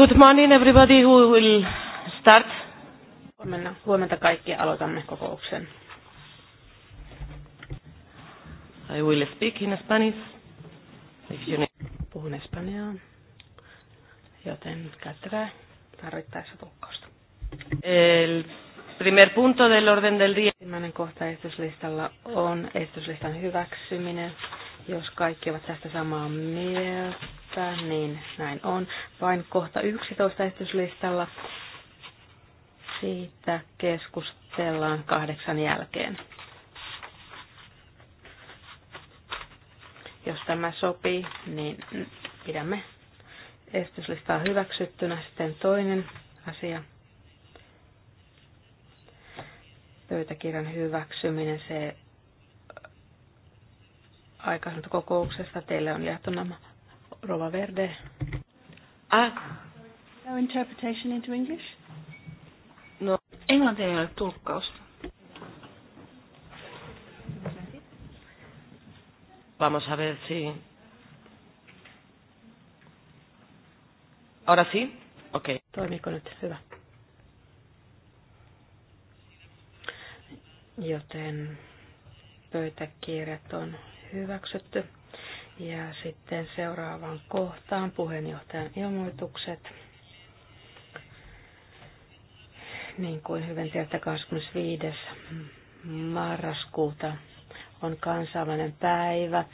Good morning everybody who will start. Huomenna, huomenta kaikki aloitamme kokouksen. I will speak in Spanish. If you need. Puhun espanjaa, joten käyttäkää tarvittaessa tulkkausta. El primer punto del orden del día. Ensimmäinen kohta estoslistalla on estoslistan hyväksyminen, jos kaikki ovat tästä samaa mieltä äänestää, niin näin on. Vain kohta 11 esityslistalla. Siitä keskustellaan kahdeksan jälkeen. Jos tämä sopii, niin pidämme esityslistaa hyväksyttynä. Sitten toinen asia. Pöytäkirjan hyväksyminen, se aikaisemmasta kokouksesta teille on jaettu nämä Rova Verde. Ah. No interpretation into English? No, englanti ei ole tulkkausta. Vamos a ver si... Ahora sí? Okei. Okay. Toimiiko nyt? Hyvä. Joten pöytäkirjat on hyväksytty. Ja sitten seuraavaan kohtaan puheenjohtajan ilmoitukset. Niin kuin hyvin tietää, 25. marraskuuta on kansainvälinen päivä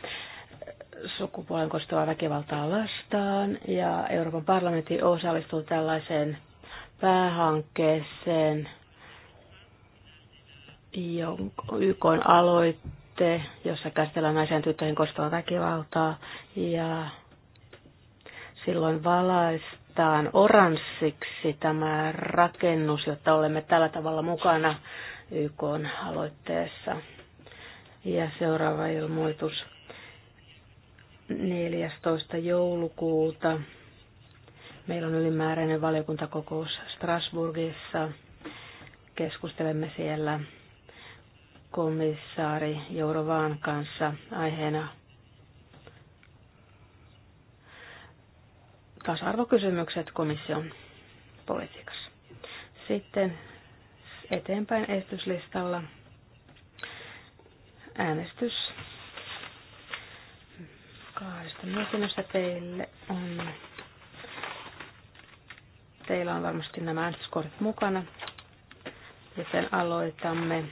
sukupuolen koostuvaa väkivaltaa vastaan ja Euroopan parlamentti osallistuu tällaiseen päähankkeeseen, jonka YK on aloittanut aloite, jossa käsitellään naisen tyttöihin koskevaa väkivaltaa ja silloin valaistaan oranssiksi tämä rakennus, jotta olemme tällä tavalla mukana YK aloitteessa. Ja seuraava ilmoitus 14. joulukuuta. Meillä on ylimääräinen valiokuntakokous Strasbourgissa. Keskustelemme siellä komissaari Jourovaan kanssa aiheena tasa-arvokysymykset komission politiikassa. Sitten eteenpäin estyslistalla äänestys kahdesta mietinnöstä teille on. Teillä on varmasti nämä äänestyskortit mukana, joten aloitamme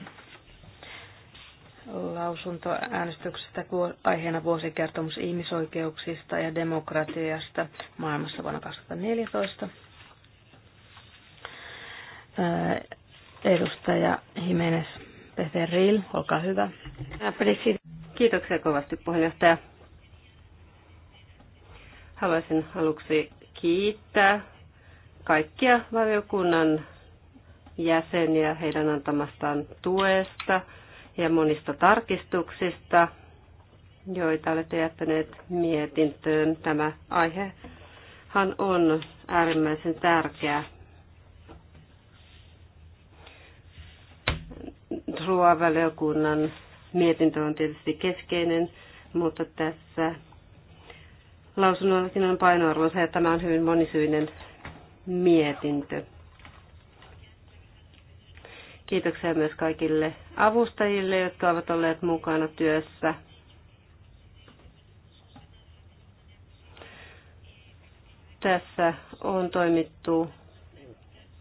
lausuntoäänestyksestä aiheena vuosikertomus ihmisoikeuksista ja demokratiasta maailmassa vuonna 2014. Edustaja Jimenez Peferil, olkaa hyvä. Kiitoksia kovasti puheenjohtaja. Haluaisin aluksi kiittää kaikkia valiokunnan jäseniä heidän antamastaan tuesta – ja monista tarkistuksista, joita olette jättäneet mietintöön. Tämä aihehan on äärimmäisen tärkeä. Ruoavaliokunnan mietintö on tietysti keskeinen, mutta tässä lausunnollakin on painoarvonsa ja tämä on hyvin monisyinen mietintö. Kiitoksia myös kaikille avustajille, jotka ovat olleet mukana työssä. Tässä on toimittu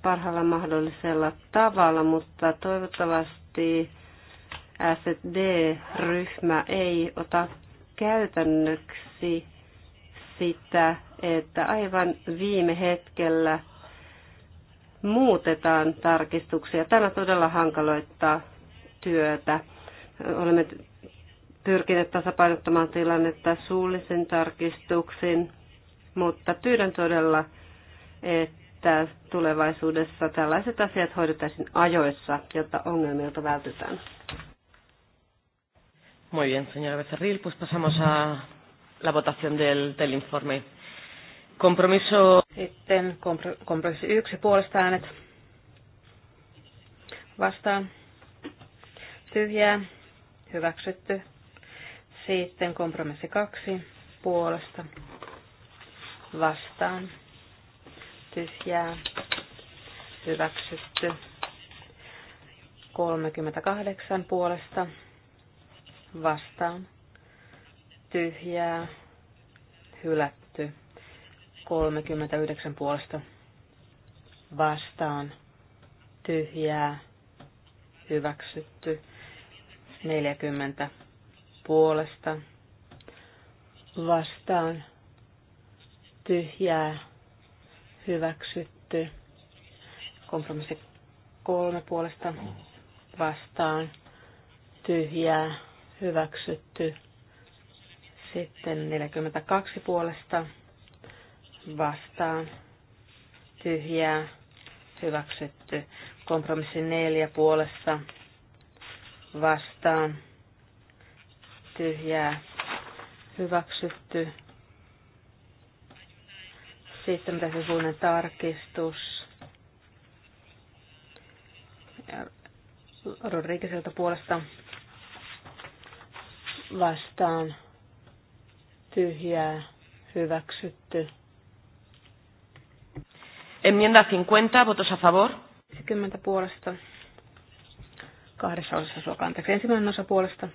parhaalla mahdollisella tavalla, mutta toivottavasti SD-ryhmä ei ota käytännöksi sitä, että aivan viime hetkellä muutetaan tarkistuksia. Tämä todella hankaloittaa työtä. Olemme pyrkineet tasapainottamaan tilannetta suullisen tarkistuksin, mutta pyydän todella, että tulevaisuudessa tällaiset asiat hoidettaisiin ajoissa, jotta ongelmilta vältytään. Muy bien, señora Becerril, pues pasamos a la votación del, del informe. Kompromisso. Sitten kompromissi yksi puolesta äänet. Vastaan. Tyhjää. Hyväksytty. Sitten kompromissi kaksi puolesta. Vastaan. Tyhjää. Hyväksytty. 38 puolesta. Vastaan. Tyhjää. Hylätty. 39 puolesta vastaan tyhjää hyväksytty 40 puolesta vastaan tyhjää hyväksytty kompromissi kolme puolesta vastaan tyhjää hyväksytty sitten 42 puolesta vastaan tyhjää hyväksytty. Kompromissi neljä puolessa vastaan tyhjää hyväksytty. Sitten tässä suunnan tarkistus. Rodrigueselta puolesta vastaan tyhjää hyväksytty. Enmienda 50, votos a favor. 50 puolesta. Kahdessa osassa suokaa anteeksi. Ensimmäinen osa puolesta.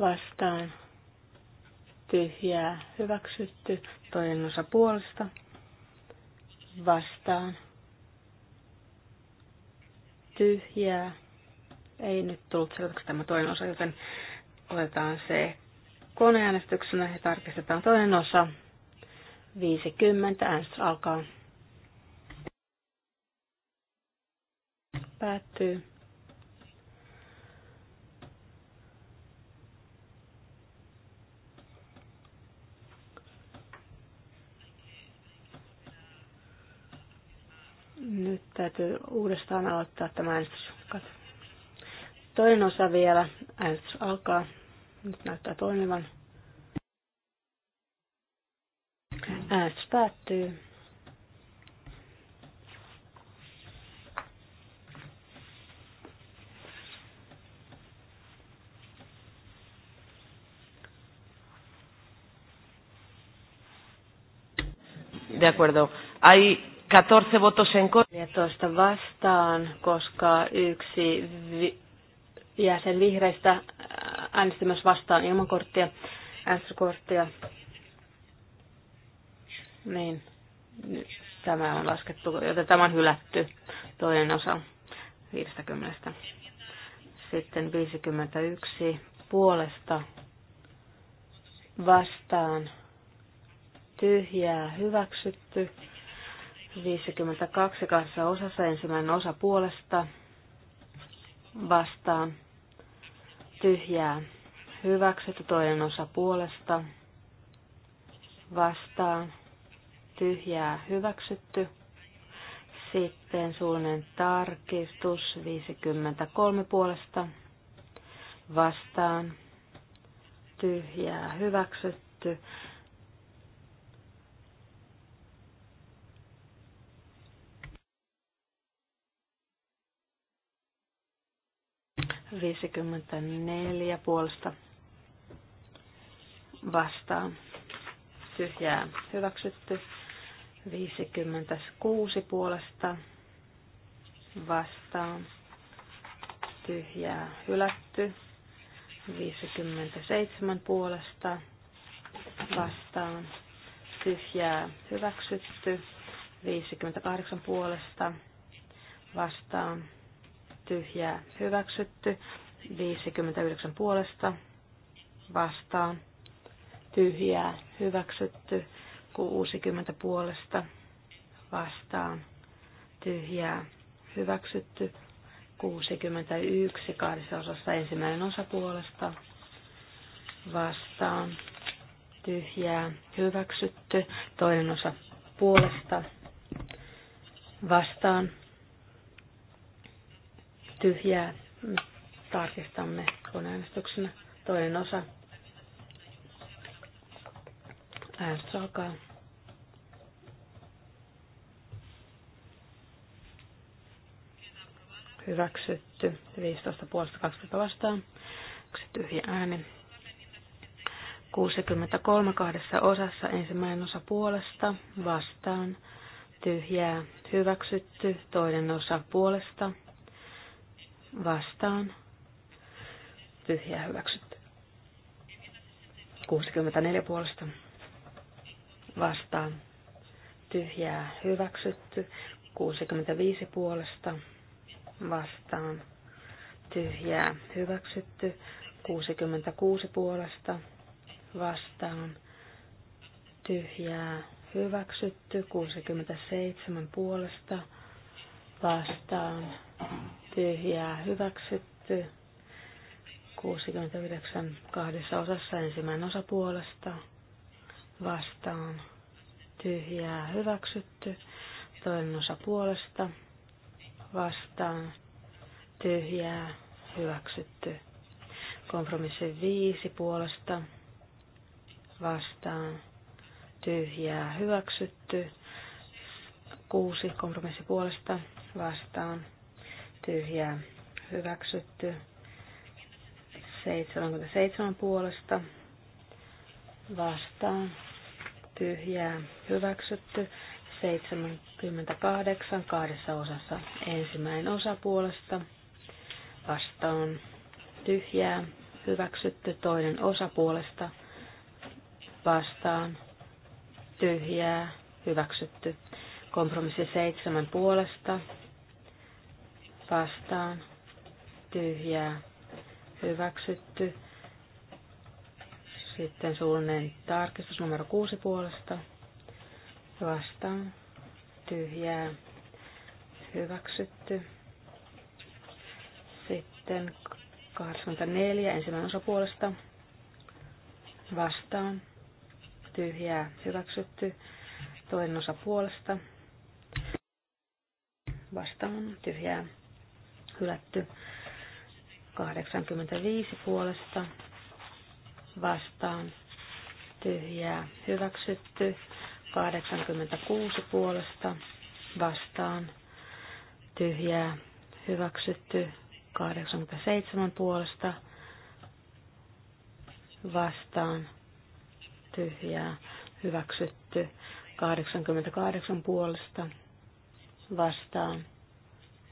Vastaan. Tyhjää. Hyväksytty. Toinen osa puolesta. Vastaan. Tyhjää. Ei nyt tullut selväksi tämä toinen osa, joten otetaan se koneäänestyksenä ja tarkistetaan toinen osa. 50. Äänestys alkaa. Päättyy. Nyt täytyy uudestaan aloittaa tämä äänestys. Toinen osa vielä. Äänestys alkaa. Nyt näyttää toimivan. Äänestys päättyy. De acuerdo. Hay 14 votos en contra. 14 vastaan, koska yksi vi- jäsen vihreistä äänesti myös vastaan ilman korttia, äänestyskorttia. Niin, tämä on laskettu, joten tämä on hylätty toinen osa 50. Sitten 51 puolesta vastaan tyhjää hyväksytty. 52 kanssa osassa ensimmäinen osa puolesta vastaan tyhjää hyväksytty toinen osa puolesta vastaan tyhjää hyväksytty. Sitten suullinen tarkistus 53 puolesta vastaan tyhjää hyväksytty. viisikymmentä neljä puolesta vastaan tyhjää hyväksytty. 56 puolesta vastaan tyhjää hylätty. 57 puolesta vastaan tyhjää hyväksytty. 58 puolesta vastaan tyhjää hyväksytty. 59 puolesta vastaan tyhjää hyväksytty. 60 puolesta vastaan tyhjää hyväksytty. 61 kahdessa osassa ensimmäinen osa puolesta vastaan tyhjää hyväksytty. Toinen osa puolesta vastaan tyhjää tarkistamme koneäänestyksenä. Toinen osa Äänestys alkaa. Hyväksytty. 15 puolesta 20 vastaan. Yksi tyhjä ääni. 63 kahdessa osassa. Ensimmäinen osa puolesta vastaan. Tyhjää. Hyväksytty. Toinen osa puolesta vastaan. Tyhjää hyväksytty. 64 puolesta vastaan tyhjää hyväksytty. 65 puolesta vastaan tyhjää hyväksytty. 66 puolesta vastaan tyhjää hyväksytty. 67 puolesta vastaan tyhjää hyväksytty. 69 kahdessa osassa ensimmäinen osa puolesta vastaan tyhjää hyväksytty. Toinen osa puolesta vastaan tyhjää hyväksytty. Kompromissi viisi puolesta vastaan tyhjää hyväksytty. Kuusi kompromissi puolesta vastaan tyhjää hyväksytty. 77 puolesta vastaan tyhjää hyväksytty. 78 kahdessa osassa ensimmäinen osa puolesta vastaan tyhjää hyväksytty toinen osa puolesta vastaan tyhjää hyväksytty. Kompromissi seitsemän puolesta vastaan tyhjää hyväksytty. Sitten suullinen tarkistus numero kuusi puolesta. Vastaan. Tyhjää. Hyväksytty. Sitten 84 ensimmäinen osa puolesta. Vastaan. Tyhjää. Hyväksytty. Toinen osa puolesta. Vastaan. Tyhjää. Hylätty. 85 puolesta vastaan tyhjää hyväksytty. 86 puolesta vastaan tyhjää hyväksytty. 87 puolesta vastaan tyhjää hyväksytty. 88 puolesta vastaan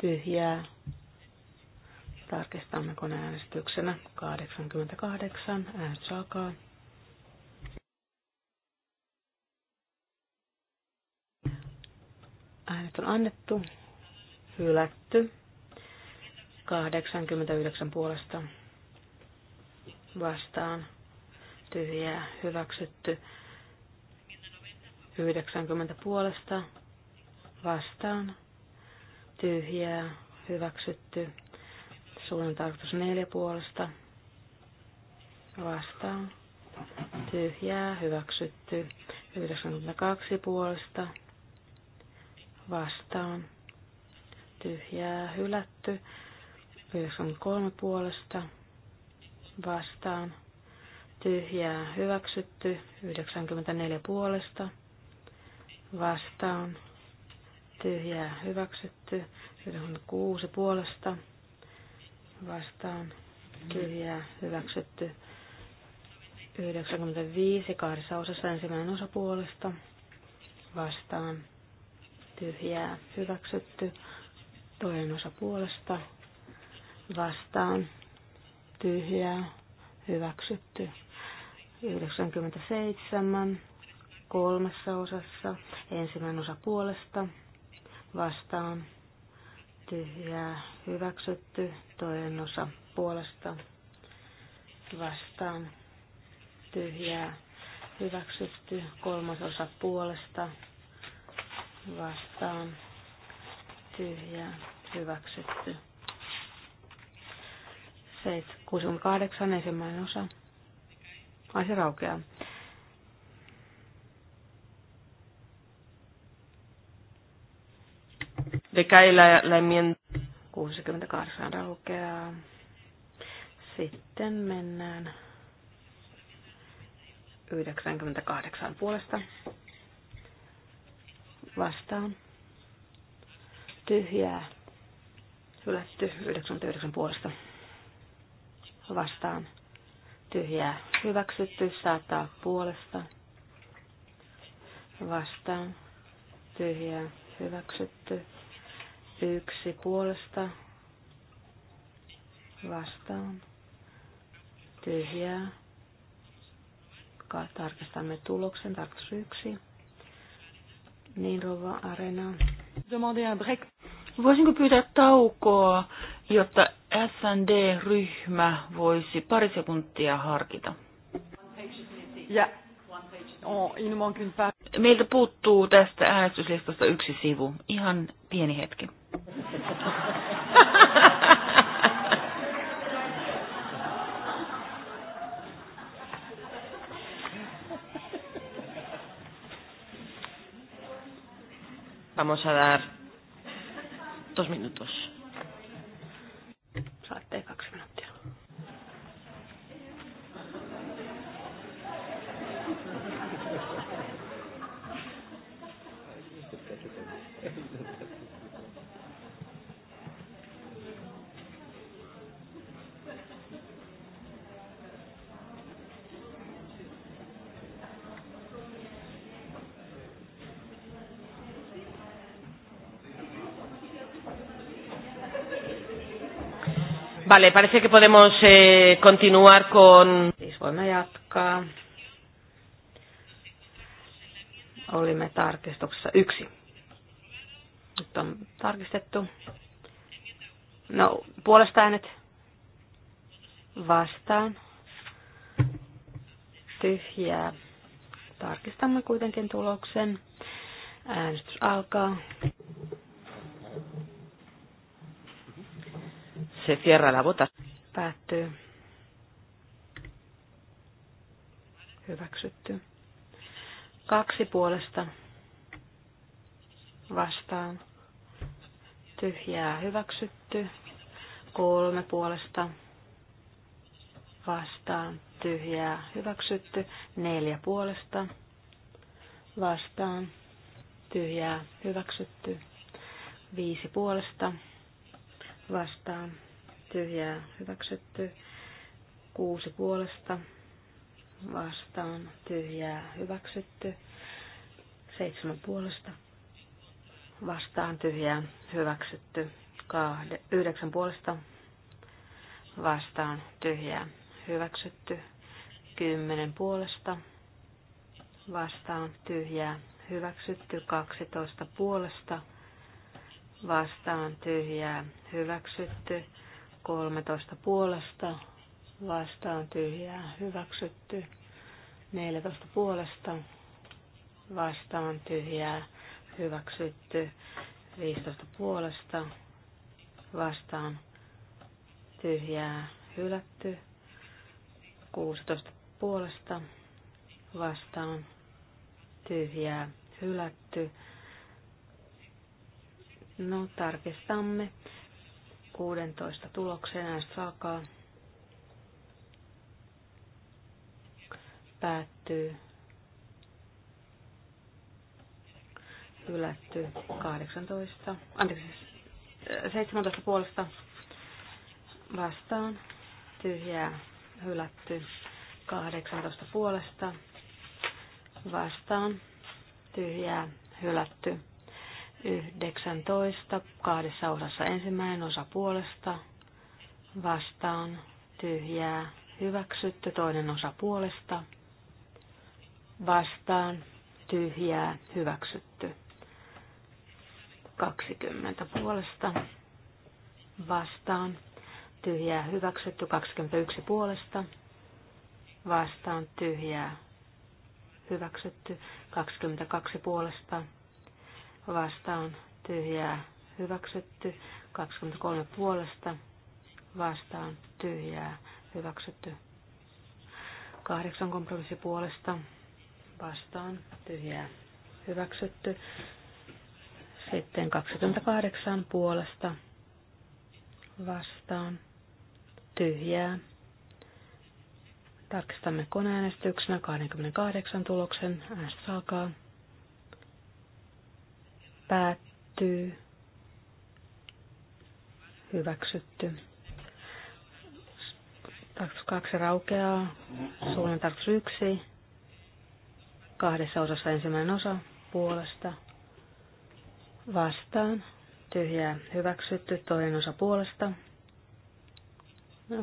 tyhjää Tarkistamme koneäänestyksenä 88. Äänestys alkaa. Äänet on annettu, hylätty, 89 puolesta vastaan, tyhjää, hyväksytty, 90 puolesta vastaan, tyhjää, hyväksytty, Suunnan tarkoitus neljä puolesta. Vastaan. Tyhjää. Hyväksytty. 92 puolesta. Vastaan. Tyhjää. Hylätty. 93 puolesta. Vastaan. Tyhjää. Hyväksytty. 94 puolesta. Vastaan. Tyhjää. Hyväksytty. 96 puolesta vastaan tyhjää hyväksytty 95 kahdessa osassa ensimmäinen osa puolesta vastaan tyhjää hyväksytty toinen osa puolesta vastaan tyhjää hyväksytty 97 kolmessa osassa ensimmäinen osa puolesta vastaan tyhjää hyväksytty, toinen osa puolesta vastaan tyhjää hyväksytty, kolmas osa puolesta vastaan tyhjää hyväksytty. seit kuusi on kahdeksan ensimmäinen osa. Ai se raukeaa. Decae la, la enmienda. 68 lukea. Sitten mennään 98 puolesta vastaan. Tyhjää. Hylätty 99 puolesta vastaan. Tyhjää. Hyväksytty 100 puolesta vastaan. Tyhjää. Hyväksytty Yksi puolesta vastaan. Tyhjää. Tarkistamme tuloksen. Tarkistus yksi. Niin, Rova Arena. Voisinko pyytää taukoa, jotta SND-ryhmä voisi pari sekuntia harkita? Ja oh, Meiltä puuttuu tästä äänestyslistasta yksi sivu. Ihan pieni hetki. Vamos a dar dos minutos. Saatte kaksi minuuttia. Vale, parece que podemos eh, continuar con... Siis voimme jatkaa. Olimme tarkistuksessa yksi. Nyt on tarkistettu. No, puolesta äänet vastaan. Tyhjää. Tarkistamme kuitenkin tuloksen. Äänestys alkaa. Se cierra la bota. Päättyy. Hyväksytty. Kaksi puolesta. Vastaan. Tyhjää hyväksytty. Kolme puolesta. Vastaan. Tyhjää hyväksytty. Neljä puolesta. Vastaan. Tyhjää hyväksytty. Viisi puolesta. Vastaan tyhjää hyväksytty. Kuusi puolesta vastaan tyhjää hyväksytty. Seitsemän puolesta vastaan tyhjää hyväksytty. Kahde, yhdeksän puolesta vastaan tyhjää hyväksytty. Kymmenen puolesta vastaan tyhjää hyväksytty. Kaksitoista puolesta vastaan tyhjää hyväksytty. 13 puolesta vastaan tyhjää hyväksytty. 14 puolesta vastaan tyhjää hyväksytty. 15 puolesta vastaan tyhjää hylätty. 16 puolesta vastaan tyhjää hylätty. No tarkistamme. 16 tulokseen äänestys alkaa. Päättyy. Ylätty 18, anteeksi, 17 puolesta vastaan, tyhjää, hylätty, 18 puolesta vastaan, tyhjää, hylätty. 19 kahdessa osassa. Ensimmäinen osa puolesta vastaan tyhjää hyväksytty. Toinen osa puolesta vastaan tyhjää hyväksytty. 20 puolesta vastaan tyhjää hyväksytty. 21 puolesta vastaan tyhjää hyväksytty. 22 puolesta vastaan tyhjää hyväksytty. 23 puolesta vastaan tyhjää hyväksytty. 8 kompromissi puolesta vastaan tyhjää hyväksytty. Sitten 28 puolesta vastaan tyhjää. Tarkistamme koneäänestyksenä 28 tuloksen. Äänestys alkaa. Päättyy. Hyväksytty. Tarkoitus kaksi raukeaa. Suunnan tarkoitus yksi. Kahdessa osassa ensimmäinen osa puolesta. Vastaan. Tyhjää hyväksytty. Toinen osa puolesta.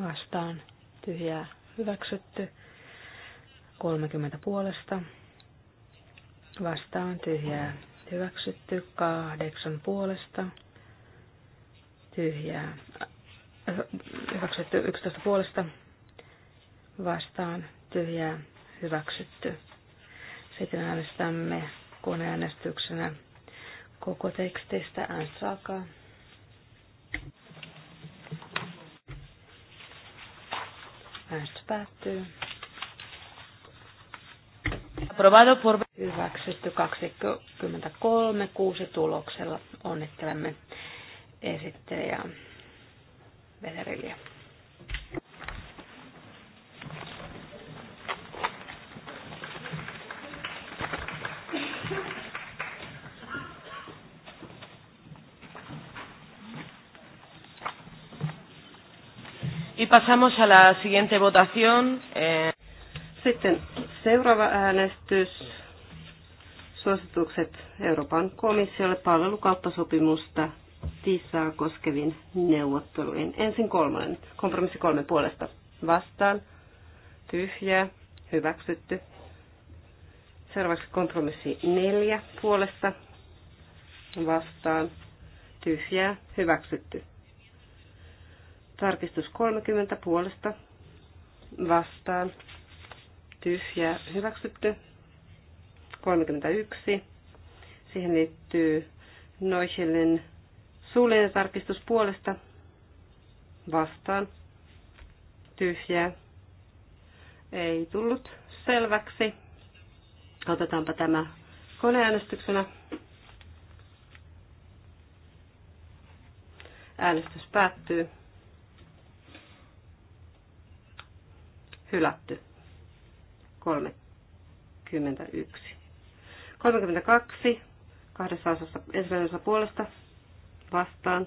Vastaan. Tyhjää hyväksytty. 30 puolesta. Vastaan tyhjää hyväksytty, kahdeksan puolesta, tyhjää, hyväksytty yksitoista puolesta, vastaan, tyhjää, hyväksytty. Sitten äänestämme koneäänestyksenä koko tekstistä äänestys Äänestys päättyy. Aprobado for Hyväksytty 23 6 tuloksella. Onnittelemme esittelijää Veseriliä. Y pasamos a la siguiente votación. Eh... Sitten Seuraava äänestys. Suositukset Euroopan komissiolle palvelukauppasopimusta TISAa koskeviin neuvotteluihin. Ensin kolmonen. Kompromissi kolme puolesta. Vastaan. Tyhjää. Hyväksytty. Seuraavaksi kompromissi neljä puolesta. Vastaan. Tyhjää. Hyväksytty. Tarkistus 30 puolesta. Vastaan tyhjää hyväksytty. 31. Siihen liittyy Noichelin suullinen tarkistus puolesta vastaan. Tyhjää. Ei tullut selväksi. Otetaanpa tämä koneäänestyksenä. Äänestys päättyy. Hylätty. 31. 32. Kahdessa osassa ensimmäisen osa puolesta vastaan.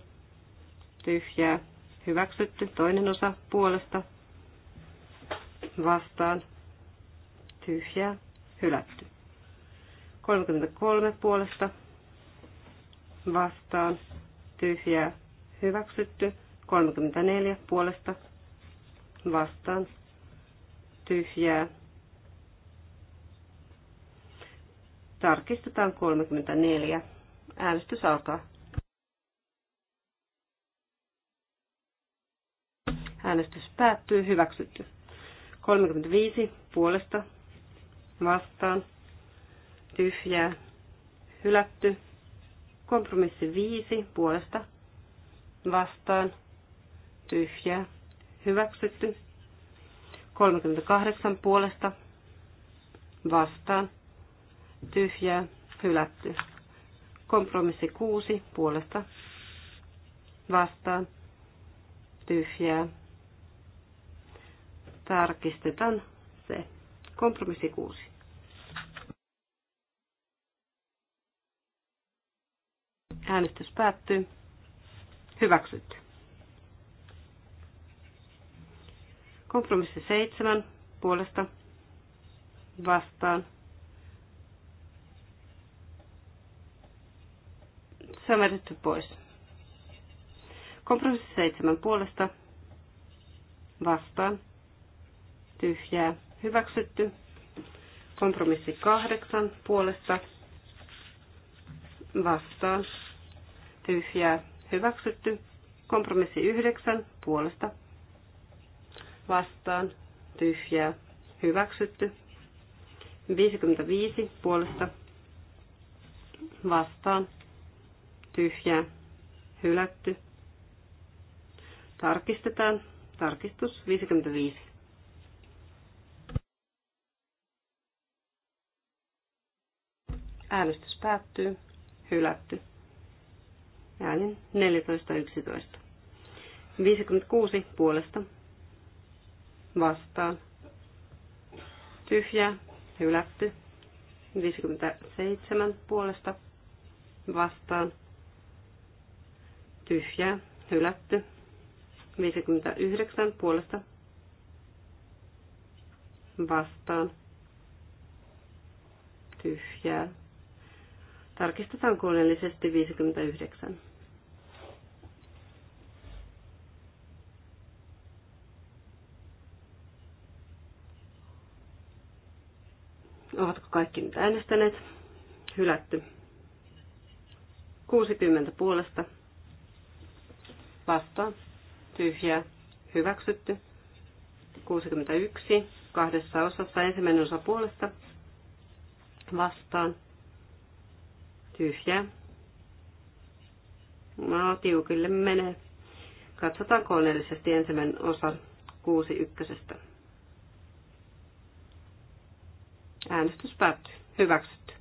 Tyhjää. Hyväksytty. Toinen osa puolesta vastaan. Tyhjää. Hylätty. 33 puolesta vastaan. Tyhjää. Hyväksytty. 34 puolesta vastaan. Tyhjää Tarkistetaan 34. Äänestys alkaa. Äänestys päättyy. Hyväksytty. 35 puolesta vastaan. Tyhjää. Hylätty. Kompromissi 5 puolesta vastaan. Tyhjää. Hyväksytty. 38 puolesta vastaan tyhjää, hylätty. Kompromissi kuusi puolesta vastaan, tyhjää. Tarkistetaan se. Kompromissi kuusi. Äänestys päättyy. Hyväksytty. Kompromissi seitsemän puolesta vastaan, Se on vedetty pois. Kompromissi seitsemän puolesta. Vastaan. Tyhjää. Hyväksytty. Kompromissi kahdeksan puolesta. Vastaan. Tyhjää. Hyväksytty. Kompromissi yhdeksän puolesta. Vastaan. Tyhjää. Hyväksytty. 55 puolesta. Vastaan tyhjä, hylätty. Tarkistetaan. Tarkistus 55. Äänestys päättyy. Hylätty. Äänin 14.11. 56 puolesta. Vastaan. Tyhjä. Hylätty. 57 puolesta. Vastaan tyhjää, hylätty. 59 puolesta vastaan, tyhjää. Tarkistetaan kuunnellisesti 59. Ovatko kaikki nyt äänestäneet? Hylätty. 60 puolesta vastaan tyhjä hyväksytty. 61 kahdessa osassa ensimmäinen osa puolesta vastaan tyhjä No, tiukille menee. Katsotaan koneellisesti ensimmäinen osa 6.1. Äänestys päättyy. Hyväksytty.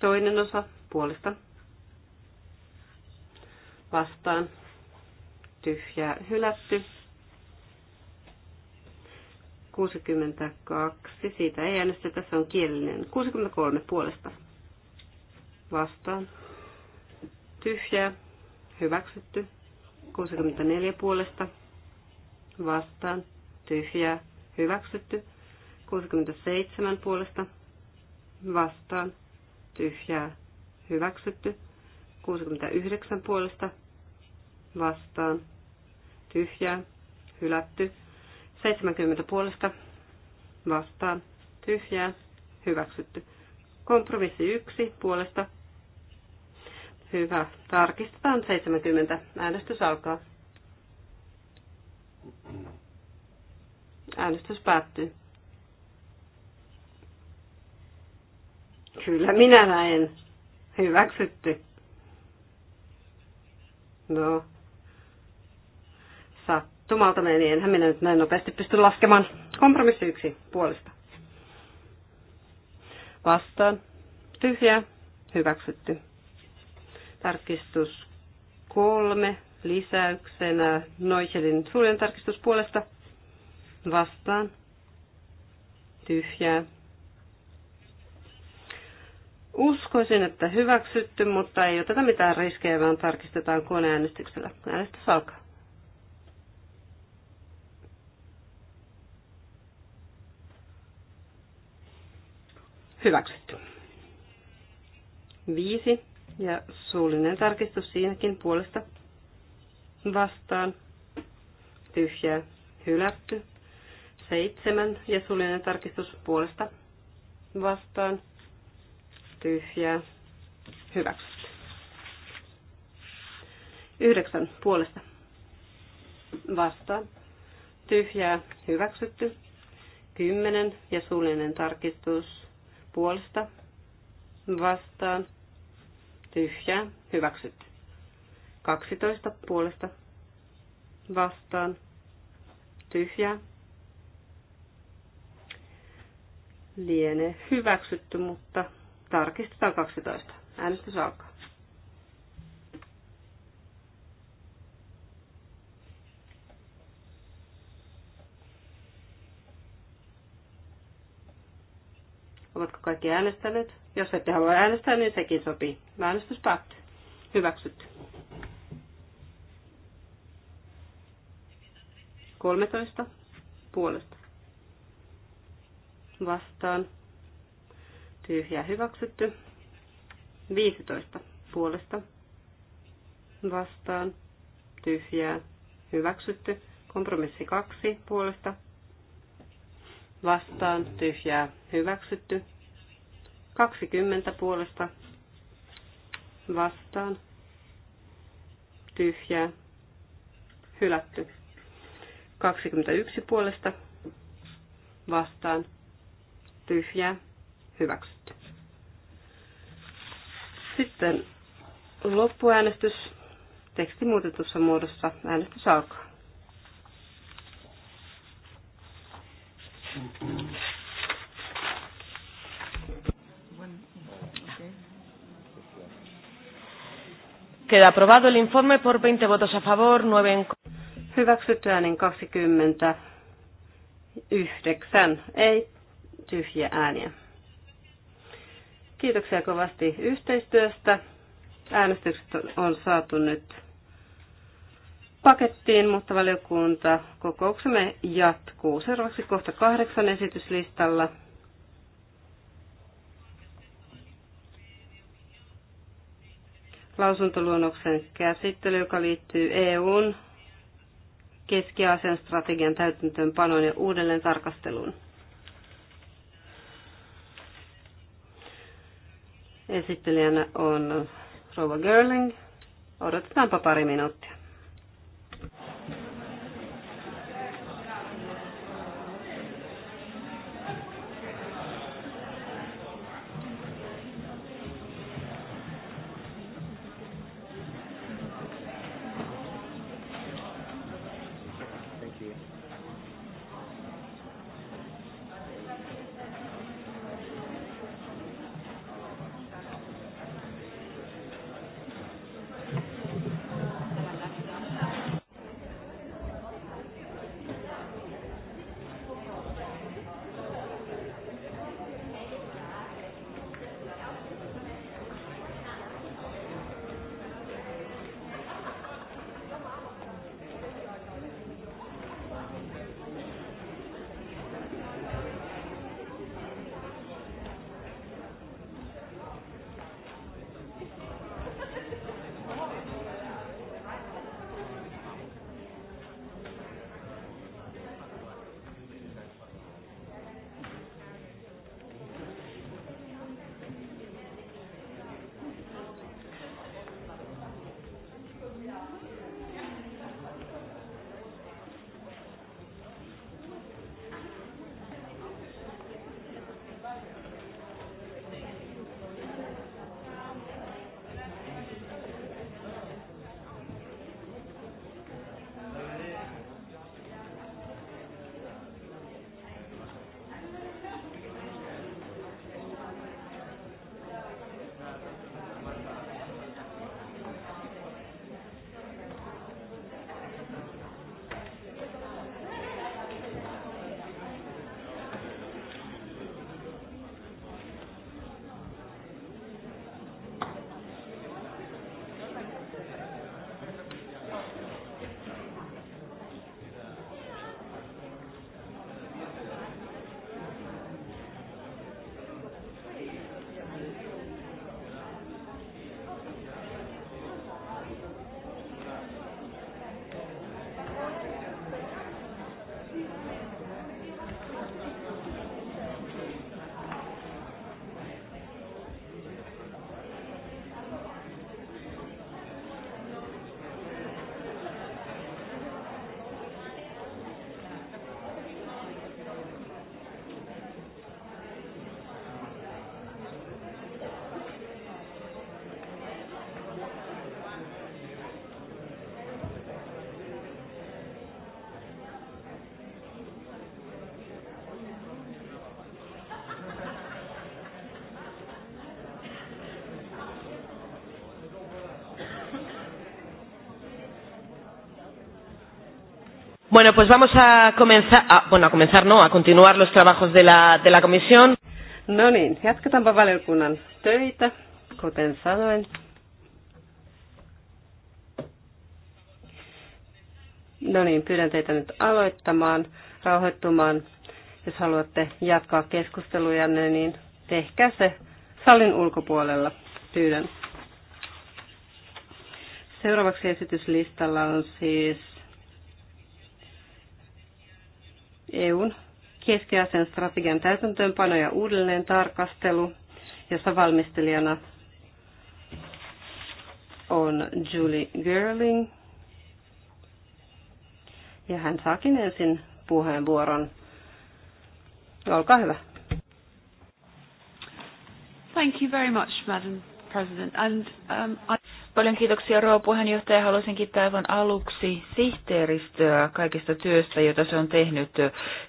Toinen osa puolesta vastaan tyhjää hylätty. 62, siitä ei äänestetä, se on kielinen. 63 puolesta vastaan tyhjää hyväksytty. 64 puolesta vastaan tyhjää hyväksytty. 67 puolesta vastaan tyhjää hyväksytty. 69 puolesta vastaan, tyhjää, hylätty. 70 puolesta vastaan, tyhjää, hyväksytty. Kompromissi 1 puolesta, hyvä. Tarkistetaan 70. Äänestys alkaa. Äänestys päättyy. Kyllä minä näen. Hyväksytty. No, sattumalta meni. Niin enhän minä nyt näin nopeasti pysty laskemaan. Kompromissi yksi puolesta. Vastaan. Tyhjä. Hyväksytty. Tarkistus kolme lisäyksenä Noiselin suljen tarkistus puolesta. Vastaan. Tyhjää. Uskoisin, että hyväksytty, mutta ei oteta mitään riskejä, vaan tarkistetaan koneäänestyksellä. Äänestys alkaa. Hyväksytty. Viisi ja suullinen tarkistus siinäkin puolesta vastaan. Tyhjää hylätty. Seitsemän ja suullinen tarkistus puolesta vastaan. Tyhjää hyväksytty. Yhdeksän puolesta vastaan. Tyhjää hyväksytty. Kymmenen ja suullinen tarkistus puolesta vastaan tyhjää hyväksytty. 12 puolesta vastaan tyhjää lienee hyväksytty, mutta tarkistetaan 12. Äänestys alkaa. Ovatko kaikki äänestäneet? Jos ette halua äänestää, niin sekin sopii. Äänestys päättyy. Hyväksytty. 13 puolesta. Vastaan. Tyhjä hyväksytty. 15 puolesta. Vastaan. Tyhjää hyväksytty. Kompromissi 2 puolesta vastaan tyhjää hyväksytty. 20 puolesta vastaan tyhjää hylätty. 21 puolesta vastaan tyhjää hyväksytty. Sitten loppuäänestys tekstimuutetussa muodossa äänestys alkaa. Queda aprobado el informe por 20 votos a favor, 9 en contra. Hyväksytty äänin 20, 9 ei, tyhjiä ääniä. Kiitoksia kovasti yhteistyöstä. Äänestykset on saatu nyt pakettiin, mutta valiokunta kokouksemme jatkuu. Seuraavaksi kohta kahdeksan esityslistalla. Lausuntoluonnoksen käsittely, joka liittyy EUn Keski-Aasian strategian täytäntöönpanoon ja uudelleen tarkasteluun. Esittelijänä on Rova Görling. Odotetaanpa pari minuuttia. Bueno, pues vamos a comenzar, a, ah, bueno, a comenzar no, a continuar los trabajos de la, de la comisión. No niin, jatketaanpa valiokunnan töitä, kuten sanoin. No niin, pyydän teitä nyt aloittamaan, rauhoittumaan. Jos haluatte jatkaa keskusteluja, niin tehkää se salin ulkopuolella, pyydän. Seuraavaksi esityslistalla on siis EUn keskiasian strategian täytäntöönpano ja uudelleen tarkastelu, jossa valmistelijana on Julie Gerling. Ja hän saakin ensin puheenvuoron. Olkaa hyvä. Thank you very much, Madam President. And, um, I... Paljon kiitoksia rouva puheenjohtaja. Haluaisin kiittää aivan aluksi sihteeristöä kaikesta työstä, jota se on tehnyt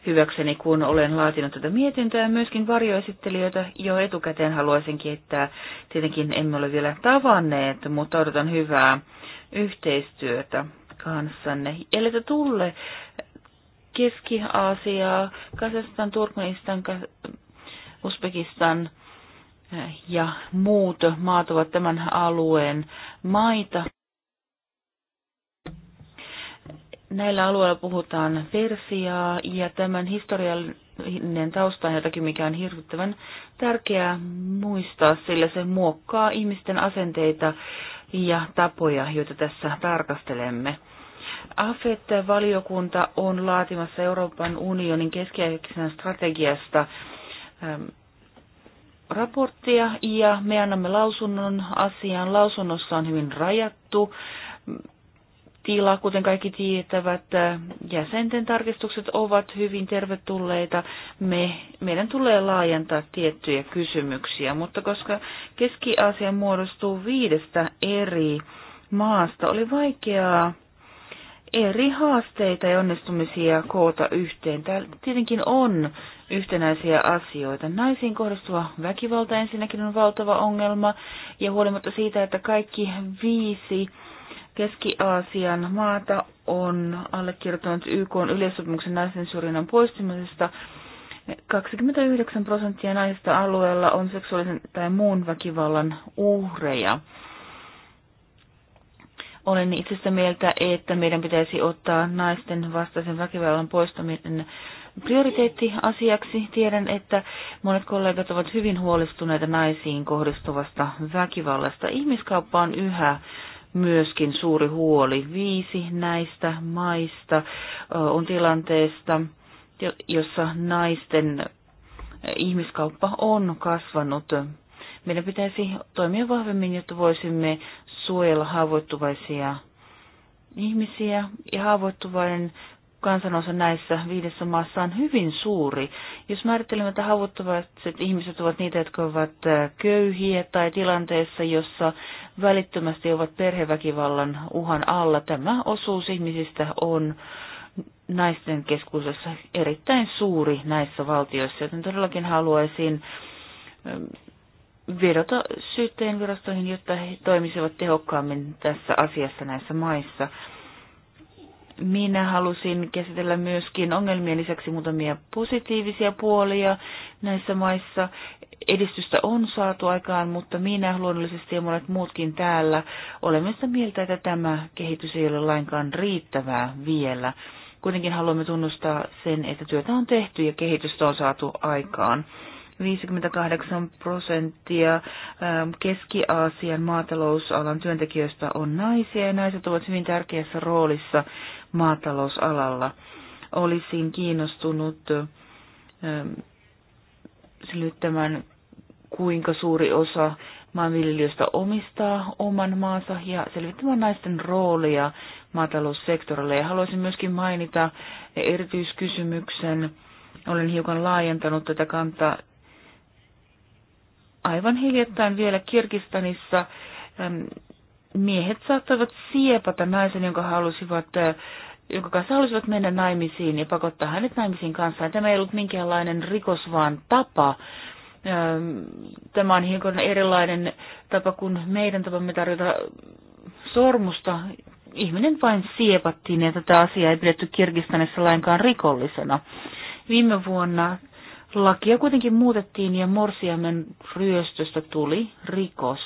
hyväkseni, kun olen laatinut tätä mietintöä. Myöskin varjoesittelijöitä jo etukäteen haluaisin kiittää. Tietenkin emme ole vielä tavanneet, mutta odotan hyvää yhteistyötä kanssanne. Eli te tulle Keski-Aasiaa, Kasastan, Turkmenistan, Uzbekistan, ja muut maat ovat tämän alueen maita. Näillä alueilla puhutaan Persiaa ja tämän historiallinen tausta on jotakin, mikä on hirvittävän tärkeää muistaa, sillä se muokkaa ihmisten asenteita ja tapoja, joita tässä tarkastelemme. AFET-valiokunta on laatimassa Euroopan unionin keskiaikaisena strategiasta ähm, raporttia ja me annamme lausunnon asiaan. Lausunnossa on hyvin rajattu tila, kuten kaikki tietävät. Jäsenten tarkistukset ovat hyvin tervetulleita. Me, meidän tulee laajentaa tiettyjä kysymyksiä, mutta koska Keski-Aasia muodostuu viidestä eri maasta, oli vaikeaa eri haasteita ja onnistumisia koota yhteen. Täällä tietenkin on yhtenäisiä asioita. Naisiin kohdistuva väkivalta ensinnäkin on valtava ongelma, ja huolimatta siitä, että kaikki viisi Keski-Aasian maata on allekirjoittanut YK yleissopimuksen naisen syrjinnän poistumisesta, 29 prosenttia naisista alueella on seksuaalisen tai muun väkivallan uhreja. Olen itse sitä mieltä, että meidän pitäisi ottaa naisten vastaisen väkivallan poistaminen prioriteettiasiaksi. Tiedän, että monet kollegat ovat hyvin huolestuneita naisiin kohdistuvasta väkivallasta. Ihmiskauppa on yhä myöskin suuri huoli. Viisi näistä maista on tilanteesta, jossa naisten ihmiskauppa on kasvanut. Meidän pitäisi toimia vahvemmin, jotta voisimme suojella haavoittuvaisia ihmisiä ja haavoittuvainen kansanosa näissä viidessä maassa on hyvin suuri. Jos määrittelemme, että haavoittuvaiset ihmiset ovat niitä, jotka ovat köyhiä tai tilanteessa, jossa välittömästi ovat perheväkivallan uhan alla, tämä osuus ihmisistä on naisten keskuudessa erittäin suuri näissä valtioissa, joten todellakin haluaisin vedota syytteen virastoihin, jotta he toimisivat tehokkaammin tässä asiassa näissä maissa. Minä halusin käsitellä myöskin ongelmien lisäksi muutamia positiivisia puolia näissä maissa. Edistystä on saatu aikaan, mutta minä luonnollisesti ja monet muutkin täällä olemme sitä mieltä, että tämä kehitys ei ole lainkaan riittävää vielä. Kuitenkin haluamme tunnustaa sen, että työtä on tehty ja kehitystä on saatu aikaan. 58 prosenttia ähm, Keski-Aasian maatalousalan työntekijöistä on naisia ja naiset ovat hyvin tärkeässä roolissa maatalousalalla. Olisin kiinnostunut ähm, selvittämään, kuinka suuri osa maanviljelijöistä omistaa oman maansa ja selvittämään naisten roolia maataloussektorilla. Ja haluaisin myöskin mainita erityiskysymyksen, olen hiukan laajentanut tätä kantaa aivan hiljattain vielä Kirkistanissa miehet saattoivat siepata naisen, jonka halusivat äh, jonka kanssa halusivat mennä naimisiin ja pakottaa hänet naimisiin kanssa. Tämä ei ollut minkäänlainen rikos, vaan tapa. Tämä on hiukan erilainen tapa kuin meidän tapamme tarjota sormusta. Ihminen vain siepattiin ja tätä asiaa ei pidetty Kirgistanissa lainkaan rikollisena. Viime vuonna Lakia kuitenkin muutettiin ja morsiamen ryöstöstä tuli rikos.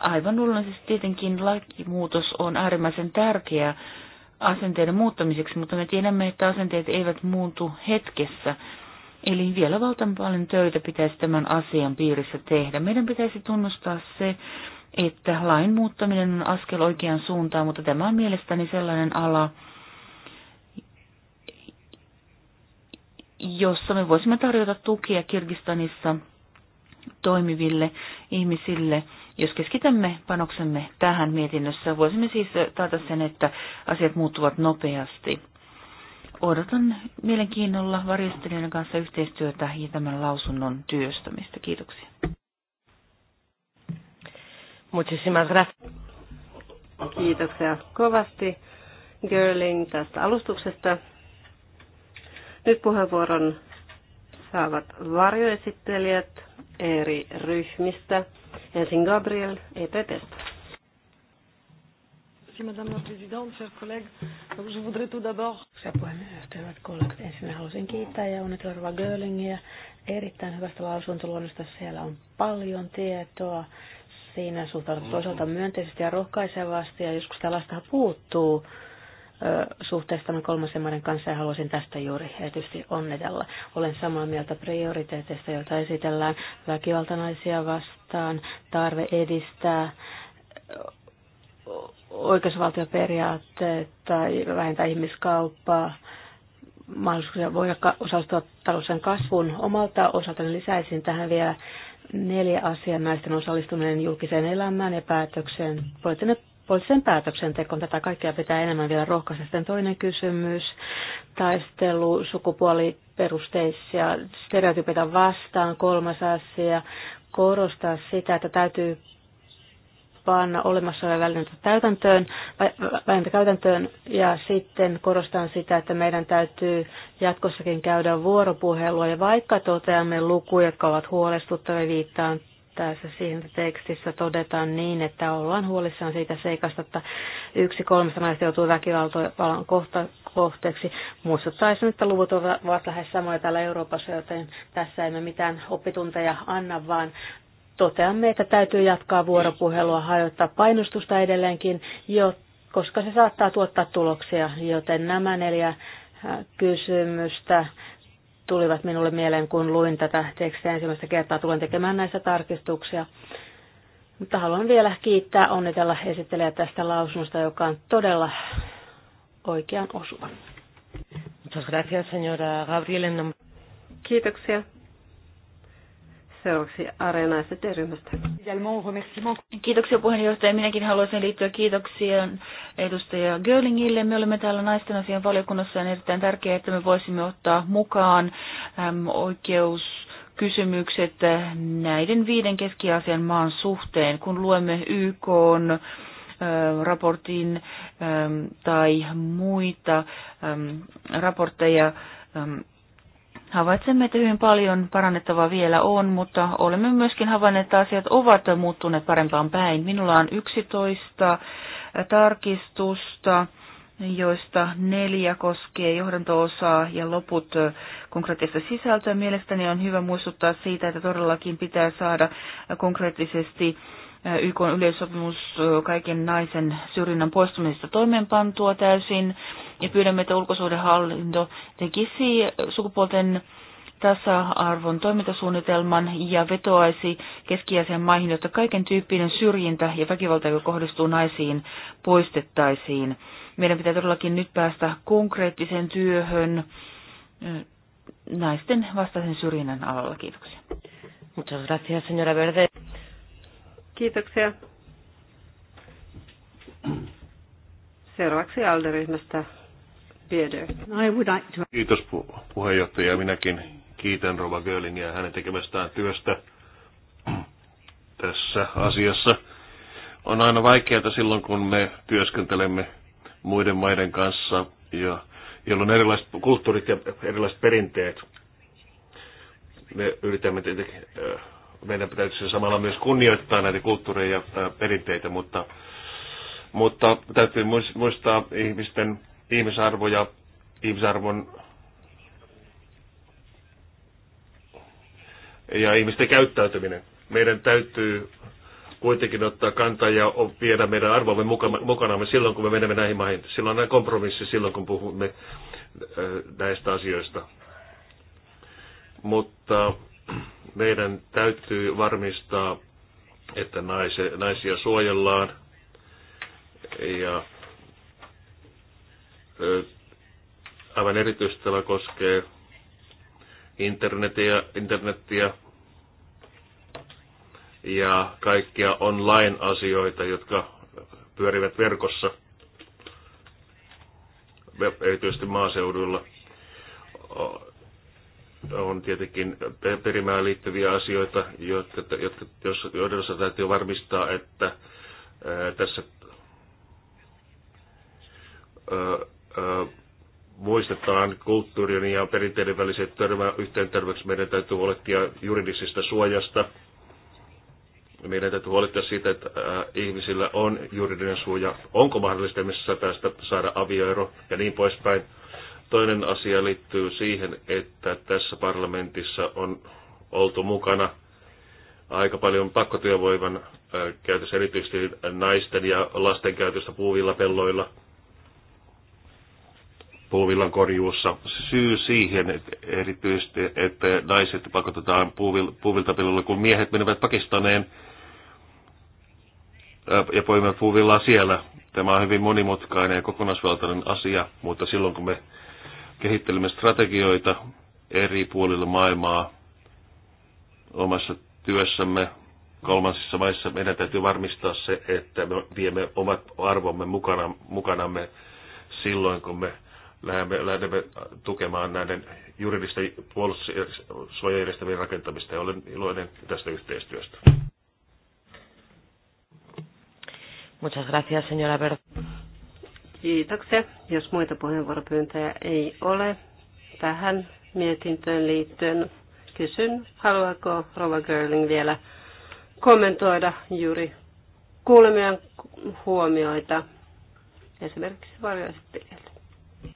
Aivan luonnollisesti tietenkin lakimuutos on äärimmäisen tärkeä asenteiden muuttamiseksi, mutta me tiedämme, että asenteet eivät muutu hetkessä. Eli vielä valtavan paljon töitä pitäisi tämän asian piirissä tehdä. Meidän pitäisi tunnustaa se, että lain muuttaminen on askel oikeaan suuntaan, mutta tämä on mielestäni sellainen ala, jossa me voisimme tarjota tukia Kirgistanissa toimiville ihmisille. Jos keskitämme panoksemme tähän mietinnössä, voisimme siis taata sen, että asiat muuttuvat nopeasti. Odotan mielenkiinnolla varjostelijoiden kanssa yhteistyötä ja tämän lausunnon työstämistä. Kiitoksia. Kiitoksia kovasti Girling tästä alustuksesta. Nyt puheenvuoron saavat varjoesittelijät eri ryhmistä. Ensin Gabriel EPPstä. Madame la Présidente, chers collègues, je voudrais tout d'abord... Puheenjohtajat, kollegat, ensin haluaisin kiittää ja onnitella Rova Görlingiä erittäin hyvästä lausuntoluonnosta. Siellä on paljon tietoa. Siinä suhtaudut toisaalta myönteisesti ja rohkaisevasti ja joskus tällaista puuttuu suhteesta kolmasen maiden kanssa ja haluaisin tästä juuri erityisesti onnitella. Olen samaa mieltä prioriteeteista, joita esitellään väkivaltanaisia vastaan, tarve edistää oikeusvaltioperiaatteita, vähentää ihmiskauppaa, mahdollisuus voida osallistua talousen kasvun omalta osaltani lisäisin tähän vielä neljä asiaa naisten osallistuminen julkiseen elämään ja päätökseen, poliittinen sen päätöksentekoon. Tätä kaikkea pitää enemmän vielä rohkaista. Sitten toinen kysymys, taistelu sukupuoliperusteisia stereotypeita vastaan. Kolmas asia, korostaa sitä, että täytyy panna olemassa oleva välineitä täytäntöön, vä- käytäntöön ja sitten korostan sitä, että meidän täytyy jatkossakin käydä vuoropuhelua ja vaikka toteamme lukuja, jotka ovat huolestuttavia, viittaan tässä siinä tekstissä todetaan niin, että ollaan huolissaan siitä seikasta, että yksi kolmesta naista joutuu väkivallan kohta, kohteeksi. Muistuttaisin, että luvut ovat lähes samoja täällä Euroopassa, joten tässä emme mitään oppitunteja anna, vaan toteamme, että täytyy jatkaa vuoropuhelua, harjoittaa painostusta edelleenkin, koska se saattaa tuottaa tuloksia, joten nämä neljä äh, kysymystä tulivat minulle mieleen, kun luin tätä tekstiä ensimmäistä kertaa. Tulen tekemään näissä tarkistuksia. Mutta haluan vielä kiittää, onnitella esittelijä tästä lausunnosta, joka on todella oikean osuva. Muchas gracias, señora Gabriel. Kiitoksia. Seuraavaksi Areena ST-ryhmästä. Kiitoksia puheenjohtaja. Minäkin haluaisin liittyä kiitoksiin edustaja Görlingille. Me olemme täällä naisten asian valiokunnassa ja on erittäin tärkeää, että me voisimme ottaa mukaan äm, oikeus kysymykset näiden viiden keskiasian maan suhteen, kun luemme YK raportin tai muita raportteja Havaitsemme, että hyvin paljon parannettavaa vielä on, mutta olemme myöskin havainneet, että asiat ovat muuttuneet parempaan päin. Minulla on 11 tarkistusta, joista neljä koskee johdanto-osaa ja loput konkreettista sisältöä. Mielestäni on hyvä muistuttaa siitä, että todellakin pitää saada konkreettisesti YK yleissopimus kaiken naisen syrjinnän poistumisesta toimeenpantua täysin ja pyydämme, että ulkosuhdehallinto tekisi sukupuolten tasa-arvon toimintasuunnitelman ja vetoaisi keski maihin, jotta kaiken tyyppinen syrjintä ja väkivalta, joka kohdistuu naisiin, poistettaisiin. Meidän pitää todellakin nyt päästä konkreettiseen työhön naisten vastaisen syrjinnän alalla. Kiitoksia. Muchas gracias, señora Verde. Kiitoksia. Seuraavaksi Alderyhmästä Pieder. Kiitos pu- puheenjohtaja. Minäkin kiitän Rova Görlin ja hänen tekemästään työstä tässä asiassa. On aina vaikeaa silloin, kun me työskentelemme muiden maiden kanssa, ja, jolloin on erilaiset kulttuurit ja erilaiset perinteet. Me yritämme tietenkin äh, meidän pitäisi samalla myös kunnioittaa näitä kulttuureja ja perinteitä, mutta, mutta täytyy muistaa ihmisten ihmisarvo ja ihmisarvon ja ihmisten käyttäytyminen. Meidän täytyy kuitenkin ottaa kantaa ja viedä meidän arvomme mukana, mukanamme silloin, kun me menemme näihin maihin. Silloin on kompromissi silloin, kun puhumme näistä asioista. Mutta meidän täytyy varmistaa, että naise, naisia suojellaan ja aivan erityisesti tämä koskee internetiä, internetiä ja kaikkia online-asioita, jotka pyörivät verkossa, erityisesti maaseudulla on tietenkin perimään liittyviä asioita, jotka, jotka, jos, joiden osalta täytyy varmistaa, että ää, tässä ää, ää, muistetaan kulttuurin ja perinteiden väliset törmä, yhteen törmäksi. Meidän täytyy huolehtia juridisesta suojasta. Meidän täytyy huolehtia siitä, että ää, ihmisillä on juridinen suoja. Onko mahdollista missä tästä saada avioero ja niin poispäin Toinen asia liittyy siihen, että tässä parlamentissa on oltu mukana aika paljon pakkotyövoiman äh, käytössä, erityisesti naisten ja lasten käytöstä puuvilla pelloilla, puuvillan korjuussa. Syy siihen että erityisesti, että naiset pakotetaan puuvilta pelloilla, kun miehet menevät Pakistaneen äh, ja poimivat puuvillaa siellä. Tämä on hyvin monimutkainen ja kokonaisvaltainen asia, mutta silloin kun me Kehittelemme strategioita eri puolilla maailmaa omassa työssämme kolmansissa maissa. Meidän täytyy varmistaa se, että me viemme omat arvomme mukana, mukanamme silloin, kun me lähdemme, lähdemme tukemaan näiden juridisten puolustussuojajärjestelmien rakentamista ja olen iloinen tästä yhteistyöstä. Muchas gracias, señora Berta. Kiitoksia. Jos muita puheenvuoropyyntöjä ei ole tähän mietintöön liittyen, kysyn, haluaako Rova Girling vielä kommentoida juuri kuulemien huomioita esimerkiksi varjoesittelijältä.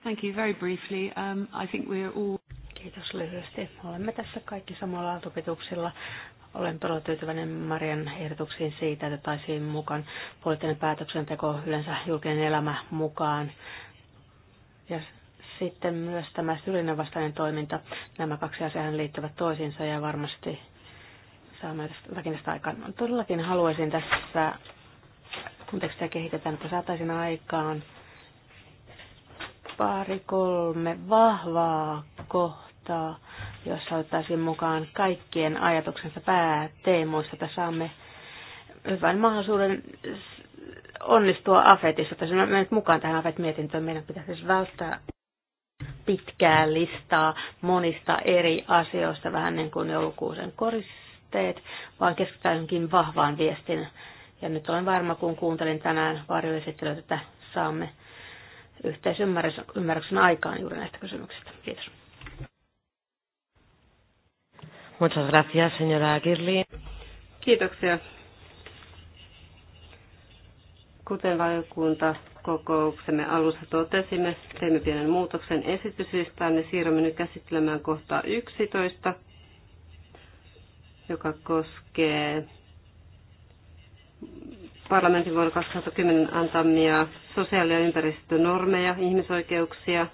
Thank you very briefly. Um, I think we are all... Kiitos lyhyesti. Olemme tässä kaikki samalla aaltopituksilla. Olen todella tyytyväinen Marian ehdotuksiin siitä, että taisiin mukaan poliittinen päätöksenteko, yleensä julkinen elämä mukaan. Ja sitten myös tämä syrjinnänvastainen toiminta. Nämä kaksi asiaa liittyvät toisiinsa ja varmasti saamme jotakin tästä aikaan. No, todellakin haluaisin tässä, kun tekstiä kehitetään, että saataisiin aikaan pari, kolme vahvaa kohtaa, jossa otettaisiin mukaan kaikkien ajatuksensa pääteemoissa, että saamme hyvän mahdollisuuden onnistua AFETissa. Tässä on mennyt mukaan tähän AFET-mietintöön. Meidän pitäisi siis välttää pitkää listaa monista eri asioista, vähän niin kuin joulukuusen koristeet, vaan keskitytäänkin vahvaan viestin. Ja nyt olen varma, kun kuuntelin tänään varjoesittelyä, että saamme yhteisymmärryksen aikaan juuri näistä kysymyksistä. Kiitos. Muchas gracias, señora Kirli. Kiitoksia. Kuten valiokunta kokouksemme alussa totesimme, teimme pienen muutoksen esityslistaan ja siirrymme nyt käsittelemään kohtaa 11, joka koskee parlamentin vuonna 2010 antamia sosiaali- ja ympäristönormeja, ihmisoikeuksia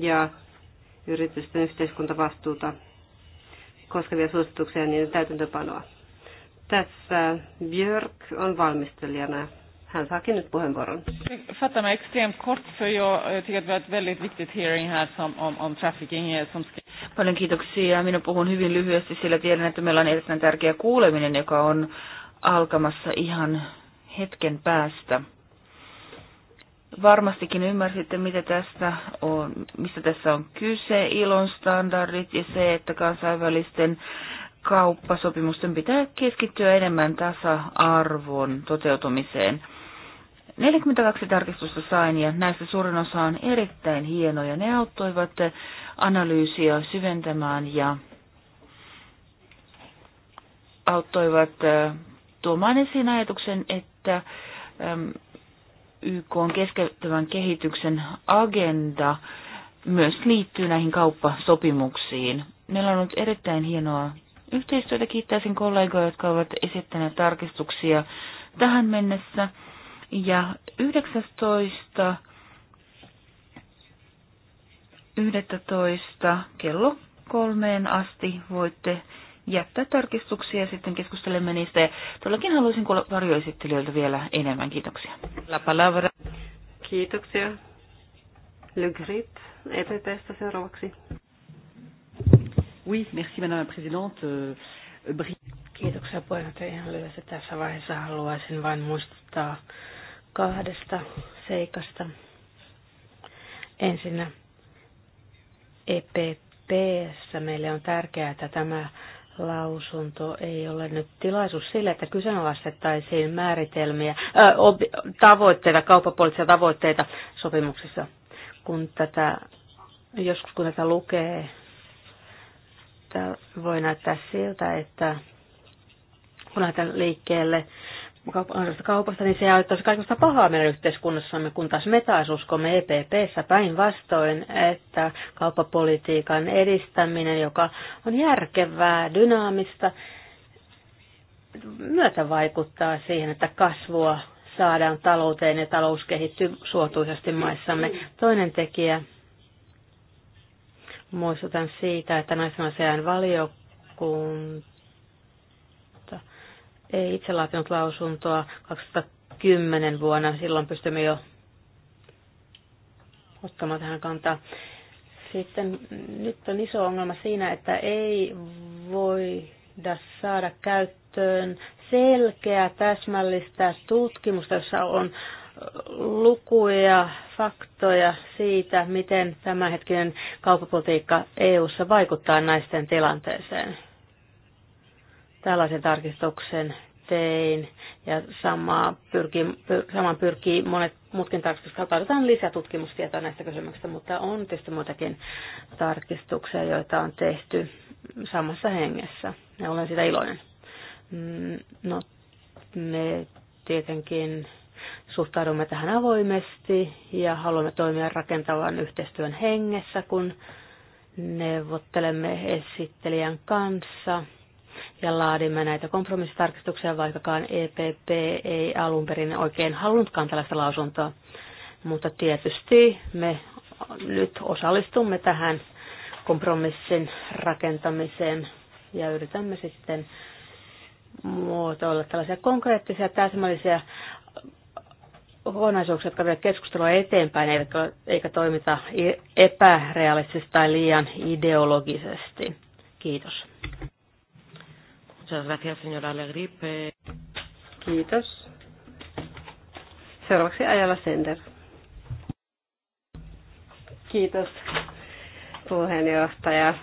ja yritysten yhteiskuntavastuuta koskevia suosituksia ja niiden täytäntöpanoa. Tässä Björk on valmistelijana. Hän saakin nyt puheenvuoron. Fattar mig extremt kort för jag eh, tycker att vi har ett väldigt viktigt hearing här som, om, om trafficking. Som... Paljon kiitoksia. Minä puhun hyvin lyhyesti, sillä tiedän, että meillä on erittäin tärkeä kuuleminen, joka on alkamassa ihan hetken päästä. Varmastikin ymmärsitte, mitä tässä on, mistä tässä on kyse, ilon standardit ja se, että kansainvälisten kauppasopimusten pitää keskittyä enemmän tasa-arvon toteutumiseen. 42 tarkistusta sain ja näistä suurin osa on erittäin hienoja. Ne auttoivat analyysiä syventämään ja auttoivat äh, tuomaan esiin ajatuksen, että YK on keskeyttävän kehityksen agenda myös liittyy näihin kauppasopimuksiin. Meillä on ollut erittäin hienoa yhteistyötä. Kiittäisin kollegoja, jotka ovat esittäneet tarkistuksia tähän mennessä. Ja 19. 11. kello kolmeen asti voitte jättää tarkistuksia ja sitten keskustelemme niistä. Ja todellakin haluaisin kuulla varjoesittelijöiltä vielä enemmän. Kiitoksia. La palabra. Kiitoksia. Lygrit, EPPstä seuraavaksi. Oui, merci madame la présidente. Euh, Kiitoksia puheenjohtaja. Ihan lyhyesti tässä vaiheessa haluaisin vain muistuttaa kahdesta seikasta. Ensinnä EPPssä meille on tärkeää, että tämä lausunto ei ole nyt tilaisuus sille, että kyseenalaistettaisiin määritelmiä, ää, ob, tavoitteita, kauppapoliittisia tavoitteita sopimuksissa. Kun tätä, joskus kun tätä lukee, tämä voi näyttää siltä, että kun lähdetään liikkeelle ansaista kaupasta, niin se aiheuttaisi kaikista pahaa meidän yhteiskunnassamme, kun taas me taas uskomme EPPssä päinvastoin, että kauppapolitiikan edistäminen, joka on järkevää, dynaamista, myötä vaikuttaa siihen, että kasvua saadaan talouteen ja talous kehittyy suotuisasti maissamme. Toinen tekijä, muistutan siitä, että naisen asian valiokunta ei itse laatinut lausuntoa 2010 vuonna. Silloin pystymme jo ottamaan tähän kantaa. Sitten nyt on iso ongelma siinä, että ei voida saada käyttöön selkeää, täsmällistä tutkimusta, jossa on lukuja, faktoja siitä, miten tämänhetkinen kauppapolitiikka EU:ssa vaikuttaa naisten tilanteeseen. Tällaisen tarkistuksen tein ja sama pyrkii, pyr, saman pyrkii monet muutkin tarkistukset. Katsotaan lisää tutkimustietoa näistä kysymyksistä, mutta on tietysti muitakin tarkistuksia, joita on tehty samassa hengessä. Ja olen sitä iloinen. Mm, no, me tietenkin suhtaudumme tähän avoimesti ja haluamme toimia rakentavan yhteistyön hengessä, kun neuvottelemme esittelijän kanssa – ja laadimme näitä kompromissitarkistuksia, vaikkakaan EPP ei alun perin oikein halunnutkaan tällaista lausuntoa. Mutta tietysti me nyt osallistumme tähän kompromissin rakentamiseen ja yritämme sitten muotoilla tällaisia konkreettisia, täsmällisiä kokonaisuuksia, jotka vievät keskustelua eteenpäin, eikä, eikä toimita epärealistisesti tai liian ideologisesti. Kiitos. Muchas gracias, señora Legrip. Kiitos. Seuraavaksi Ajala Sender. Kiitos puheenjohtaja.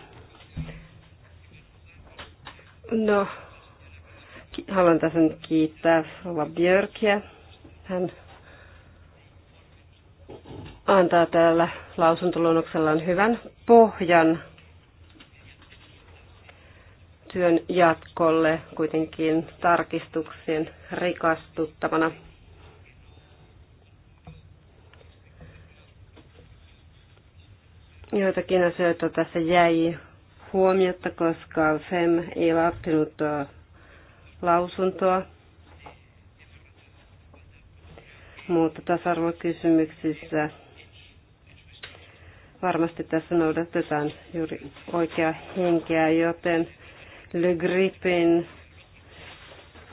No, haluan tässä nyt kiittää Rova Björkiä. Hän antaa täällä lausuntoluonnoksellaan hyvän pohjan työn jatkolle kuitenkin tarkistuksien rikastuttavana. Joitakin asioita tässä jäi huomiota, koska FEM ei laatinut lausuntoa. Mutta tasa-arvokysymyksissä varmasti tässä noudatetaan juuri oikea henkeä, joten Le Gripin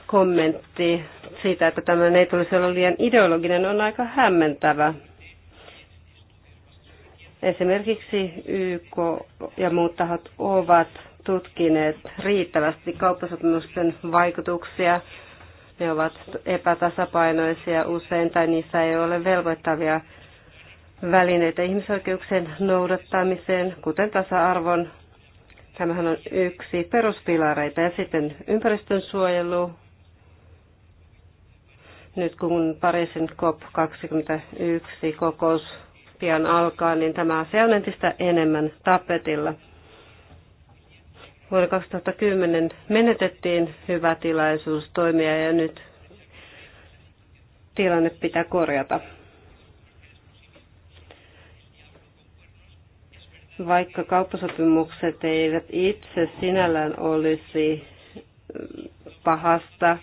kommentti siitä, että tämä ei tulisi olla liian ideologinen, on aika hämmentävä. Esimerkiksi YK ja muut tahot ovat tutkineet riittävästi kauppasopimusten vaikutuksia. Ne ovat epätasapainoisia usein tai niissä ei ole velvoittavia välineitä ihmisoikeuksien noudattamiseen, kuten tasa-arvon Tämähän on yksi peruspilareita. Ja sitten ympäristönsuojelu. Nyt kun Pariisin COP21 kokous pian alkaa, niin tämä asia on entistä enemmän tapetilla. Vuonna 2010 menetettiin hyvä tilaisuus toimia ja nyt tilanne pitää korjata. Vaikka kauppasopimukset eivät itse sinällään olisi mm, pahasta,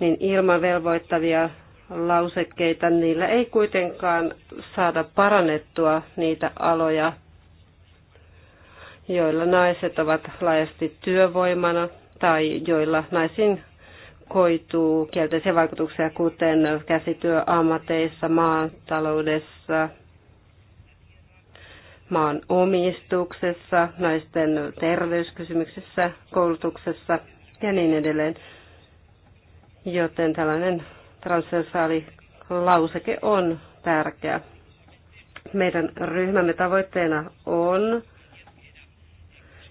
niin ilman velvoittavia lausekkeita niillä ei kuitenkaan saada parannettua niitä aloja, joilla naiset ovat laajasti työvoimana tai joilla naisin koituu kielteisiä vaikutuksia, kuten käsityöammateissa, maataloudessa, maan omistuksessa, naisten terveyskysymyksissä, koulutuksessa ja niin edelleen. Joten tällainen transversaali lauseke on tärkeä. Meidän ryhmämme tavoitteena on,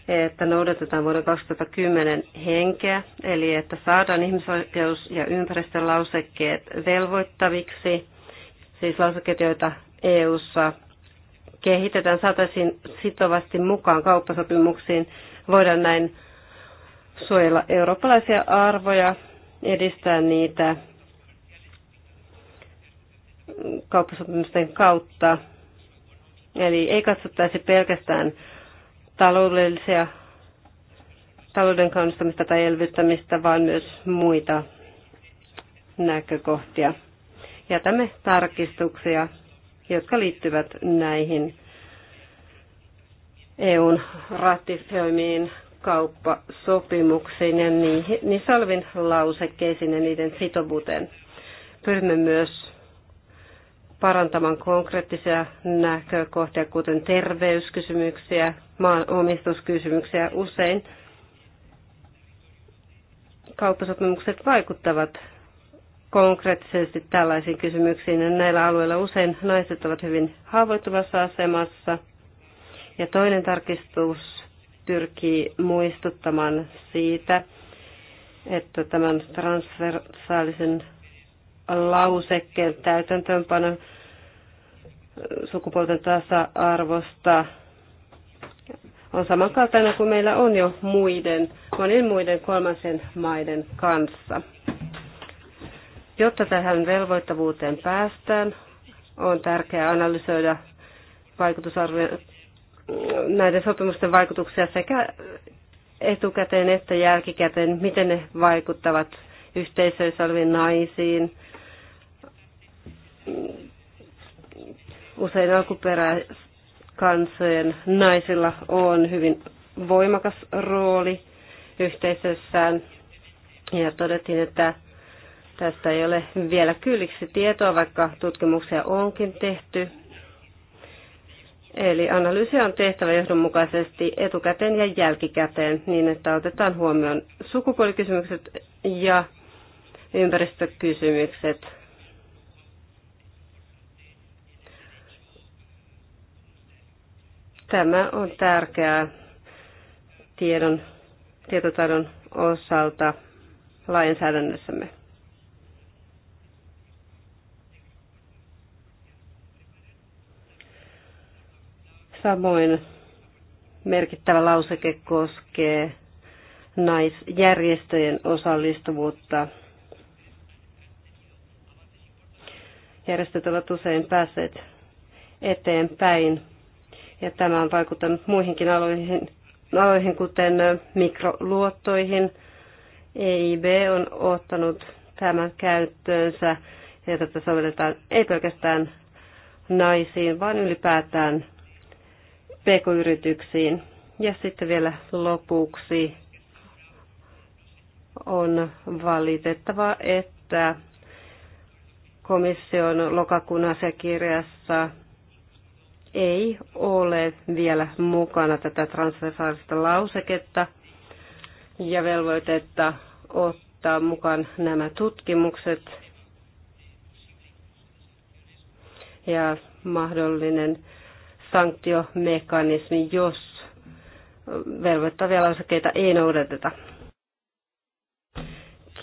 että noudatetaan vuoden 2010 henkeä, eli että saadaan ihmisoikeus- ja ympäristölausekkeet velvoittaviksi, siis lausekkeet, joita EU:ssa kehitetään, saataisiin sitovasti mukaan kauppasopimuksiin, voidaan näin suojella eurooppalaisia arvoja, edistää niitä kauppasopimusten kautta. Eli ei katsottaisi pelkästään taloudellisia, talouden kannustamista tai elvyttämistä, vaan myös muita näkökohtia. Jätämme tarkistuksia jotka liittyvät näihin EUn ratifioimiin kauppasopimuksiin ja niihin, salvin lausekkeisiin ja niiden sitovuuteen. Pyrimme myös parantamaan konkreettisia näkökohtia, kuten terveyskysymyksiä, maanomistuskysymyksiä. Usein kauppasopimukset vaikuttavat konkreettisesti tällaisiin kysymyksiin. Niin näillä alueilla usein naiset ovat hyvin haavoittuvassa asemassa. Ja toinen tarkistus pyrkii muistuttamaan siitä, että tämän transversaalisen lausekkeen täytäntöönpano sukupuolten tasa-arvosta on samankaltainen kuin meillä on jo muiden, monien muiden kolmansien maiden kanssa. Jotta tähän velvoittavuuteen päästään, on tärkeää analysoida vaikutusarvio, näiden sopimusten vaikutuksia sekä etukäteen että jälkikäteen, miten ne vaikuttavat yhteisöissä oleviin naisiin, usein alkuperäiskansojen naisilla on hyvin voimakas rooli yhteisössään. Ja todettiin, että Tästä ei ole vielä kylliksi tietoa, vaikka tutkimuksia onkin tehty. Eli analyysi on tehtävä johdonmukaisesti etukäteen ja jälkikäteen niin, että otetaan huomioon sukupuolikysymykset ja ympäristökysymykset. Tämä on tärkeää tiedon, tietotaidon osalta lainsäädännössämme. Samoin merkittävä lauseke koskee naisjärjestöjen osallistuvuutta. Järjestöt ovat usein päässeet eteenpäin ja tämä on vaikuttanut muihinkin aloihin, aloihin kuten mikroluottoihin. EIB on ottanut tämän käyttöönsä ja tätä sovelletaan ei pelkästään naisiin, vaan ylipäätään pk-yrityksiin. Ja sitten vielä lopuksi on valitettava, että komission lokakuun asiakirjassa ei ole vielä mukana tätä transversaalista lauseketta ja velvoitetta ottaa mukaan nämä tutkimukset ja mahdollinen sanktiomekanismi, jos velvoittavia lausakkeita ei noudateta.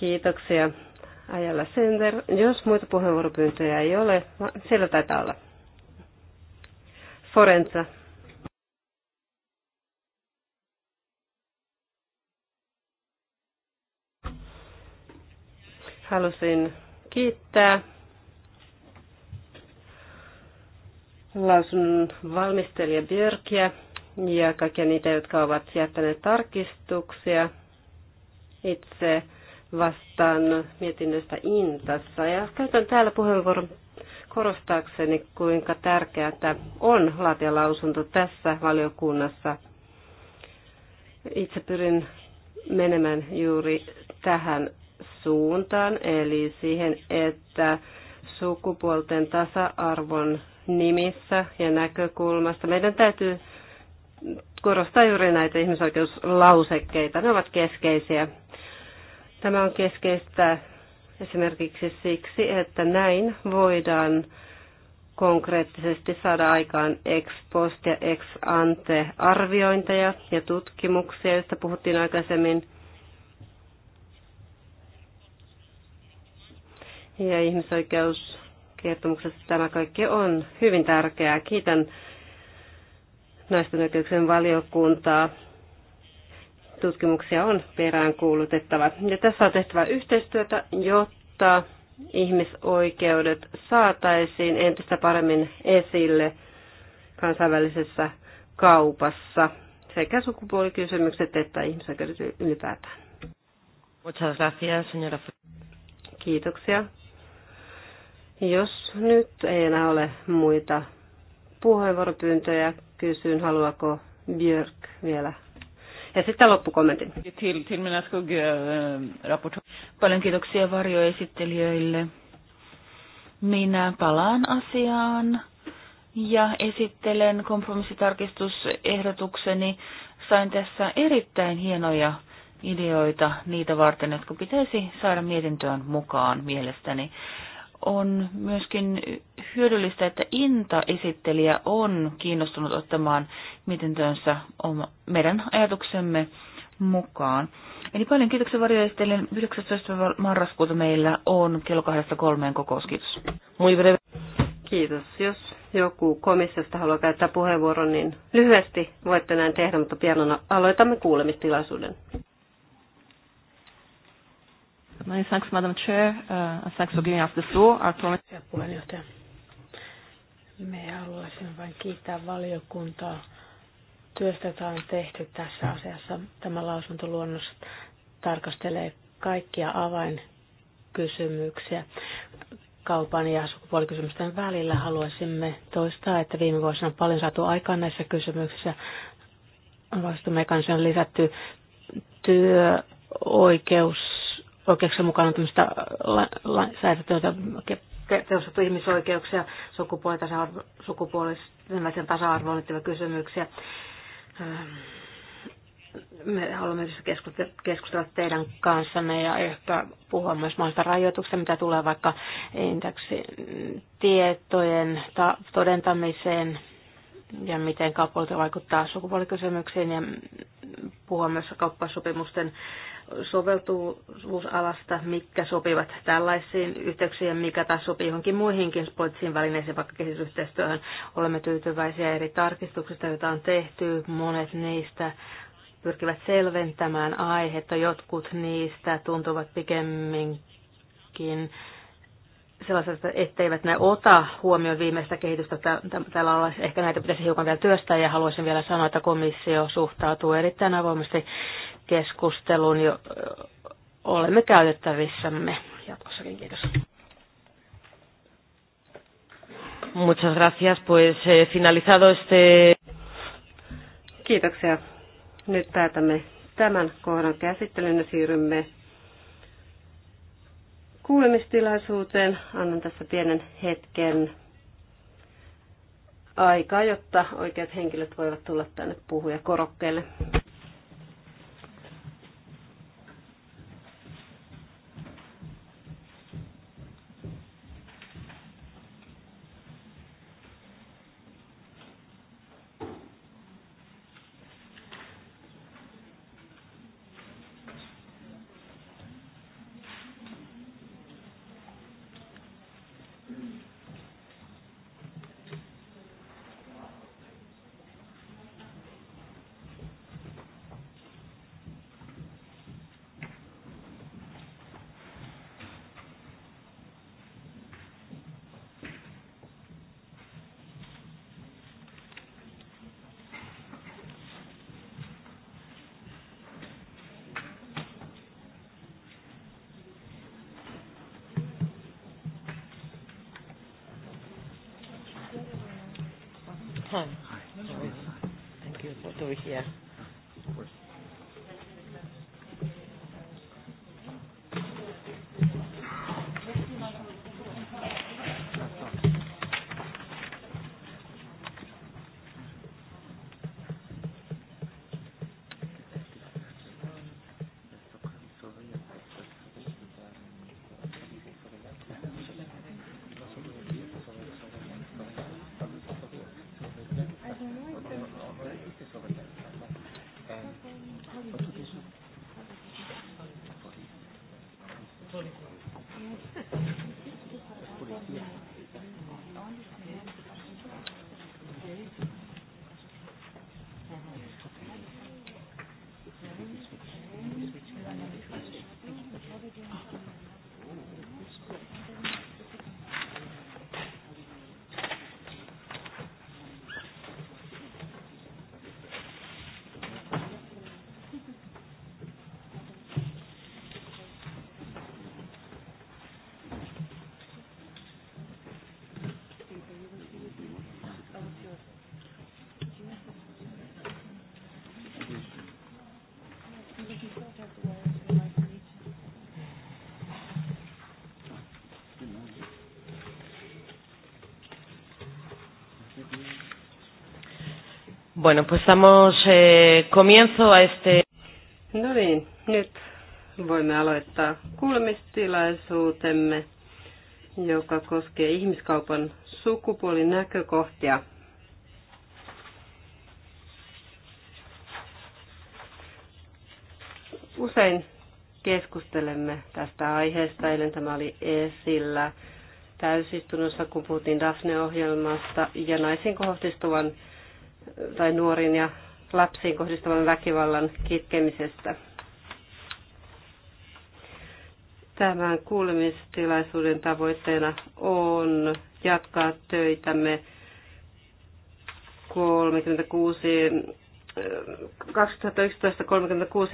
Kiitoksia Ajalla Sender. Jos muita puheenvuoropyyntöjä ei ole, no, siellä taitaa olla. Forenza. Halusin kiittää lausunnon valmistelija Björkiä ja kaikkia niitä, jotka ovat jättäneet tarkistuksia. Itse vastaan mietinnöstä Intassa ja käytän täällä puheenvuoron korostaakseni, kuinka tärkeää on laatia lausunto tässä valiokunnassa. Itse pyrin menemään juuri tähän suuntaan, eli siihen, että sukupuolten tasa-arvon nimissä ja näkökulmasta. Meidän täytyy korostaa juuri näitä ihmisoikeuslausekkeita. Ne ovat keskeisiä. Tämä on keskeistä esimerkiksi siksi, että näin voidaan konkreettisesti saada aikaan ex post ja ex ante arviointeja ja tutkimuksia, joista puhuttiin aikaisemmin. Ja ihmisoikeus kertomuksessa tämä kaikki on hyvin tärkeää. Kiitän naisten oikeuksien valiokuntaa. Tutkimuksia on peräänkuulutettava. Ja tässä on tehtävä yhteistyötä, jotta ihmisoikeudet saataisiin entistä paremmin esille kansainvälisessä kaupassa sekä sukupuolikysymykset että ihmisoikeudet ylipäätään. Muchas gracias, señora. Kiitoksia. Jos nyt ei enää ole muita puheenvuoropyyntöjä, kysyn, haluaako Björk vielä ja sitten loppukommentin. Eh, Paljon kiitoksia varjoesittelijöille. Minä palaan asiaan ja esittelen kompromissitarkistusehdotukseni. Sain tässä erittäin hienoja ideoita niitä varten, jotka pitäisi saada mietintöön mukaan mielestäni on myöskin hyödyllistä, että Inta-esittelijä on kiinnostunut ottamaan mietintöönsä meidän ajatuksemme mukaan. Eli paljon kiitoksia varjoesittelijä. 19. marraskuuta meillä on kello kahdesta kolmeen kokous. Kiitos. Kiitos. Jos joku komissiosta haluaa käyttää puheenvuoron, niin lyhyesti voitte näin tehdä, mutta pian aloitamme kuulemistilaisuuden. Many thanks, Madam Chair. Uh, thanks for giving us the floor. Our puheenjohtaja. Me haluaisin vain kiittää valiokuntaa työstä, jota on tehty tässä asiassa. Tämä lausuntoluonnos tarkastelee kaikkia avainkysymyksiä kaupan ja sukupuolikysymysten välillä. Haluaisimme toistaa, että viime vuosina on paljon saatu aikaan näissä kysymyksissä. Vastumekansi on lisätty työoikeus oikeuksien mukaan on tämmöistä lainsäädäntöä perustettu ihmisoikeuksia, sukupuolisen tasa-arvoon liittyviä kysymyksiä. Öö, me haluamme keskustella teidän kanssanne ja ehkä puhua myös maista rajoituksista, mitä tulee vaikka tietojen todentamiseen ja miten kauppapolitiikka vaikuttaa sukupuolikysymyksiin ja puhua myös kauppasopimusten soveltuvuusalasta, mitkä sopivat tällaisiin yhteyksiin, mikä taas sopii johonkin muihinkin poliittisiin välineisiin, vaikka kehitysyhteistyöhön. Olemme tyytyväisiä eri tarkistuksista, joita on tehty. Monet niistä pyrkivät selventämään aihetta. Jotkut niistä tuntuvat pikemminkin sellaiselta, etteivät ne ota huomioon viimeistä kehitystä täällä. alalla. Ehkä näitä pitäisi hiukan vielä työstää ja haluaisin vielä sanoa, että komissio suhtautuu erittäin avoimesti keskustelun jo olemme käytettävissämme jatkossakin. Kiitos. Muchas gracias. Pues eh, finalizado este... Kiitoksia. Nyt päätämme tämän kohdan käsittelyn ja siirrymme kuulemistilaisuuteen. Annan tässä pienen hetken aikaa, jotta oikeat henkilöt voivat tulla tänne puhujakorokkeelle. Hi. Thank you for doing here. Bueno, pues estamos eh, comienzo a este... No niin, nyt voimme aloittaa kuulemistilaisuutemme, joka koskee ihmiskaupan sukupuolinäkökohtia. Usein keskustelemme tästä aiheesta. Eilen tämä oli esillä täysistunnossa, kun puhuttiin Daphne-ohjelmasta ja naisiin kohdistuvan tai nuoriin ja lapsiin kohdistuvan väkivallan kitkemisestä. Tämän kuulemistilaisuuden tavoitteena on jatkaa töitämme 36 2011-36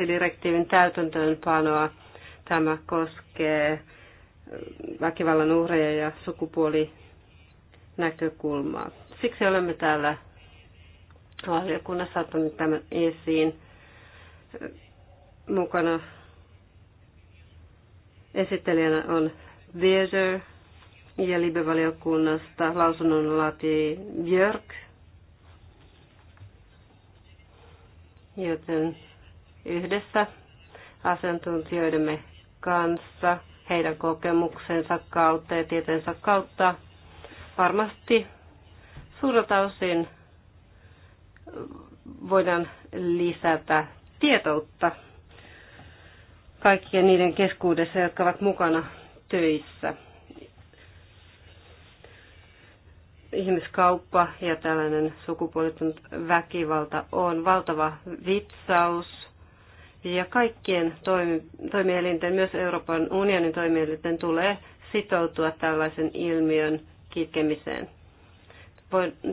direktiivin täytäntöönpanoa. Tämä koskee väkivallan uhreja ja sukupuolinäkökulmaa. Siksi olemme täällä valiokunnassa ottanut tämän esiin mukana. Esittelijänä on Weser ja Libe-valiokunnasta lausunnon laati Björk. Joten yhdessä asiantuntijoidemme kanssa, heidän kokemuksensa kautta ja tietensä kautta varmasti suurelta osin voidaan lisätä tietoutta kaikkien niiden keskuudessa, jotka ovat mukana töissä. Ihmiskauppa ja tällainen sukupuolittunut väkivalta on valtava vitsaus. Ja kaikkien toimi, toimielinten, myös Euroopan unionin toimielinten, tulee sitoutua tällaisen ilmiön kitkemiseen.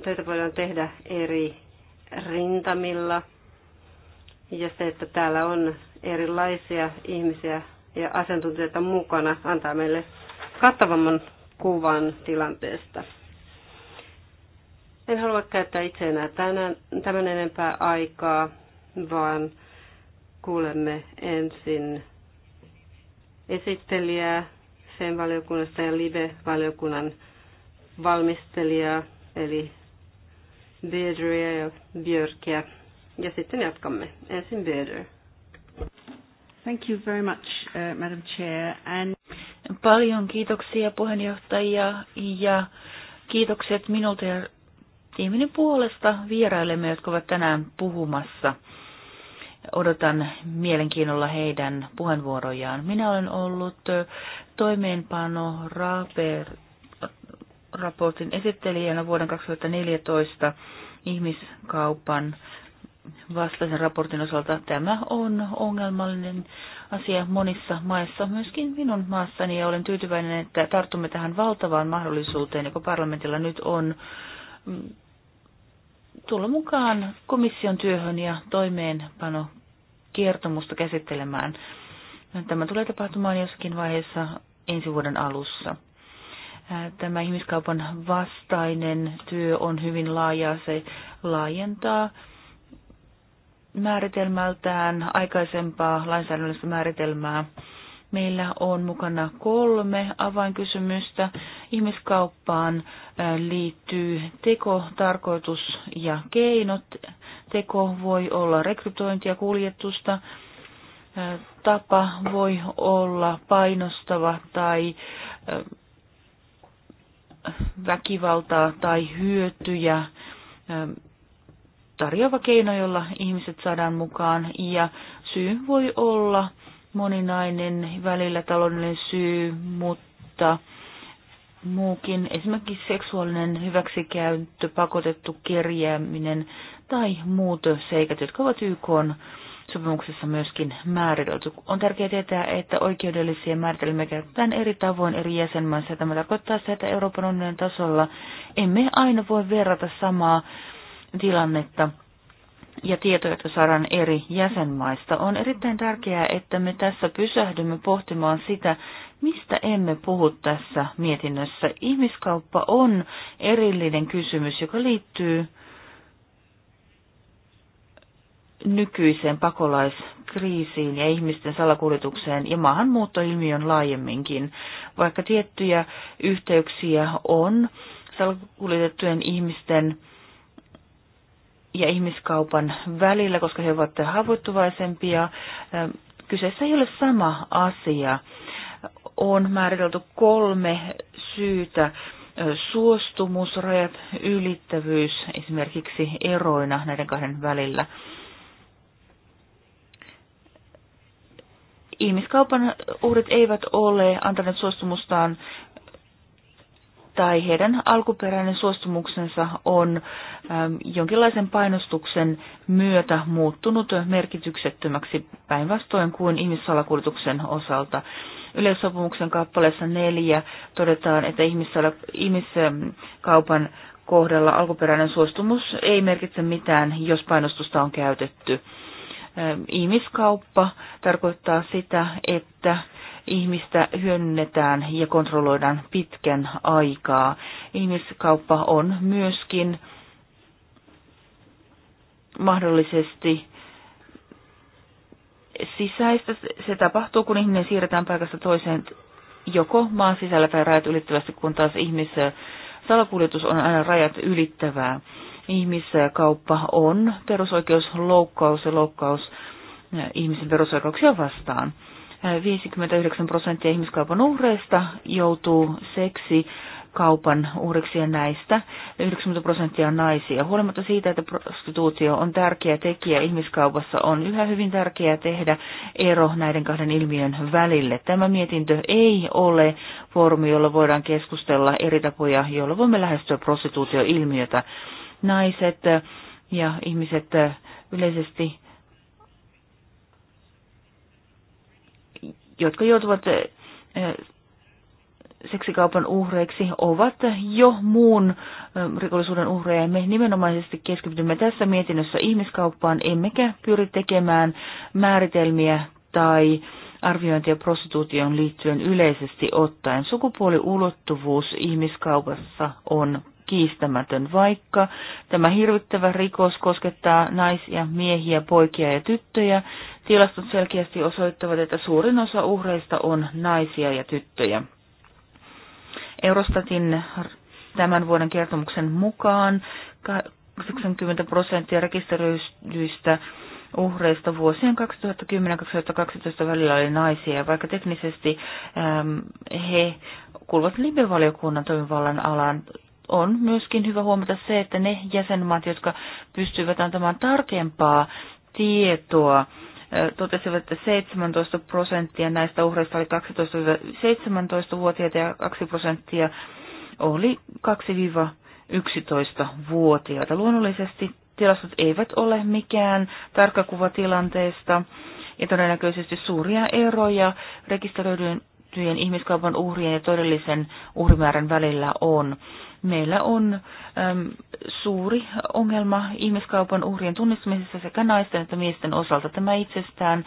töitä voidaan tehdä eri rintamilla ja se, että täällä on erilaisia ihmisiä ja asiantuntijoita mukana, antaa meille kattavamman kuvan tilanteesta. En halua käyttää itse enää tänään, tämän enempää aikaa, vaan kuulemme ensin esittelijää sen valiokunnasta ja live-valiokunnan valmistelijaa, eli Bedria ja Björke, Ja sitten jatkamme. Ensin Bedr. Thank you very much, uh, Madam Chair. And... Paljon kiitoksia puheenjohtajia ja kiitokset minulta ja tiimini puolesta vierailemme, jotka ovat tänään puhumassa. Odotan mielenkiinnolla heidän puheenvuorojaan. Minä olen ollut toimeenpano Raaper raportin esittelijänä vuoden 2014 ihmiskaupan vastaisen raportin osalta. Tämä on ongelmallinen asia monissa maissa, myöskin minun maassani, ja olen tyytyväinen, että tartumme tähän valtavaan mahdollisuuteen, joka parlamentilla nyt on mm, tulla mukaan komission työhön ja toimeenpano kertomusta käsittelemään. Tämä tulee tapahtumaan jossakin vaiheessa ensi vuoden alussa. Äh, tämä ihmiskaupan vastainen työ on hyvin laaja. Se laajentaa määritelmältään aikaisempaa lainsäädännöllistä määritelmää. Meillä on mukana kolme avainkysymystä. Ihmiskauppaan äh, liittyy teko, tarkoitus ja keinot. Teko voi olla rekrytointia, kuljetusta. Äh, tapa voi olla painostava tai väkivaltaa tai hyötyjä ähm, tarjoava keino, jolla ihmiset saadaan mukaan. Ja syy voi olla moninainen, välillä taloudellinen syy, mutta muukin, esimerkiksi seksuaalinen hyväksikäyttö, pakotettu kerjääminen tai muut seikat, jotka ovat YK sopimuksessa myöskin määritelty. On tärkeää tietää, että oikeudellisia määritelmiä käytetään eri tavoin eri jäsenmaissa. Tämä tarkoittaa sitä, että Euroopan unionin tasolla emme aina voi verrata samaa tilannetta ja tietoja, joita saadaan eri jäsenmaista. On erittäin tärkeää, että me tässä pysähdymme pohtimaan sitä, mistä emme puhu tässä mietinnössä. Ihmiskauppa on erillinen kysymys, joka liittyy nykyiseen pakolaiskriisiin ja ihmisten salakuljetukseen ja maahanmuuttoilmiön laajemminkin. Vaikka tiettyjä yhteyksiä on salakuljetettujen ihmisten ja ihmiskaupan välillä, koska he ovat haavoittuvaisempia, kyseessä ei ole sama asia. On määritelty kolme syytä suostumusrajat, ylittävyys esimerkiksi eroina näiden kahden välillä. ihmiskaupan uhrit eivät ole antaneet suostumustaan tai heidän alkuperäinen suostumuksensa on ähm, jonkinlaisen painostuksen myötä muuttunut merkityksettömäksi päinvastoin kuin ihmissalakuljetuksen osalta. Yleissopimuksen kappaleessa neljä todetaan, että ihmiskaupan kohdalla alkuperäinen suostumus ei merkitse mitään, jos painostusta on käytetty ihmiskauppa tarkoittaa sitä, että ihmistä hyödynnetään ja kontrolloidaan pitkän aikaa. Ihmiskauppa on myöskin mahdollisesti sisäistä. Se tapahtuu, kun ihminen siirretään paikasta toiseen joko maan sisällä tai rajat ylittävästi, kun taas ihmisen salakuljetus on aina rajat ylittävää. Ihmiskauppa on perusoikeusloukkaus ja loukkaus ihmisen perusoikeuksia vastaan. 59 prosenttia ihmiskaupan uhreista joutuu seksi kaupan uhriksi ja näistä 90 prosenttia on naisia. Huolimatta siitä, että prostituutio on tärkeä tekijä ihmiskaupassa, on yhä hyvin tärkeää tehdä ero näiden kahden ilmiön välille. Tämä mietintö ei ole foorumi, jolla voidaan keskustella eri tapoja, joilla voimme lähestyä prostituutioilmiötä. ilmiötä naiset ja ihmiset yleisesti, jotka joutuvat eh, seksikaupan uhreiksi ovat jo muun eh, rikollisuuden uhreja. Me nimenomaisesti keskitymme tässä mietinnössä ihmiskauppaan, emmekä pyri tekemään määritelmiä tai arviointia prostituutioon liittyen yleisesti ottaen. Sukupuoliulottuvuus ihmiskaupassa on kiistämätön, vaikka tämä hirvittävä rikos koskettaa naisia, miehiä, poikia ja tyttöjä. Tilastot selkeästi osoittavat, että suurin osa uhreista on naisia ja tyttöjä. Eurostatin tämän vuoden kertomuksen mukaan 80 prosenttia rekisteröidyistä uhreista vuosien 2010-2012 välillä oli naisia, ja vaikka teknisesti äm, he kuuluvat libe toimivallan alaan, on myöskin hyvä huomata se, että ne jäsenmaat, jotka pystyivät antamaan tarkempaa tietoa, totesivat, että 17 prosenttia näistä uhreista oli 12-17-vuotiaita ja 2 prosenttia oli 2-11-vuotiaita. Luonnollisesti tilastot eivät ole mikään tarkka kuva tilanteesta ja todennäköisesti suuria eroja rekisteröidyjen ihmiskaupan uhrien ja todellisen uhrimäärän välillä on meillä on äm, suuri ongelma ihmiskaupan uhrien tunnistamisessa sekä naisten että miesten osalta. Tämä itsestään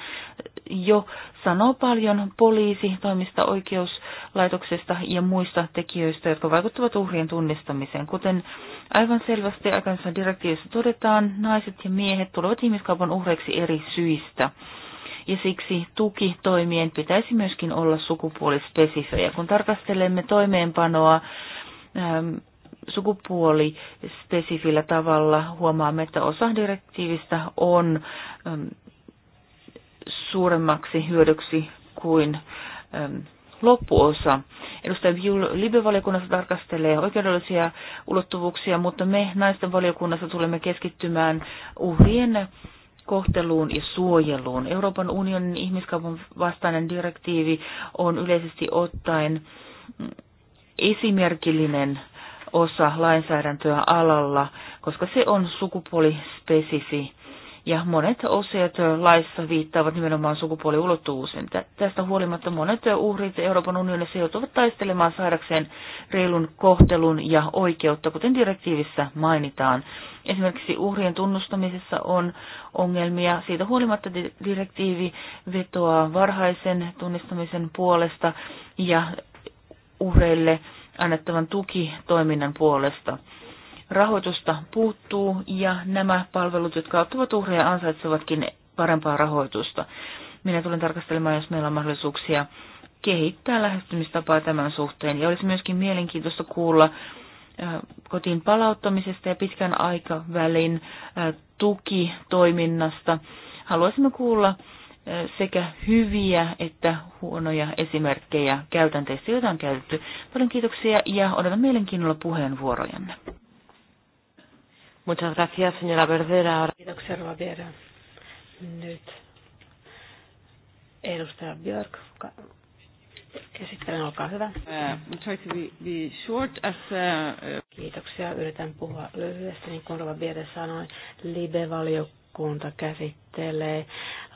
jo sanoo paljon poliisi toimista oikeuslaitoksesta ja muista tekijöistä, jotka vaikuttavat uhrien tunnistamiseen. Kuten aivan selvästi aikansa direktiivissä todetaan, naiset ja miehet tulevat ihmiskaupan uhreiksi eri syistä ja siksi tukitoimien pitäisi myöskin olla sukupuolispesifejä. Kun tarkastelemme toimeenpanoa Ähm, sukupuoli spesifillä tavalla huomaamme, että osa direktiivistä on ähm, suuremmaksi hyödyksi kuin ähm, loppuosa. Edustaja Viul Libe-valiokunnassa tarkastelee oikeudellisia ulottuvuuksia, mutta me naisten valiokunnassa tulemme keskittymään uhrien kohteluun ja suojeluun. Euroopan unionin ihmiskaupan vastainen direktiivi on yleisesti ottaen esimerkillinen osa lainsäädäntöä alalla, koska se on sukupuolispesifi ja monet osiot laissa viittaavat nimenomaan sukupuoliulottuvuuteen. Tästä huolimatta monet uhrit Euroopan unionissa joutuvat taistelemaan saadakseen reilun kohtelun ja oikeutta, kuten direktiivissä mainitaan. Esimerkiksi uhrien tunnustamisessa on ongelmia. Siitä huolimatta direktiivi vetoaa varhaisen tunnistamisen puolesta ja uhreille annettavan tukitoiminnan puolesta. Rahoitusta puuttuu ja nämä palvelut, jotka auttavat uhreja, ansaitsevatkin parempaa rahoitusta. Minä tulen tarkastelemaan, jos meillä on mahdollisuuksia kehittää lähestymistapaa tämän suhteen. Ja olisi myöskin mielenkiintoista kuulla äh, kotiin palauttamisesta ja pitkän aikavälin äh, tukitoiminnasta. Haluaisimme kuulla sekä hyviä että huonoja esimerkkejä käytänteistä, joita on käytetty. Paljon kiitoksia ja odotan mielenkiinnolla puheenvuorojanne. Muchas gracias, señora Verdera. Kiitoksia, Rova Viedä. Nyt edustaja Björk, esittelen, olkaa hyvä. Uh, try to be, be short as, uh, uh, Kiitoksia, yritän puhua lyhyesti, niin kuin Rova Viedä sanoi. Libe-valiokunta valiokunta käsittelee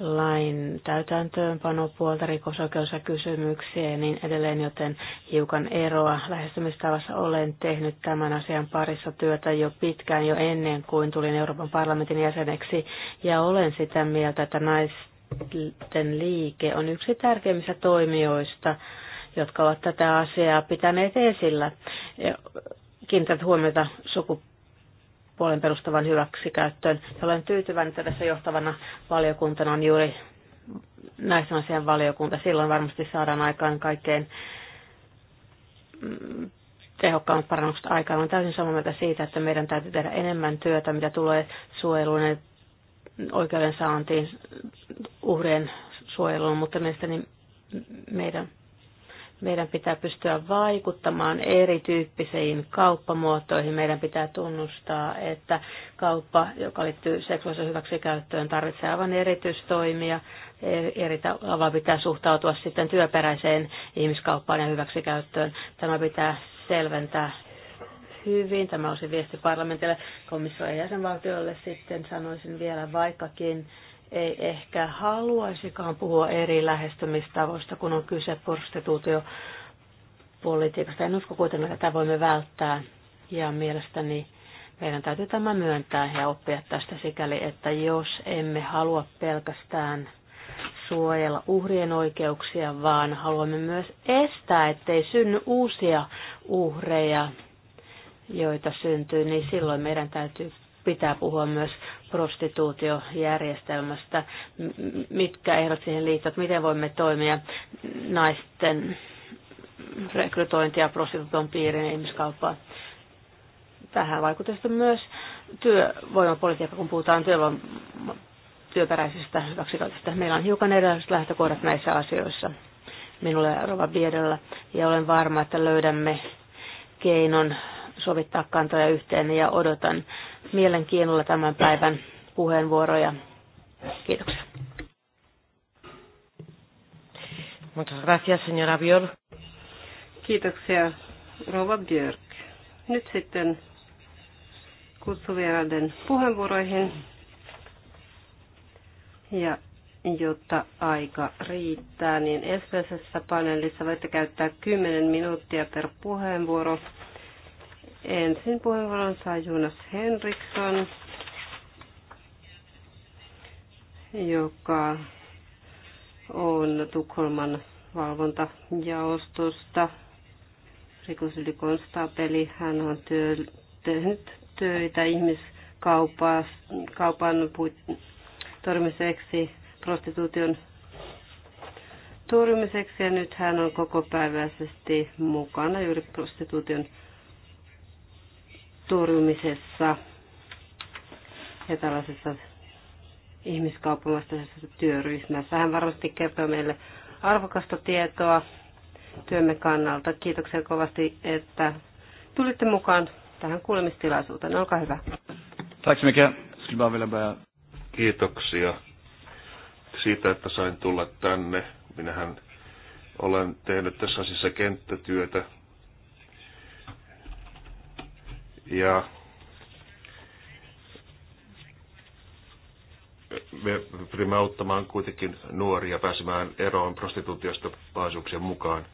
lain täytäntöönpanopuolta, ja kysymyksiä ja niin edelleen, joten hiukan eroa lähestymistavassa olen tehnyt tämän asian parissa työtä jo pitkään, jo ennen kuin tulin Euroopan parlamentin jäseneksi, ja olen sitä mieltä, että naisten liike on yksi tärkeimmistä toimijoista, jotka ovat tätä asiaa pitäneet esillä. Kiinnität huomiota sukupuolta puolen perustavan hyväksikäyttöön. olen tyytyväinen, että tässä johtavana valiokuntana on juuri näissä asian valiokunta. Silloin varmasti saadaan aikaan kaikkein mm, tehokkaammat parannukset aikaan. Olen täysin samaa mieltä siitä, että meidän täytyy tehdä enemmän työtä, mitä tulee suojeluun ja oikeuden saantiin, uhrien suojeluun, mutta mielestäni meidän meidän pitää pystyä vaikuttamaan erityyppisiin kauppamuotoihin. Meidän pitää tunnustaa, että kauppa, joka liittyy seksuaalisen hyväksikäyttöön, tarvitsee aivan erityistoimia. Eri tavalla pitää suhtautua sitten työperäiseen ihmiskauppaan ja hyväksikäyttöön. Tämä pitää selventää hyvin. Tämä on viesti parlamentille, komissio ja jäsenvaltiolle sitten sanoisin vielä, vaikkakin ei ehkä haluaisikaan puhua eri lähestymistavoista, kun on kyse prostituutiopolitiikasta. En usko kuitenkaan, että tätä voimme välttää. Ja mielestäni meidän täytyy tämä myöntää ja oppia tästä sikäli, että jos emme halua pelkästään suojella uhrien oikeuksia, vaan haluamme myös estää, ettei synny uusia uhreja, joita syntyy, niin silloin meidän täytyy pitää puhua myös prostituutiojärjestelmästä, mitkä ehdot siihen liittyvät, miten voimme toimia naisten rekrytointia prostituution piirin ja ihmiskauppaa. Tähän vaikutusta myös työvoimapolitiikka, kun puhutaan työvoima- työperäisestä hyväksikäytöstä. Meillä on hiukan erilaiset lähtökohdat näissä asioissa minulle ja Rova Biedellä, ja olen varma, että löydämme keinon sovittaa kantoja yhteen ja odotan mielenkiinnolla tämän päivän puheenvuoroja. Kiitoksia. Muchas gracias, señora Björk. Kiitoksia, rouva Björk. Nyt sitten kutsuvieraiden puheenvuoroihin. Ja jotta aika riittää, niin ensimmäisessä paneelissa voitte käyttää 10 minuuttia per puheenvuoro. Ensin puheenvuoron saa Jonas Henriksson, joka on Tukholman valvontajaostosta rikosylikonstaapeli. Hän on työ, tehnyt töitä ihmiskaupan torjumiseksi, prostituution torjumiseksi ja nyt hän on koko päiväisesti mukana juuri prostituution torjumisessa ja tällaisessa ihmiskaupanomaisessa työryhmässä. Hän varmasti kertoo meille arvokasta tietoa työmme kannalta. Kiitoksia kovasti, että tulitte mukaan tähän kuulemistilaisuuteen. Olkaa hyvä. Kiitoksia siitä, että sain tulla tänne. Minähän olen tehnyt tässä asiassa kenttätyötä Ja me pyrimme auttamaan kuitenkin nuoria pääsemään eroon prostituutiosta paisuuksien mukaan.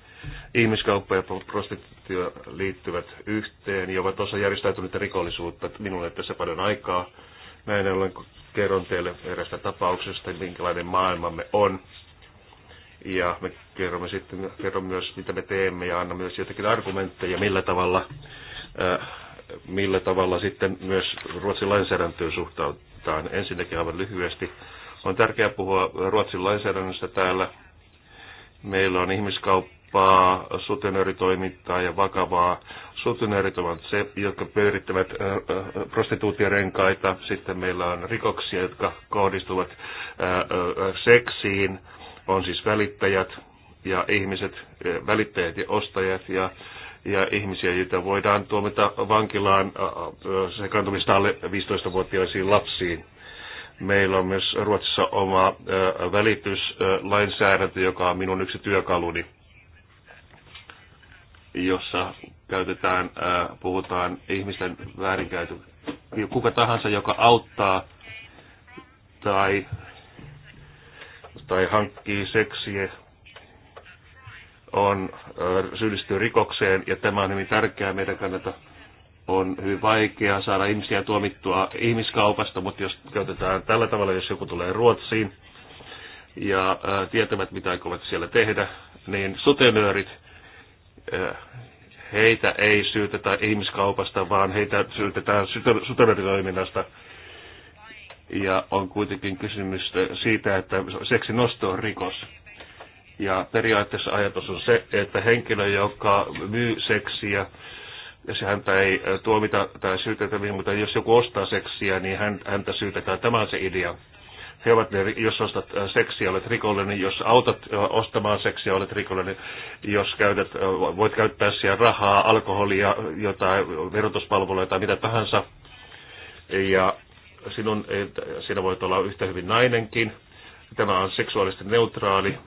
Ihmiskauppa ja prostituutio liittyvät yhteen ja ovat osa järjestäytynyttä rikollisuutta. Minulle ei tässä paljon aikaa. Näin ollen kerron teille erästä tapauksesta, minkälainen maailmamme on. Ja me kerromme sitten kerron myös, mitä me teemme ja annamme myös jotakin argumentteja, millä tavalla äh, millä tavalla sitten myös Ruotsin lainsäädäntöön suhtaudutaan. Ensinnäkin aivan lyhyesti. On tärkeää puhua Ruotsin lainsäädännöstä täällä. Meillä on ihmiskauppaa, sutenööritoimintaa ja vakavaa. Sutenöörit ovat se, jotka pyörittävät äh, äh, prostituutiorenkaita. Sitten meillä on rikoksia, jotka kohdistuvat äh, seksiin. On siis välittäjät ja ihmiset, välittäjät ja ostajat ja ja ihmisiä, joita voidaan tuomita vankilaan äh, äh, sekaantumista alle 15-vuotiaisiin lapsiin. Meillä on myös Ruotsissa oma äh, välityslainsäädäntö, joka on minun yksi työkaluni, jossa käytetään, puhutaan ihmisten väärinkäytö. Niin kuka tahansa, joka auttaa tai, tai hankkii seksiä on, syyllistyy rikokseen, ja tämä on hyvin tärkeää meidän kannalta. On hyvin vaikeaa saada ihmisiä tuomittua ihmiskaupasta, mutta jos käytetään tällä tavalla, jos joku tulee Ruotsiin ja ää, tietävät, mitä aikovat siellä tehdä, niin sutenöörit, heitä ei syytetä ihmiskaupasta, vaan heitä syytetään sutenööritoiminnasta. Ja on kuitenkin kysymys siitä, että seksin nosto on rikos ja periaatteessa ajatus on se, että henkilö, joka myy seksiä, se häntä ei tuomita tai syytetä mihin, mutta jos joku ostaa seksiä, niin häntä syytetään. Tämä on se idea. He ovat ne, jos ostat seksiä, olet rikollinen. Jos autat ostamaan seksiä, olet rikollinen. Jos käytät, voit käyttää siellä rahaa, alkoholia, jotain verotuspalveluja tai mitä tahansa. Ja sinun, sinä voit olla yhtä hyvin nainenkin. Tämä on seksuaalisesti neutraali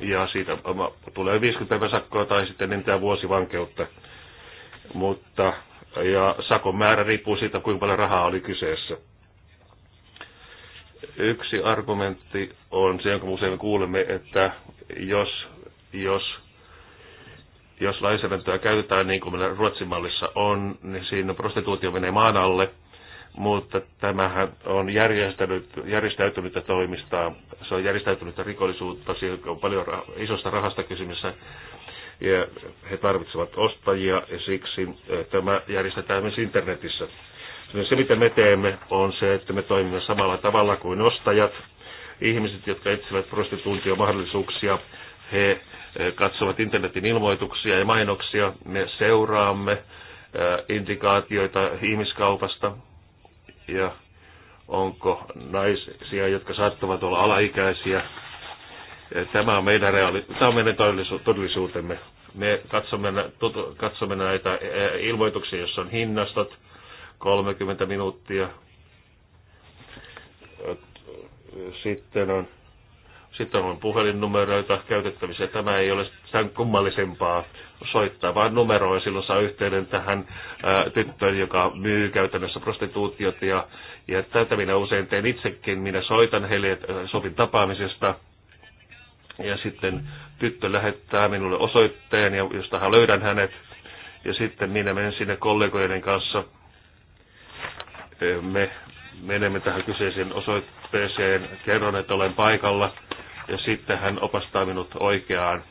ja siitä tulee 50 päivän sakkoa tai sitten enintään vuosi vankeutta. Mutta, ja sakon määrä riippuu siitä, kuinka paljon rahaa oli kyseessä. Yksi argumentti on se, jonka usein kuulemme, että jos, jos, jos lainsäädäntöä käytetään niin kuin meillä Ruotsin mallissa on, niin siinä prostituutio menee maan alle – mutta tämähän on järjestänyt, järjestäytynyttä toimistaa, se on järjestäytynyttä rikollisuutta, siinä on paljon rah- isosta rahasta kysymys, ja he tarvitsevat ostajia, ja siksi eh, tämä järjestetään myös internetissä. Se, mitä me teemme, on se, että me toimimme samalla tavalla kuin ostajat. Ihmiset, jotka etsivät prostituutiomahdollisuuksia, he eh, katsovat internetin ilmoituksia ja mainoksia. Me seuraamme eh, indikaatioita ihmiskaupasta, ja onko naisia, jotka saattavat olla alaikäisiä. Tämä on meidän, reaali- tämä on meidän todellisuutemme. Me katsomme, katsomme näitä ilmoituksia, jossa on hinnastot 30 minuuttia. Sitten on sitten on puhelinnumeroita käytettävissä. Tämä ei ole sen kummallisempaa soittaa, vaan numeroa. Silloin saa yhteyden tähän ää, tyttöön, joka myy käytännössä prostituutiota. Ja, ja tätä minä usein teen itsekin. Minä soitan heille, että sopin tapaamisesta. Ja sitten tyttö lähettää minulle osoitteen, josta löydän hänet. Ja sitten minä menen sinne kollegojen kanssa. Me menemme tähän kyseiseen osoitteeseen, kerron, että olen paikalla, ja sitten hän opastaa minut oikeaan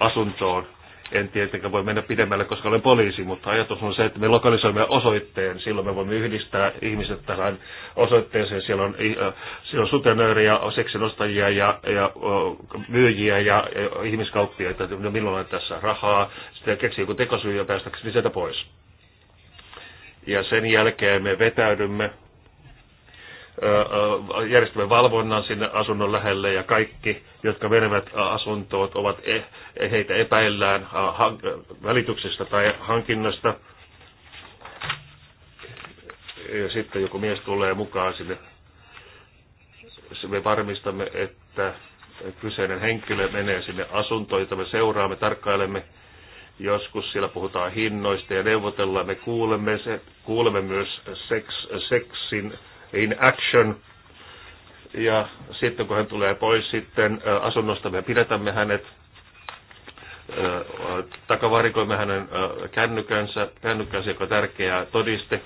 asuntoon. En tietenkään voi mennä pidemmälle, koska olen poliisi, mutta ajatus on se, että me lokalisoimme osoitteen. Silloin me voimme yhdistää ihmiset tähän osoitteeseen. Siellä on, eh, siellä on sutenööriä, seksinostajia ja, ja eh, myyjiä ja, ja ihmiskauppiaita. No, milloin on tässä rahaa? Sitten keksii joku tekosyy ja päästäkseni sieltä pois. Ja sen jälkeen me vetäydymme järjestämme valvonnan sinne asunnon lähelle ja kaikki, jotka menevät asuntoon, ovat, e, e, heitä epäillään välityksestä tai hankinnasta. Ja sitten joku mies tulee mukaan sinne. Me varmistamme, että kyseinen henkilö menee sinne asuntoon, jota me seuraamme, tarkkailemme. Joskus siellä puhutaan hinnoista ja neuvotellaan. Me kuulemme, se, kuulemme myös seks, seksin in action. Ja sitten kun hän tulee pois sitten asunnosta, me pidätämme hänet, takavarikoimme hänen kännykänsä, kännykänsä, joka on tärkeä todiste.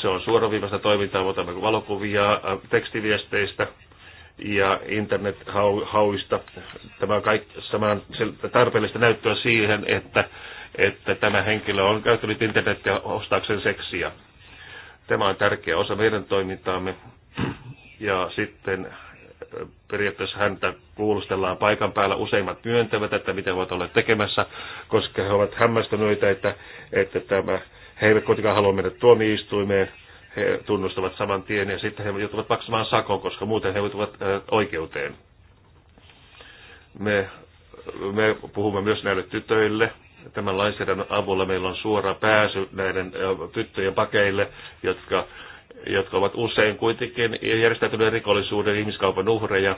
Se on suoraviivasta toimintaa, otamme valokuvia tekstiviesteistä, ja internethauista. Tämä on kaikki saman tarpeellista näyttöä siihen, että, että tämä henkilö on käyttänyt internetiä ostaakseen seksiä. Tämä on tärkeä osa meidän toimintaamme. Ja sitten äh, periaatteessa häntä kuulustellaan paikan päällä. Useimmat myöntävät, että mitä voit olla tekemässä, koska he ovat hämmästyneitä, että, että tämä, he eivät kuitenkaan halua mennä tuomioistuimeen. He tunnustavat saman tien ja sitten he joutuvat maksamaan sakon, koska muuten he joutuvat äh, oikeuteen. Me, me puhumme myös näille tytöille, tämän lainsäädännön avulla meillä on suora pääsy näiden tyttöjen pakeille, jotka, jotka ovat usein kuitenkin järjestäytyneen rikollisuuden ihmiskaupan uhreja.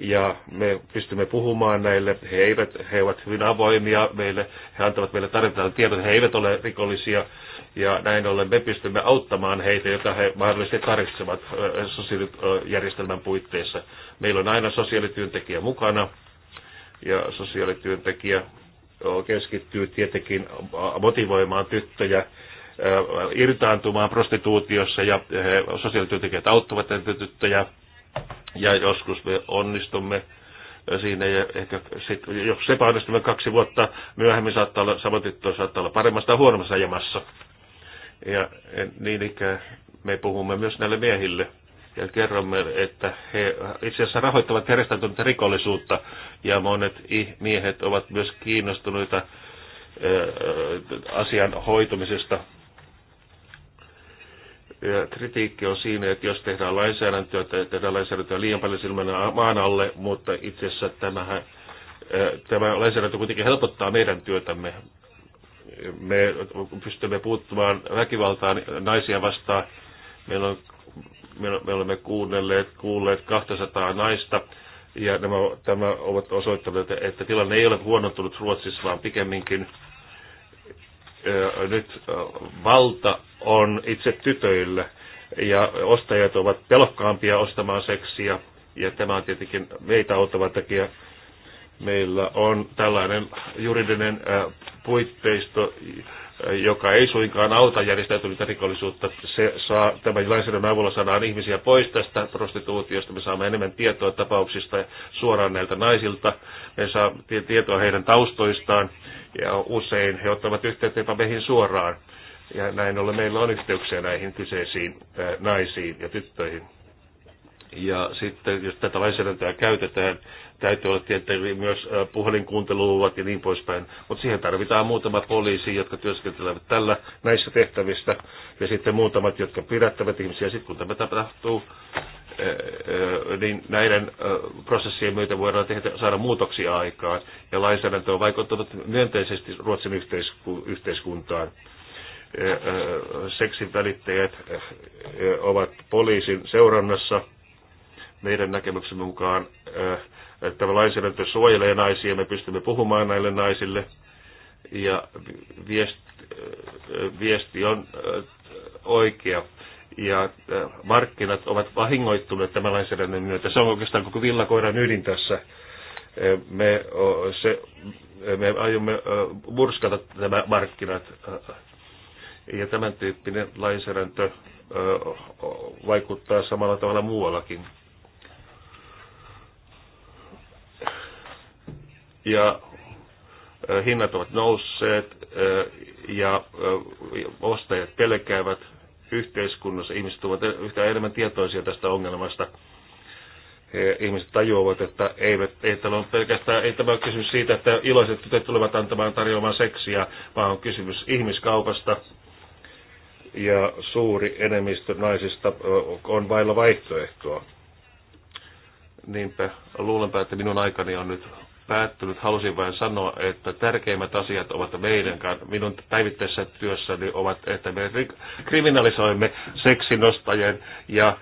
Ja me pystymme puhumaan näille, he, eivät, he ovat hyvin avoimia meille, he antavat meille tarvitaan tiedot, he eivät ole rikollisia, ja näin ollen me pystymme auttamaan heitä, joita he mahdollisesti tarvitsevat sosiaalijärjestelmän puitteissa. Meillä on aina sosiaalityöntekijä mukana ja sosiaalityöntekijä keskittyy tietenkin motivoimaan tyttöjä irtaantumaan prostituutiossa ja sosiaalityöntekijät auttavat näitä tyttöjä ja joskus me onnistumme siinä ja ehkä sit, jos epäonnistumme kaksi vuotta myöhemmin saattaa olla, sama tyttö saattaa olla paremmassa tai huonommassa ajamassa. Ja niin ikään me puhumme myös näille miehille – ja kerromme, että he itse asiassa rahoittavat järjestäytynyttä rikollisuutta ja monet miehet ovat myös kiinnostuneita asian hoitumisesta. Ja kritiikki on siinä, että jos tehdään lainsäädäntöä, tehdään lainsäädäntöä liian paljon silmänä maan alle, mutta itse asiassa tämähän, tämä lainsäädäntö kuitenkin helpottaa meidän työtämme. Me pystymme puuttumaan väkivaltaan naisia vastaan Meillä on, me olemme kuunnelleet, kuulleet 200 naista, ja nämä, tämä ovat osoittaneet, että tilanne ei ole huonontunut Ruotsissa, vaan pikemminkin nyt valta on itse tytöillä ja ostajat ovat pelokkaampia ostamaan seksiä ja tämä on tietenkin meitä auttava takia. Meillä on tällainen juridinen puitteisto, joka ei suinkaan auta järjestäytynyttä rikollisuutta. Se saa, tämän lainsäädännön avulla saadaan ihmisiä pois tästä prostituutiosta. Me saamme enemmän tietoa tapauksista suoraan näiltä naisilta. Me saa tietoa heidän taustoistaan ja usein he ottavat yhteyttä jopa meihin suoraan. Ja näin ollen meillä on yhteyksiä näihin kyseisiin naisiin ja tyttöihin. Ja sitten jos tätä lainsäädäntöä käytetään, Täytyy olla tietysti myös puhelinkuunteluluvat ja niin poispäin. Mutta siihen tarvitaan muutama poliisi, jotka työskentelevät tällä näissä tehtävistä. Ja sitten muutamat, jotka pidättävät ihmisiä. Sitten kun tämä tapahtuu, niin näiden prosessien myötä voidaan tehdä, saada muutoksia aikaan. Ja lainsäädäntö on vaikuttanut myönteisesti Ruotsin yhteiskuntaan seksin välittäjät ovat poliisin seurannassa. Meidän näkemyksemme mukaan Tämä lainsäädäntö suojelee naisia, me pystymme puhumaan näille naisille. Ja viesti, äh, viesti on äh, oikea. Ja äh, markkinat ovat vahingoittuneet tämän lainsäädännön myötä. Se on oikeastaan koko villakoiran ydin tässä. Me, se, me aiomme murskata nämä markkinat. Ja tämän tyyppinen lainsäädäntö vaikuttaa samalla tavalla muuallakin. ja hinnat ovat nousseet ja ostajat pelkäävät yhteiskunnassa. Ihmiset ovat yhtä enemmän tietoisia tästä ongelmasta. Ihmiset tajuavat, että eivät, ei tämä on pelkästään, ei tämä ole kysymys siitä, että iloiset tytöt tulevat antamaan tarjoamaan seksiä, vaan on kysymys ihmiskaupasta. Ja suuri enemmistö naisista on vailla vaihtoehtoa. Niinpä luulenpä, että minun aikani on nyt päättynyt. Halusin vain sanoa, että tärkeimmät asiat ovat meidän, kanssa. minun päivittäisessä työssäni ovat, että me kriminalisoimme seksinostajien ja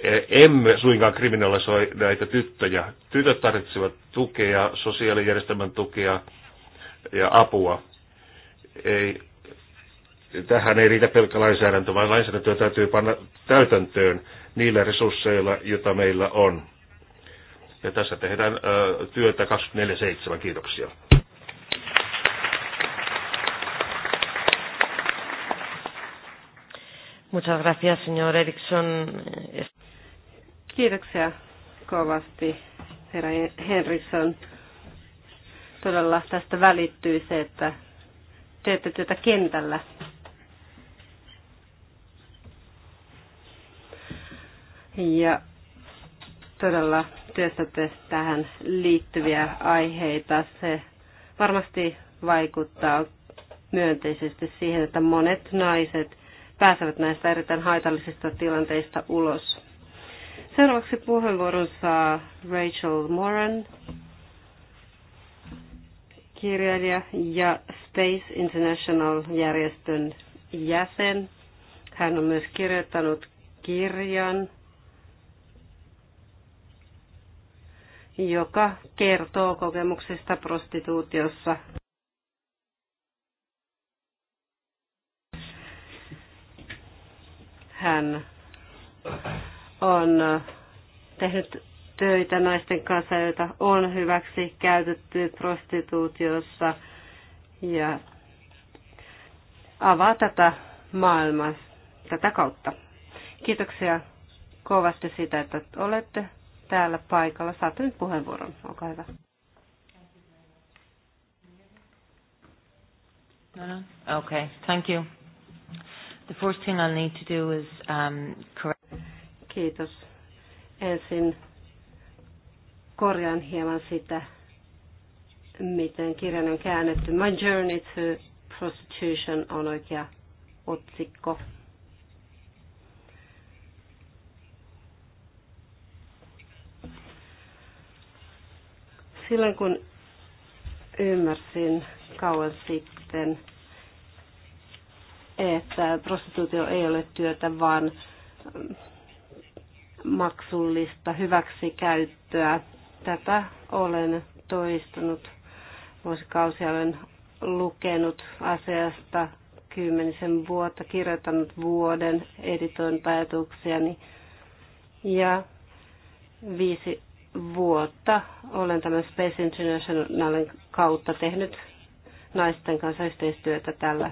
e-, emme suinkaan kriminalisoi näitä tyttöjä. Tytöt tarvitsevat tukea, sosiaalijärjestelmän tukea ja apua. Ei, tähän ei riitä pelkkä lainsäädäntö, vaan lainsäädäntöä täytyy panna täytäntöön niillä resursseilla, joita meillä on ja tässä tehdään työtä 24-7. Kiitoksia. Muchas gracias, señor Eriksson. Kiitoksia kovasti, herra Henriksson. Todella tästä välittyy se, että teette työtä kentällä. Ja todella työstätte tähän liittyviä aiheita. Se varmasti vaikuttaa myönteisesti siihen, että monet naiset pääsevät näistä erittäin haitallisista tilanteista ulos. Seuraavaksi puheenvuoron saa Rachel Moran, kirjailija ja Space International-järjestön jäsen. Hän on myös kirjoittanut kirjan joka kertoo kokemuksista prostituutiossa. Hän on tehnyt töitä naisten kanssa, joita on hyväksi käytetty prostituutiossa ja avaa tätä maailmaa tätä kautta. Kiitoksia kovasti siitä, että olette täällä paikalla. Saatte nyt puheenvuoron. Olkaa hyvä. No, no. Okay, thank you. The first thing I'll need to do is um, correct. Kiitos. Ensin korjaan hieman sitä, miten kirjan on käännetty. My Journey to Prostitution on oikea otsikko. Silloin kun ymmärsin kauan sitten, että prostituutio ei ole työtä, vaan maksullista hyväksikäyttöä. Tätä olen toistanut vuosikausia. Olen lukenut asiasta kymmenisen vuotta, kirjoittanut vuoden, editoinut ajatuksiani ja viisi vuotta olen tämän Space Internationalin kautta tehnyt naisten kanssa yhteistyötä tällä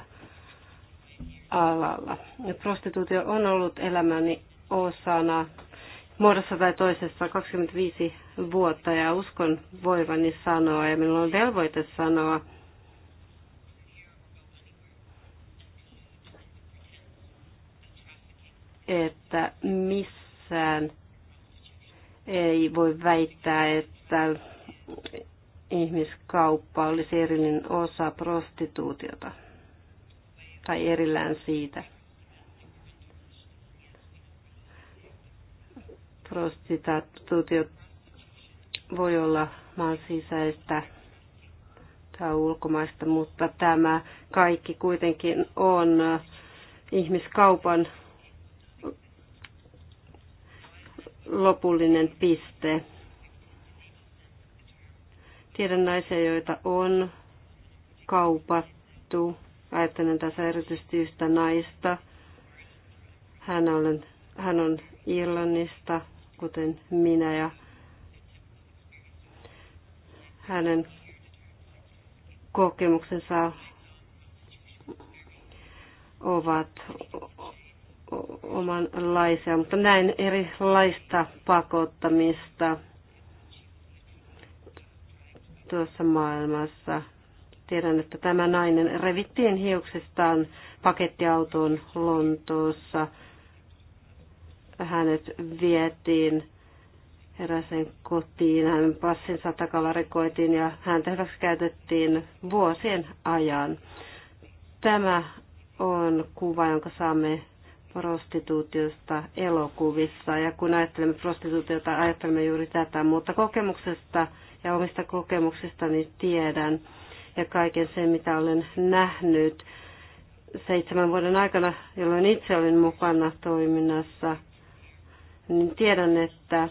alalla. Prostituutio on ollut elämäni osana muodossa tai toisessa 25 vuotta ja uskon voivani sanoa ja minulla on velvoite sanoa, että missään ei voi väittää, että ihmiskauppa olisi erillinen osa prostituutiota tai erillään siitä. Prostituutio voi olla maan sisäistä tai ulkomaista, mutta tämä kaikki kuitenkin on ihmiskaupan lopullinen piste. Tiedän naisia, joita on kaupattu. Ajattelen tässä erityisesti yhtä naista. Hän on, hän on Irlannista, kuten minä, ja hänen kokemuksensa ovat omanlaisia, mutta näin erilaista pakottamista tuossa maailmassa. Tiedän, että tämä nainen revittiin hiuksistaan pakettiautoon Lontoossa. Hänet vietiin heräsen kotiin, hänen passinsa takavarikoitiin ja häntä käytettiin vuosien ajan. Tämä on kuva, jonka saamme prostituutiosta elokuvissa. Ja kun ajattelemme prostituutiota, ajattelemme juuri tätä, mutta kokemuksesta ja omista kokemuksistani tiedän ja kaiken sen, mitä olen nähnyt seitsemän vuoden aikana, jolloin itse olin mukana toiminnassa, niin tiedän, että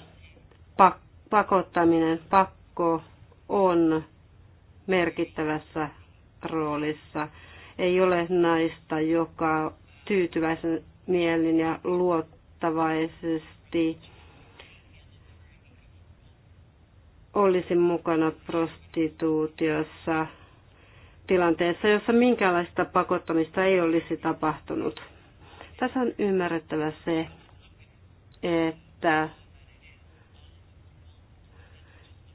pakottaminen, pakko on merkittävässä roolissa. Ei ole naista, joka tyytyväisen, mielin ja luottavaisesti olisin mukana prostituutiossa tilanteessa, jossa minkäänlaista pakottamista ei olisi tapahtunut. Tässä on ymmärrettävä se, että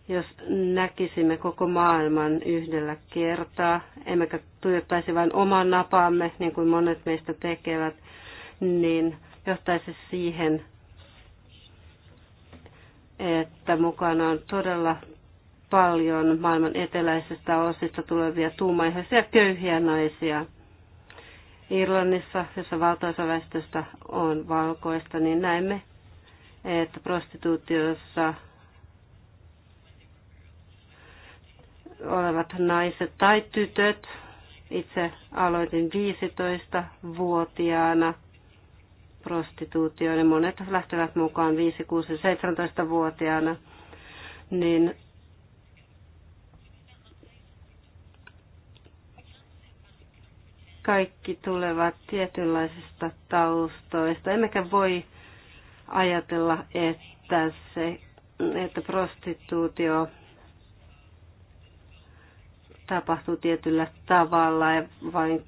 jos näkisimme koko maailman yhdellä kertaa, emmekä tuijottaisi vain oman napaamme, niin kuin monet meistä tekevät, niin johtaisi siihen, että mukana on todella paljon maailman eteläisestä osista tulevia tuumaihaisia köyhiä naisia. Irlannissa, jossa valtaosa väestöstä on valkoista, niin näemme, että prostituutiossa olevat naiset tai tytöt, itse aloitin 15-vuotiaana, prostituutioon. Monet lähtevät mukaan 5, 6, 17-vuotiaana. Niin kaikki tulevat tietynlaisista taustoista. Emmekä voi ajatella, että, se, että prostituutio tapahtuu tietyllä tavalla ja vain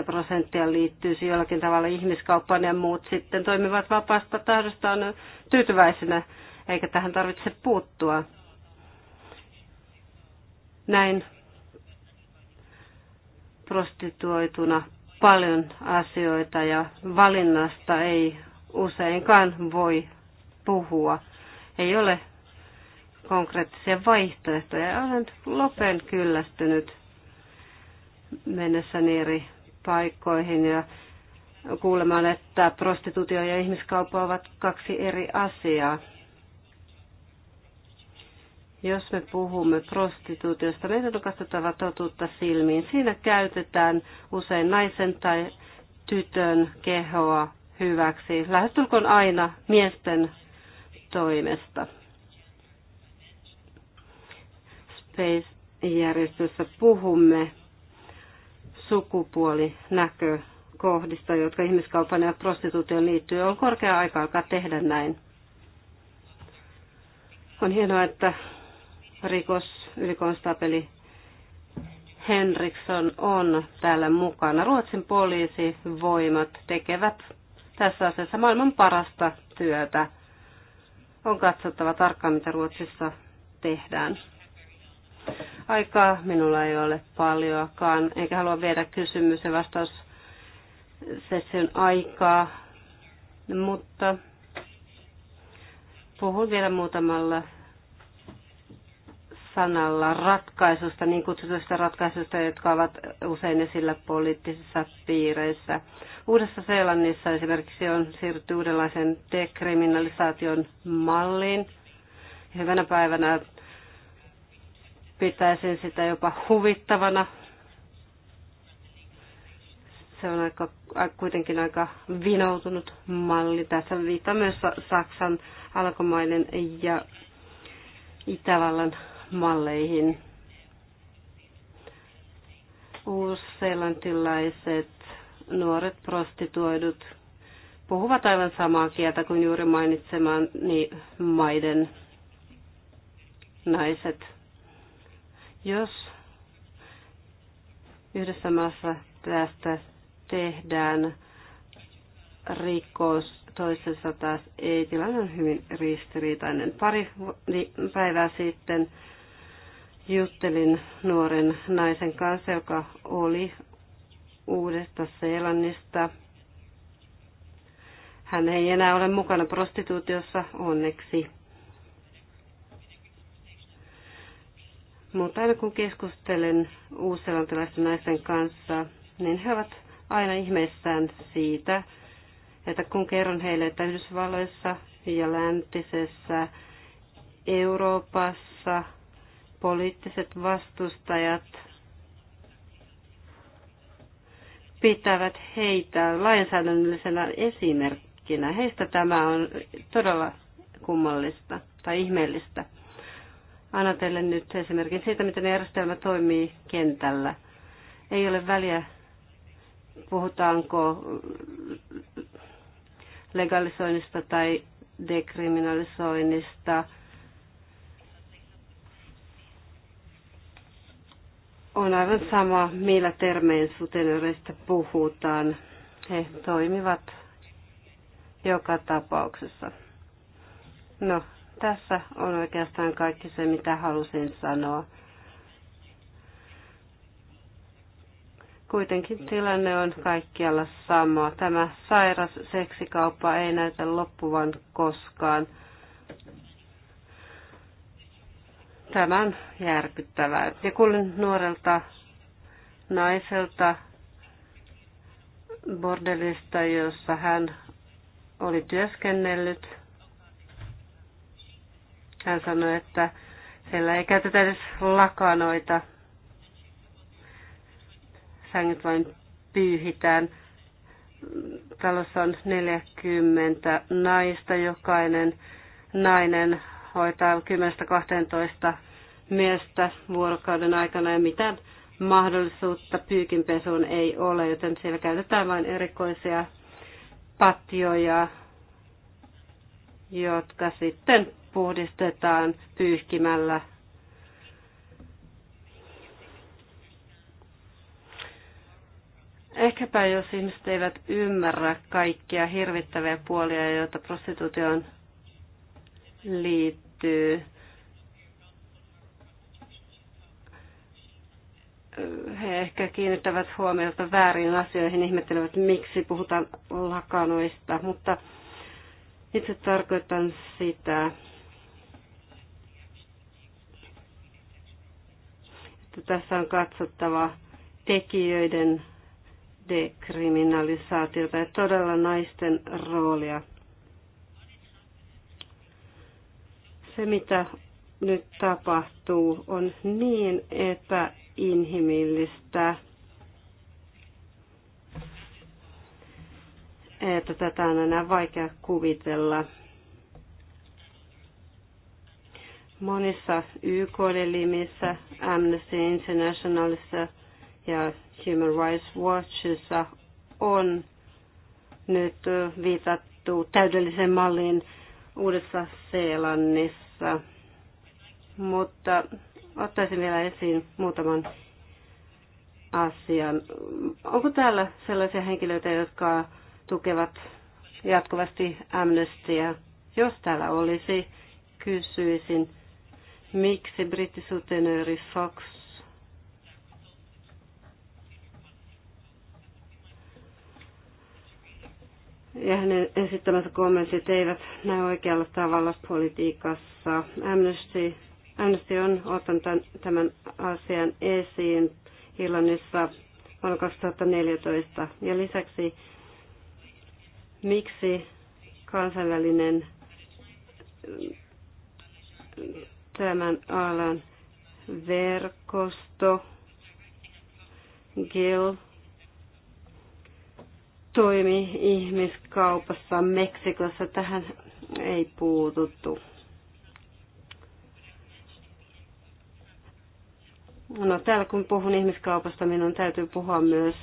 10-15 prosenttia liittyy jollakin tavalla ihmiskauppaan ja muut sitten toimivat vapaasta tahdostaan tyytyväisenä, eikä tähän tarvitse puuttua. Näin prostituoituna paljon asioita ja valinnasta ei useinkaan voi puhua. Ei ole konkreettisia vaihtoehtoja. Olen lopen kyllästynyt mennessäni eri paikkoihin ja kuulemaan, että prostituutio ja ihmiskauppa ovat kaksi eri asiaa. Jos me puhumme prostituutiosta, meidän on katsottava totuutta silmiin. Siinä käytetään usein naisen tai tytön kehoa hyväksi, lähestulkoon aina miesten toimesta. järjestössä puhumme sukupuolinäkökohdista, jotka ihmiskaupan ja prostituutioon liittyy, on korkea aika alkaa tehdä näin. On hienoa, että rikos ylikonstapeli Henriksson on täällä mukana. Ruotsin poliisivoimat tekevät tässä asiassa maailman parasta työtä. On katsottava tarkkaan, mitä Ruotsissa tehdään aikaa. Minulla ei ole paljoakaan, enkä halua viedä kysymys- ja vastaussession aikaa, mutta puhun vielä muutamalla sanalla ratkaisusta, niin kutsutusta ratkaisusta, jotka ovat usein esillä poliittisissa piireissä. Uudessa Seelannissa esimerkiksi on siirrytty uudenlaisen dekriminalisaation malliin. Hyvänä päivänä Pitäisin sitä jopa huvittavana. Se on aika, kuitenkin aika vinoutunut malli. Tässä viittaa myös Saksan, alkomainen ja Itävallan malleihin. Uusseelantilaiset nuoret prostituoidut puhuvat aivan samaa kieltä kuin juuri mainitsemaan niin maiden naiset. Jos yhdessä maassa tästä tehdään rikos toisessa taas ei. Tilanne on hyvin ristiriitainen. Pari päivää sitten juttelin nuoren naisen kanssa, joka oli uudesta Seelannista. Hän ei enää ole mukana prostituutiossa, onneksi. Mutta aina kun keskustelen uusselantilaisten naisten kanssa, niin he ovat aina ihmeissään siitä, että kun kerron heille, että Yhdysvalloissa ja läntisessä Euroopassa poliittiset vastustajat pitävät heitä lainsäädännöllisenä esimerkkinä. Heistä tämä on todella kummallista tai ihmeellistä. Annan teille nyt esimerkin siitä, miten järjestelmä toimii kentällä. Ei ole väliä, puhutaanko legalisoinnista tai dekriminalisoinnista. On aivan sama, millä termein sutenöreistä puhutaan. He toimivat joka tapauksessa. No, tässä on oikeastaan kaikki se, mitä halusin sanoa. Kuitenkin tilanne on kaikkialla sama. Tämä sairas seksikauppa ei näytä loppuvan koskaan. Tämä on järkyttävää. Ja kuulin nuorelta naiselta bordelista, jossa hän oli työskennellyt hän sanoi, että siellä ei käytetä edes lakanoita. Sängyt vain pyyhitään. Talossa on 40 naista. Jokainen nainen hoitaa 10-12 miestä vuorokauden aikana ja mitään mahdollisuutta pyykinpesuun ei ole, joten siellä käytetään vain erikoisia patjoja, jotka sitten puhdistetaan pyyhkimällä. Ehkäpä jos ihmiset eivät ymmärrä kaikkia hirvittäviä puolia, joita prostituutioon liittyy, he ehkä kiinnittävät huomiota väärin asioihin, ihmettelevät miksi puhutaan lakanoista, mutta itse tarkoitan sitä, tässä on katsottava tekijöiden dekriminalisaatiota ja todella naisten roolia. Se, mitä nyt tapahtuu, on niin epäinhimillistä, että tätä on enää vaikea kuvitella. monissa YK-elimissä, Amnesty Internationalissa ja Human Rights Watchissa on nyt viitattu täydelliseen malliin Uudessa Seelannissa. Mutta ottaisin vielä esiin muutaman asian. Onko täällä sellaisia henkilöitä, jotka tukevat jatkuvasti Amnestyä? Jos täällä olisi, kysyisin, miksi brittisuutenööri Fox ja hänen esittämänsä kommentit eivät näy oikealla tavalla politiikassa. Amnesty, Amnesty on ottanut tämän asian esiin Irlannissa vuonna 2014. Ja lisäksi, miksi kansainvälinen tämän alan verkosto, GIL, toimi ihmiskaupassa Meksikossa. Tähän ei puututtu. No täällä kun puhun ihmiskaupasta, minun täytyy puhua myös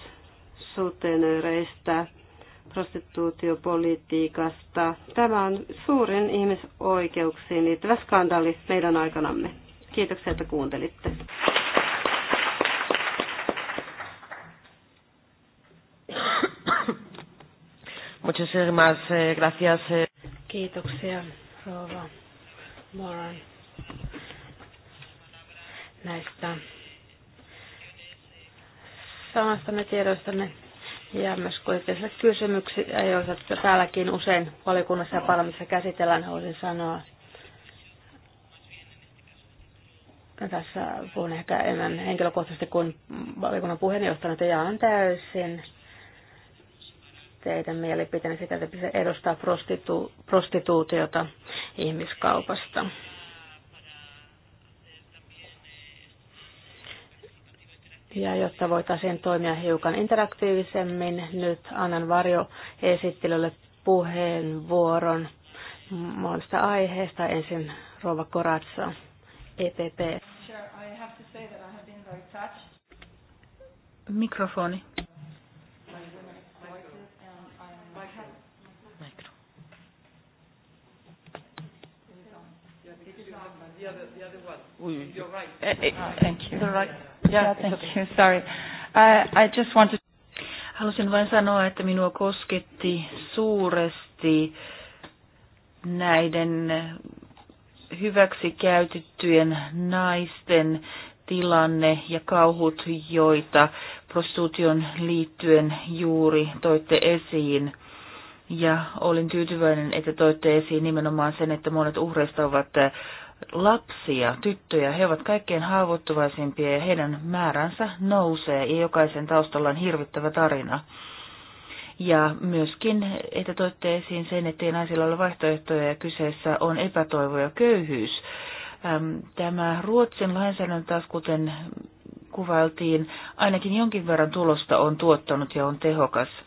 sutenöreistä prostituutiopolitiikasta. Tämä on suurin ihmisoikeuksiin liittyvä skandaali meidän aikanamme. Kiitoksia, että kuuntelitte. Eh, eh. Kiitoksia, Rova Moran, näistä samastamme tiedoistanne ja myös kuitenkin kysymyksiä, joita täälläkin usein valiokunnassa ja parlamentissa käsitellään, haluaisin sanoa. Tässä puhun ehkä enemmän henkilökohtaisesti kuin valiokunnan puheenjohtajana, että jaan täysin teidän mielipiteenne sitä, että pitäisi edustaa prostitu- prostituutiota ihmiskaupasta. Ja jotta voitaisiin toimia hiukan interaktiivisemmin, nyt annan varjoesittelylle puheenvuoron monesta aiheesta. Ensin Rova Koratsa, EPP. Mikrofoni. The Oui. Eh, eh, ah. thank you. You're right. Yeah, thank you. Sorry. I, I just wanted... Halusin vain sanoa, että minua kosketti suuresti näiden hyväksi käytettyjen naisten tilanne ja kauhut, joita prostituution liittyen juuri toitte esiin. Ja olin tyytyväinen, että toitte esiin nimenomaan sen, että monet uhreista ovat lapsia, tyttöjä, he ovat kaikkein haavoittuvaisimpia ja heidän määränsä nousee ja jokaisen taustalla on hirvittävä tarina. Ja myöskin, että toitte esiin sen, ettei naisilla ole vaihtoehtoja ja kyseessä on epätoivo ja köyhyys. Tämä Ruotsin lainsäädäntö taas, kuten kuvailtiin, ainakin jonkin verran tulosta on tuottanut ja on tehokas –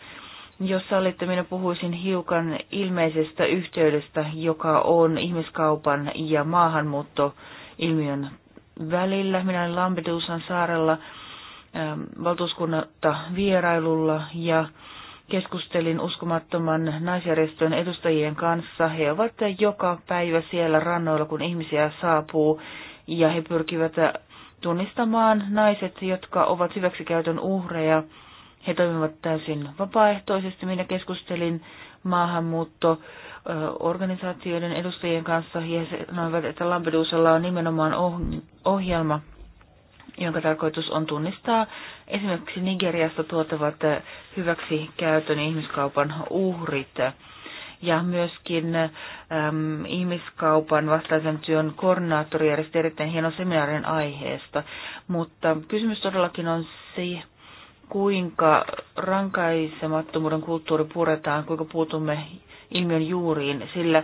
jos sallitte, minä puhuisin hiukan ilmeisestä yhteydestä, joka on ihmiskaupan ja maahanmuuttoilmiön välillä. Minä olen Lampedusan saarella ähm, valtuuskunnatta vierailulla ja keskustelin uskomattoman naisjärjestön edustajien kanssa. He ovat joka päivä siellä rannoilla, kun ihmisiä saapuu ja he pyrkivät tunnistamaan naiset, jotka ovat hyväksikäytön uhreja he toimivat täysin vapaaehtoisesti. Minä keskustelin maahanmuuttoorganisaatioiden edustajien kanssa ja sanoivat, että Lampedusalla on nimenomaan ohjelma, jonka tarkoitus on tunnistaa esimerkiksi Nigeriasta tuotavat hyväksi käytön ihmiskaupan uhrit ja myöskin äm, ihmiskaupan vastaisen työn koordinaattori järjesti erittäin hienon seminaarin aiheesta. Mutta kysymys todellakin on se, kuinka rankaisemattomuuden kulttuuri puretaan, kuinka puutumme ilmiön juuriin, sillä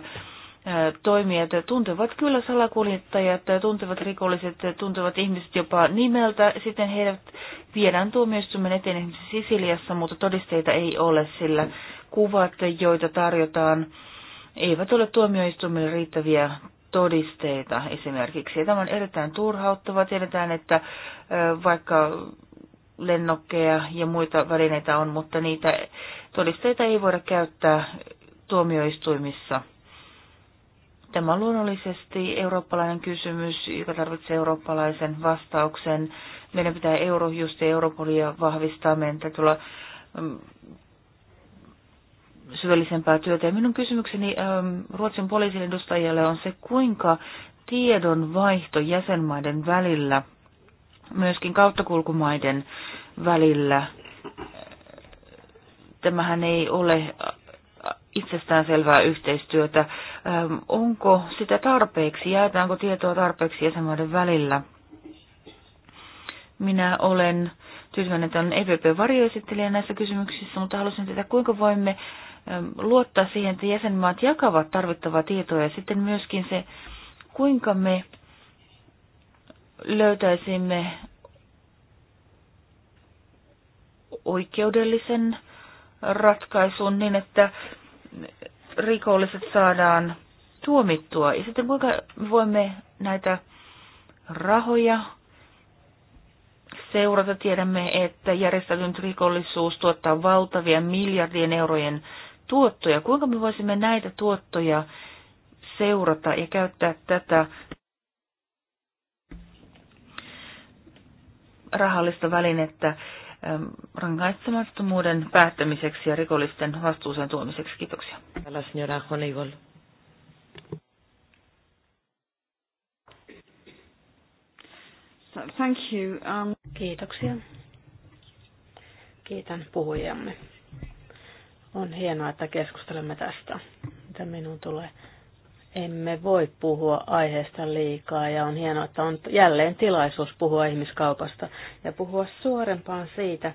toimijat tuntevat kyllä salakuljettajat, tuntevat rikolliset, tuntevat ihmiset jopa nimeltä. Sitten heidät viedään tuomioistuimen eteen Sisiliassa, mutta todisteita ei ole, sillä kuvat, joita tarjotaan, eivät ole tuomioistuminen riittäviä todisteita esimerkiksi. Ja tämä on erittäin turhauttava. Tiedetään, että vaikka lennokkeja ja muita välineitä on, mutta niitä todisteita ei voida käyttää tuomioistuimissa. Tämä on luonnollisesti eurooppalainen kysymys, joka tarvitsee eurooppalaisen vastauksen. Meidän pitää Eurojust ja Europolia vahvistaa, meidän täytyy tulla mm, syvällisempää työtä. Ja minun kysymykseni mm, Ruotsin poliisin edustajalle on se, kuinka tiedon vaihto jäsenmaiden välillä – myöskin kauttakulkumaiden välillä. Tämähän ei ole itsestään selvää yhteistyötä. Ähm, onko sitä tarpeeksi? Jaetaanko tietoa tarpeeksi jäsenmaiden välillä? Minä olen tyytyväinen tämän evp varjoesittelijä näissä kysymyksissä, mutta haluaisin tietää, kuinka voimme ähm, luottaa siihen, että jäsenmaat jakavat tarvittavaa tietoa ja sitten myöskin se, kuinka me löytäisimme oikeudellisen ratkaisun niin, että rikolliset saadaan tuomittua. Ja sitten kuinka voimme näitä rahoja seurata. Tiedämme, että järjestäytynyt rikollisuus tuottaa valtavia miljardien eurojen tuottoja. Kuinka me voisimme näitä tuottoja seurata ja käyttää tätä rahallista välinettä ähm, rangaistamattomuuden päättämiseksi ja rikollisten vastuuseen tuomiseksi. Kiitoksia. Thank you. Um... Kiitoksia. Kiitän puhujamme. On hienoa, että keskustelemme tästä, mitä minun tulee. Emme voi puhua aiheesta liikaa ja on hienoa, että on jälleen tilaisuus puhua ihmiskaupasta ja puhua suorempaan siitä,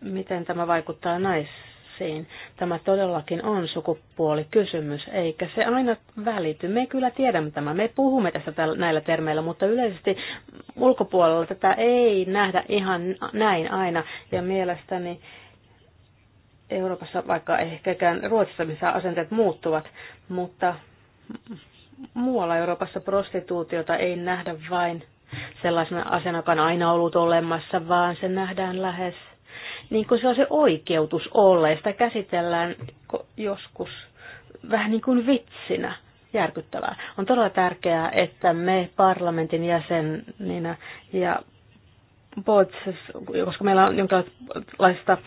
miten tämä vaikuttaa naisiin. Tämä todellakin on sukupuolikysymys, eikä se aina välity. Me kyllä tiedämme tämä, me puhumme tästä näillä termeillä, mutta yleisesti ulkopuolella tätä ei nähdä ihan näin aina. Ja mielestäni Euroopassa, vaikka ehkäkään Ruotsissa, missä asenteet muuttuvat, mutta muualla Euroopassa prostituutiota ei nähdä vain sellaisena asiana, joka on aina ollut olemassa, vaan se nähdään lähes niin kuin se on se oikeutus olla, ja sitä käsitellään joskus vähän niin kuin vitsinä järkyttävää. On todella tärkeää, että me parlamentin jäseninä ja koska meillä on jonkinlaista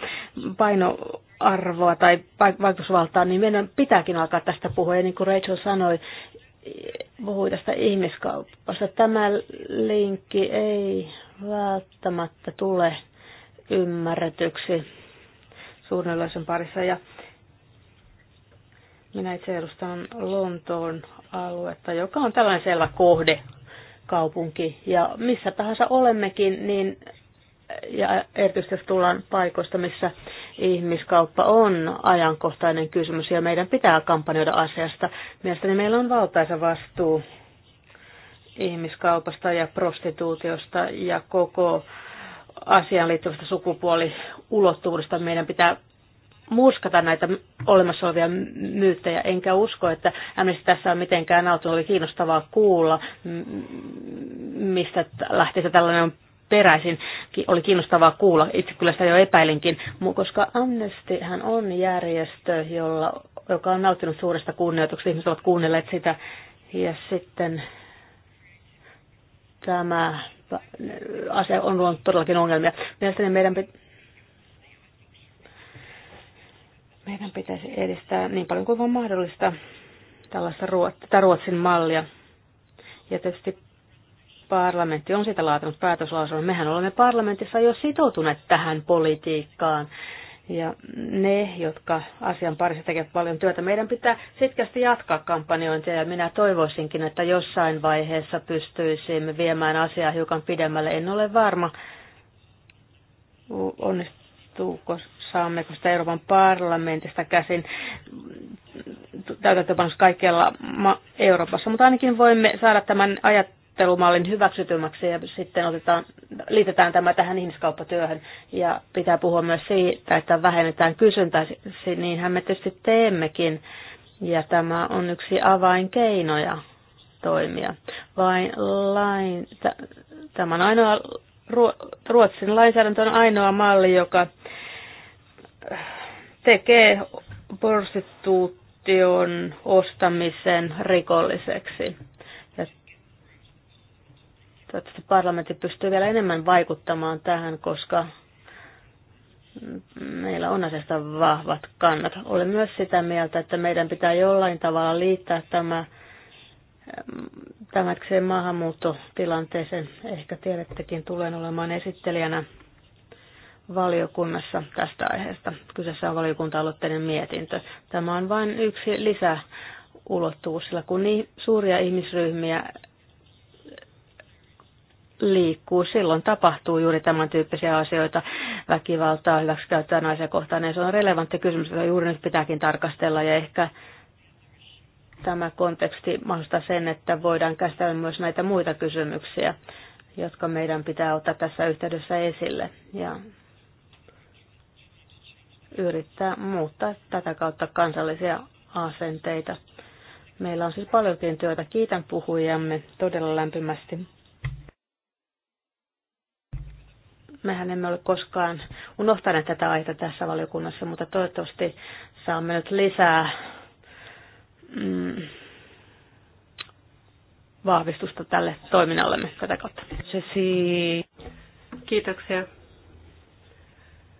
paino arvoa tai vaikutusvaltaa, niin meidän pitääkin alkaa tästä puhua. Ja niin kuin Rachel sanoi, puhui tästä ihmiskaupasta. Tämä linkki ei välttämättä tule ymmärretyksi suunnilleen parissa. Ja minä itse edustan Lontoon aluetta, joka on tällainen selvä kohde kaupunki. Ja missä tahansa olemmekin, niin ja erityisesti jos tullaan paikoista, missä ihmiskauppa on ajankohtainen kysymys ja meidän pitää kampanjoida asiasta. Mielestäni meillä on valtaisa vastuu ihmiskaupasta ja prostituutiosta ja koko asiaan liittyvästä sukupuoliulottuvuudesta. Meidän pitää muskata näitä olemassa olevia myyttejä, enkä usko, että Amnesty tässä on mitenkään autunut. Oli kiinnostavaa kuulla, mistä lähtee tällainen peräisin. Oli kiinnostavaa kuulla, itse kyllä sitä jo epäilinkin, koska Amnesty hän on järjestö, jolla, joka on nauttinut suuresta kunnioituksesta. Ihmiset ovat kuunnelleet sitä ja sitten tämä asia on luonut todellakin ongelmia. Mielestäni meidän pitää meidän pitäisi edistää niin paljon kuin vaan mahdollista tällaista Ruotsin mallia. Ja tietysti Parlamentti on sitä laatinut päätöslauselman. Mehän olemme parlamentissa jo sitoutuneet tähän politiikkaan. Ja ne, jotka asian parissa tekevät paljon työtä, meidän pitää sitkästi jatkaa kampanjointia ja minä toivoisinkin, että jossain vaiheessa pystyisimme viemään asiaa hiukan pidemmälle. En ole varma, onnistuuko, saammeko sitä Euroopan parlamentista käsin täytäntöönpanossa kaikkialla Euroopassa, mutta ainakin voimme saada tämän ajat neuvottelumallin hyväksytymmäksi ja sitten otetaan, liitetään tämä tähän ihmiskauppatyöhön. Ja pitää puhua myös siitä, että vähennetään kysyntää, niinhän me tietysti teemmekin. Ja tämä on yksi avainkeinoja toimia. Vain lain, tämä on ainoa, Ruotsin lainsäädäntö on ainoa malli, joka äh, tekee prostituution ostamisen rikolliseksi Toivottavasti parlamentti pystyy vielä enemmän vaikuttamaan tähän, koska meillä on asiasta vahvat kannat. Olen myös sitä mieltä, että meidän pitää jollain tavalla liittää tämä tämäkseen maahanmuuttotilanteeseen. Ehkä tiedättekin, tulen olemaan esittelijänä valiokunnassa tästä aiheesta. Kyseessä on valiokunta-aloitteinen mietintö. Tämä on vain yksi lisäulottuvuus, sillä kun niin suuria ihmisryhmiä liikkuu, silloin tapahtuu juuri tämän tyyppisiä asioita, väkivaltaa, hyväksikäyttöä naisia kohtaan. Ja se on relevantti kysymys, jota juuri nyt pitääkin tarkastella ja ehkä tämä konteksti mahdollistaa sen, että voidaan käsitellä myös näitä muita kysymyksiä, jotka meidän pitää ottaa tässä yhteydessä esille ja yrittää muuttaa tätä kautta kansallisia asenteita. Meillä on siis paljonkin työtä. Kiitän puhujamme todella lämpimästi. mehän emme ole koskaan unohtaneet tätä aihetta tässä valiokunnassa, mutta toivottavasti saamme nyt lisää mm, vahvistusta tälle toiminnallemme tätä kautta. Kiitoksia.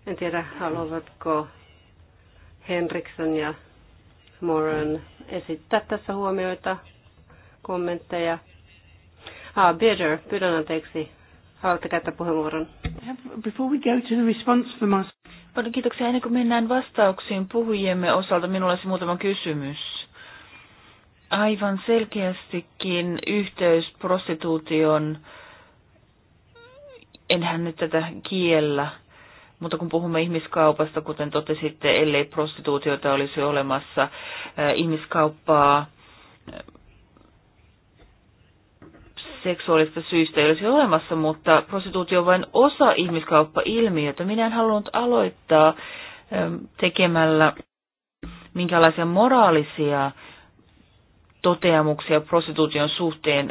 En tiedä, haluavatko Henriksson ja Moran esittää tässä huomioita, kommentteja. Ah, Bitter, pyydän anteeksi haluatte käyttää puheenvuoron? Before we go to the response from us. Paljon kiitoksia. Ennen kuin mennään vastauksiin puhujiemme osalta, minulla olisi muutama kysymys. Aivan selkeästikin yhteys prostituution, enhän nyt tätä kiellä, mutta kun puhumme ihmiskaupasta, kuten totesitte, ellei prostituutiota olisi olemassa, ihmiskauppaa seksuaalista syistä ei olisi olemassa, mutta prostituutio on vain osa ihmiskauppa-ilmiötä. Minä en halunnut aloittaa ähm, tekemällä minkälaisia moraalisia toteamuksia prostituution suhteen.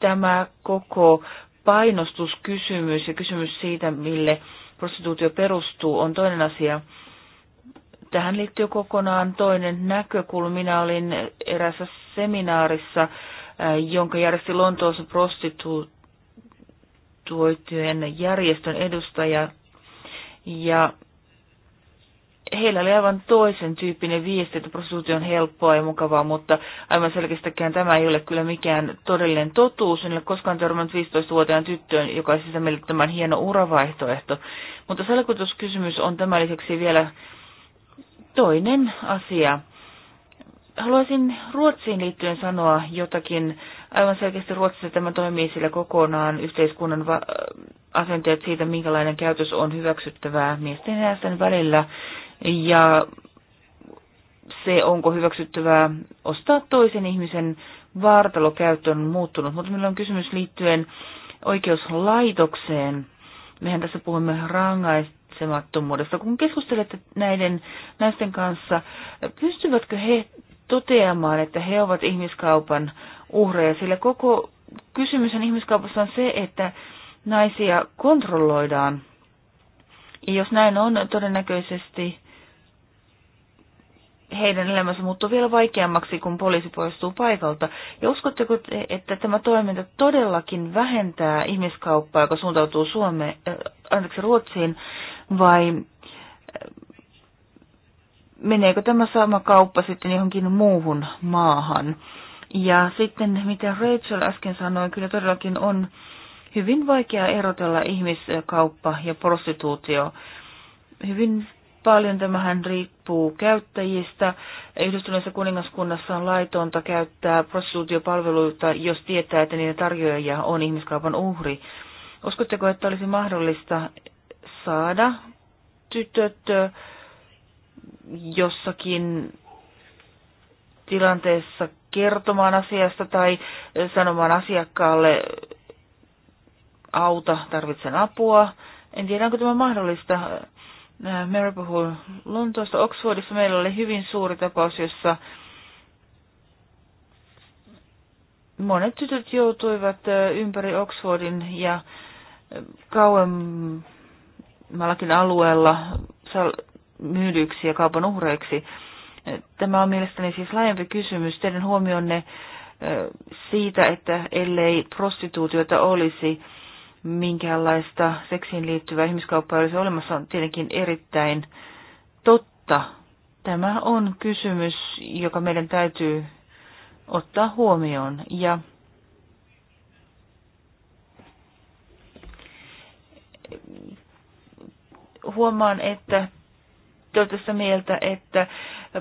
Tämä koko painostuskysymys ja kysymys siitä, mille prostituutio perustuu, on toinen asia. Tähän liittyy kokonaan toinen näkökulma. Minä olin erässä seminaarissa jonka järjesti Lontoossa prostituoitujen järjestön edustaja. Ja heillä oli aivan toisen tyyppinen viesti, että prostituutio on helppoa ja mukavaa, mutta aivan selkeästikään tämä ei ole kyllä mikään todellinen totuus. En ole koskaan törmännyt 15-vuotiaan tyttöön, joka on siis tämän hieno uravaihtoehto. Mutta salkutuskysymys on tämän lisäksi vielä toinen asia. Haluaisin Ruotsiin liittyen sanoa jotakin. Aivan selkeästi Ruotsissa tämä toimii sillä kokonaan yhteiskunnan va- asenteet siitä, minkälainen käytös on hyväksyttävää miesten ja sen välillä. Ja se, onko hyväksyttävää ostaa toisen ihmisen vartalokäyttö on muuttunut. Mutta meillä on kysymys liittyen oikeuslaitokseen. Mehän tässä puhumme rangaist- Kun keskustelette näiden naisten kanssa, pystyvätkö he toteamaan, että he ovat ihmiskaupan uhreja, sillä koko kysymys on ihmiskaupassa on se, että naisia kontrolloidaan. Ja jos näin on, todennäköisesti heidän elämänsä muuttuu vielä vaikeammaksi, kun poliisi poistuu paikalta. Ja uskotteko, että tämä toiminta todellakin vähentää ihmiskauppaa, joka suuntautuu Suomeen, äh, anteeksi, Ruotsiin, vai äh, meneekö tämä sama kauppa sitten johonkin muuhun maahan. Ja sitten mitä Rachel äsken sanoi, kyllä todellakin on hyvin vaikea erotella ihmiskauppa ja prostituutio. Hyvin paljon tämähän riippuu käyttäjistä. Yhdistyneessä kuningaskunnassa on laitonta käyttää prostituutiopalveluita, jos tietää, että niiden tarjoajia on ihmiskaupan uhri. Uskotteko, että olisi mahdollista saada tytöt jossakin tilanteessa kertomaan asiasta tai sanomaan asiakkaalle auta, tarvitsen apua. En tiedä, onko tämä mahdollista. Äh, Mary puhuu Lontoosta. Oxfordissa meillä oli hyvin suuri tapaus, jossa monet tytöt joutuivat äh, ympäri Oxfordin ja äh, kauemmallakin alueella myydyksi ja kaupan uhreiksi. Tämä on mielestäni siis laajempi kysymys. Teidän huomionne siitä, että ellei prostituutiota olisi, minkäänlaista seksiin liittyvää ihmiskauppaa olisi olemassa, on tietenkin erittäin totta. Tämä on kysymys, joka meidän täytyy ottaa huomioon. Ja huomaan, että olette sitä mieltä, että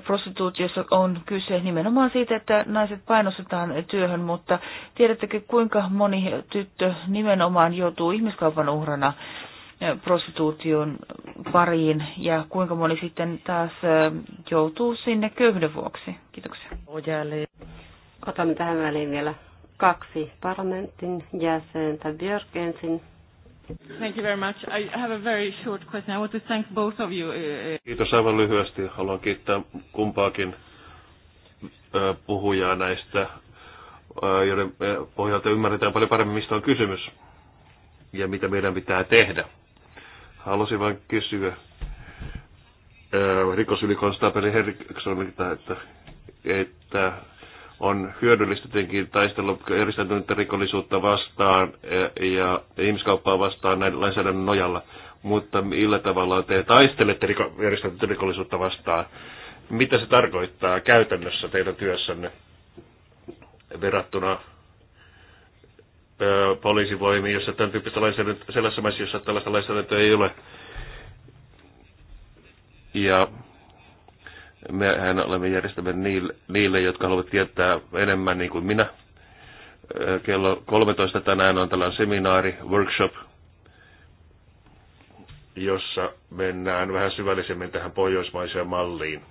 prostituutiossa on kyse nimenomaan siitä, että naiset painostetaan työhön, mutta tiedättekö kuinka moni tyttö nimenomaan joutuu ihmiskaupan uhrana eh, prostituution pariin ja kuinka moni sitten taas eh, joutuu sinne köyhden vuoksi? Kiitoksia. Otamme tähän väliin vielä kaksi parlamentin jäsentä. Björk ensin. Thank you very much. I have a very short question. I want to thank both of you. Uh, uh, Kiitos aivan lyhyesti. Haluan kiittää kumpaakin puhujaa näistä, joiden pohjalta ymmärretään paljon paremmin, mistä on kysymys ja mitä meidän pitää tehdä. Halusin vain kysyä rikosylikonstaapeli Henrikssonilta, että, että on hyödyllistä tietenkin taistella järjestäytynyttä rikollisuutta vastaan ja ihmiskauppaa vastaan näiden lainsäädännön nojalla, mutta millä tavalla te taistelette riko, järjestäytynyttä rikollisuutta vastaan? Mitä se tarkoittaa käytännössä teidän työssänne verrattuna poliisivoimiin, jossa tämän tyyppistä lainsäädäntöä, sellaisessa maissa, jossa tällaista lainsäädäntöä ei ole? Ja mehän olemme järjestämme niille, jotka haluavat tietää enemmän, niin kuin minä. Kello 13 tänään on tällainen seminaari, workshop, jossa mennään vähän syvällisemmin tähän pohjoismaiseen malliin.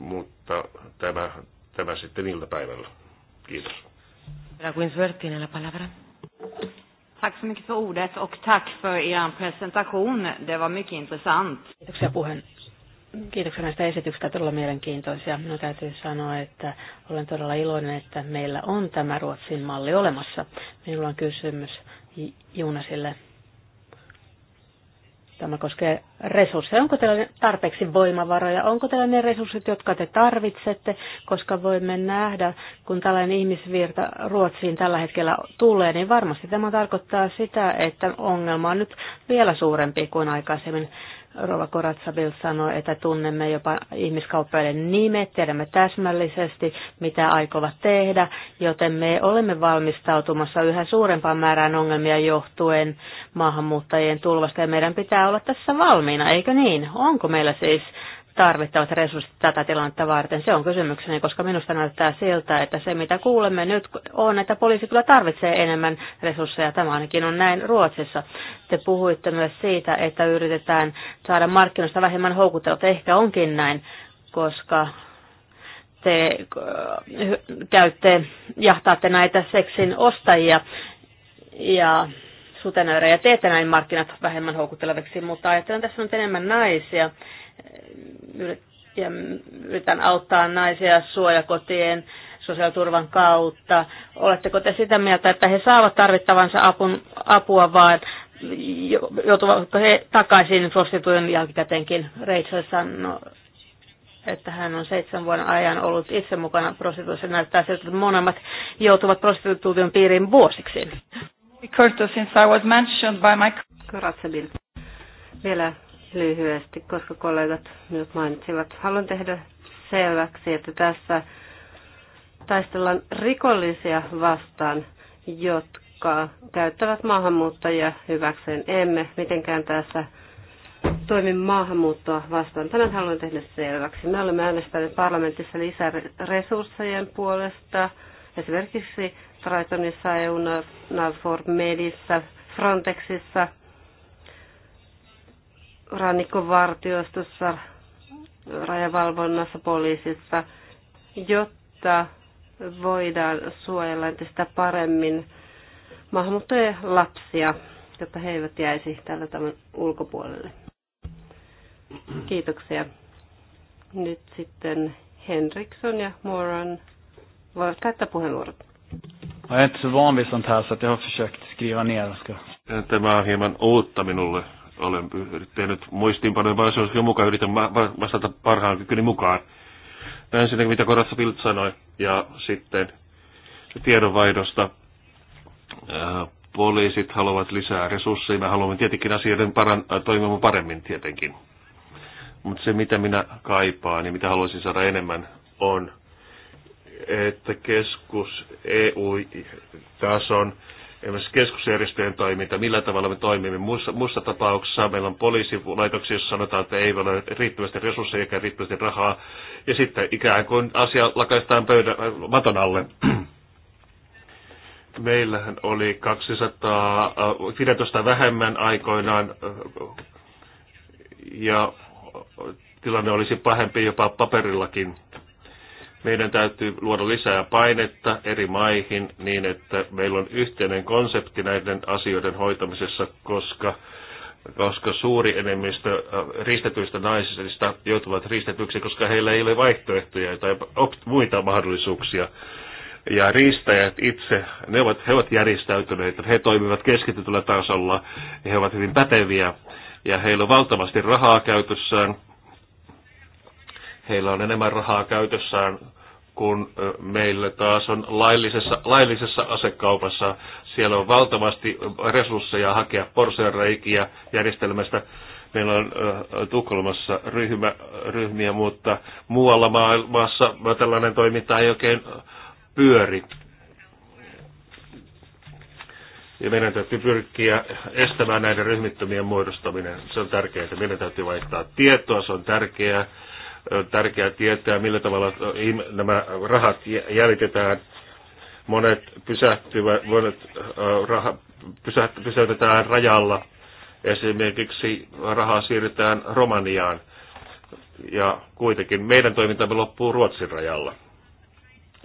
Mutta tämä, tämä sitten iltapäivällä. Kiitos. Tack så mycket för ordet och tack för er presentation. Det var mycket intressant. Kiitoksia puheen, Kiitoksia näistä esityksistä, todella mielenkiintoisia. Minun täytyy sanoa, että olen todella iloinen, että meillä on tämä Ruotsin malli olemassa. Minulla on kysymys Juunasille. Tämä koskee resursseja. Onko teillä tarpeeksi voimavaroja? Onko teillä ne resurssit, jotka te tarvitsette? Koska voimme nähdä, kun tällainen ihmisvirta Ruotsiin tällä hetkellä tulee, niin varmasti tämä tarkoittaa sitä, että ongelma on nyt vielä suurempi kuin aikaisemmin. Rova Koratsabil sanoi, että tunnemme jopa ihmiskauppiaiden nimet, tiedämme täsmällisesti, mitä aikovat tehdä, joten me olemme valmistautumassa yhä suurempaan määrään ongelmia johtuen maahanmuuttajien tulvasta ja meidän pitää olla tässä valmiina, eikö niin? Onko meillä siis tarvittavat resurssit tätä tilannetta varten? Se on kysymykseni, koska minusta näyttää siltä, että se mitä kuulemme nyt on, että poliisi kyllä tarvitsee enemmän resursseja. Tämä ainakin on näin Ruotsissa. Te puhuitte myös siitä, että yritetään saada markkinoista vähemmän houkutelta. Ehkä onkin näin, koska te äh, käytte, jahtaatte näitä seksin ostajia ja sutenöörejä, teette näin markkinat vähemmän houkutteleviksi, mutta ajattelen tässä on enemmän naisia yritän auttaa naisia suojakotien sosiaaliturvan kautta. Oletteko te sitä mieltä, että he saavat tarvittavansa apun, apua, vaan joutuvatko he takaisin prostituoijan jälkikäteenkin? Rachel sanoi, että hän on seitsemän vuoden ajan ollut itse mukana prostituutiossa. Näyttää siltä, että monemmat joutuvat prostituution piiriin vuosiksi. Curtis, since I was mentioned by my... Vielä lyhyesti, koska kollegat myös mainitsivat. Haluan tehdä selväksi, että tässä taistellaan rikollisia vastaan, jotka käyttävät maahanmuuttajia hyväkseen. Emme mitenkään tässä toimi maahanmuuttoa vastaan. Tänään haluan tehdä selväksi. Me olemme äänestäneet parlamentissa lisää resurssejen puolesta. Esimerkiksi Tritonissa, EUNAVFOR Medissä, Frontexissa – rannikkovartiostossa, rajavalvonnassa, poliisissa, jotta voidaan suojella entistä paremmin maahanmuuttajien lapsia, jotta he eivät jäisi tällä tämän ulkopuolelle. Kiitoksia. Nyt sitten Henriksson ja Moran voivat käyttää puheenvuorot. Jag är inte så van vid sånt här så att jag har försökt skriva ner. Tämä on hieman uutta minulle olen tehnyt muistiinpanoja se mahdollisuuksien mukaan, yritän vastata parhaan kykyni mukaan. Näin sinne, mitä Koratsa Pilt sanoi, ja sitten tiedonvaihdosta. Poliisit haluavat lisää resursseja, me haluamme tietenkin asioiden paran, toimimaan paremmin tietenkin. Mutta se, mitä minä kaipaan ja mitä haluaisin saada enemmän, on, että keskus EU-tason esimerkiksi keskusjärjestöjen toiminta, millä tavalla me toimimme. Muussa, muissa tapauksessa meillä on poliisilaitoksia, jossa sanotaan, että ei ole riittävästi resursseja eikä riittävästi rahaa, ja sitten ikään kuin asia lakaistaan pöydän, äh, maton alle. Meillähän oli 200 15 äh, vähemmän aikoinaan, äh, ja tilanne olisi pahempi jopa paperillakin meidän täytyy luoda lisää painetta eri maihin niin, että meillä on yhteinen konsepti näiden asioiden hoitamisessa, koska koska suuri enemmistö äh, ristetyistä naisista joutuvat ristetyksi, koska heillä ei ole vaihtoehtoja tai muita mahdollisuuksia. Ja riistäjät itse, ne ovat, he ovat järjestäytyneitä, he toimivat keskitytyllä tasolla, he ovat hyvin päteviä ja heillä on valtavasti rahaa käytössään, Heillä on enemmän rahaa käytössään kuin meillä taas on laillisessa, laillisessa asekaupassa. Siellä on valtavasti resursseja hakea porsenreikiä järjestelmästä. Meillä on Tukholmassa ryhmä, ryhmiä, mutta muualla maailmassa tällainen toiminta ei oikein pyöri. Ja meidän täytyy pyrkiä estämään näiden ryhmittömien muodostaminen. Se on tärkeää. Meidän täytyy vaihtaa tietoa, se on tärkeää tärkeää tietää, millä tavalla nämä rahat jäljitetään. Monet, pysähtyvät, monet pysäytetään rajalla. Esimerkiksi rahaa siirretään Romaniaan. Ja kuitenkin meidän toimintamme loppuu Ruotsin rajalla.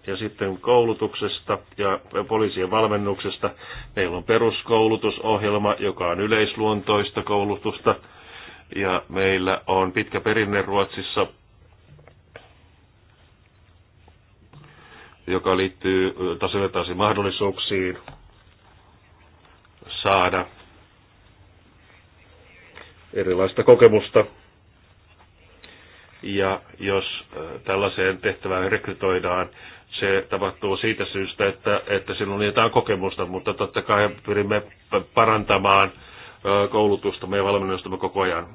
Ja sitten koulutuksesta ja poliisien valmennuksesta. Meillä on peruskoulutusohjelma, joka on yleisluontoista koulutusta ja meillä on pitkä perinne Ruotsissa joka liittyy tasavertaisiin mahdollisuuksiin saada erilaista kokemusta. Ja jos tällaiseen tehtävään rekrytoidaan, se tapahtuu siitä syystä, että, että sinulla on jotain kokemusta, mutta totta kai pyrimme parantamaan koulutusta ja valmennustamme koko ajan.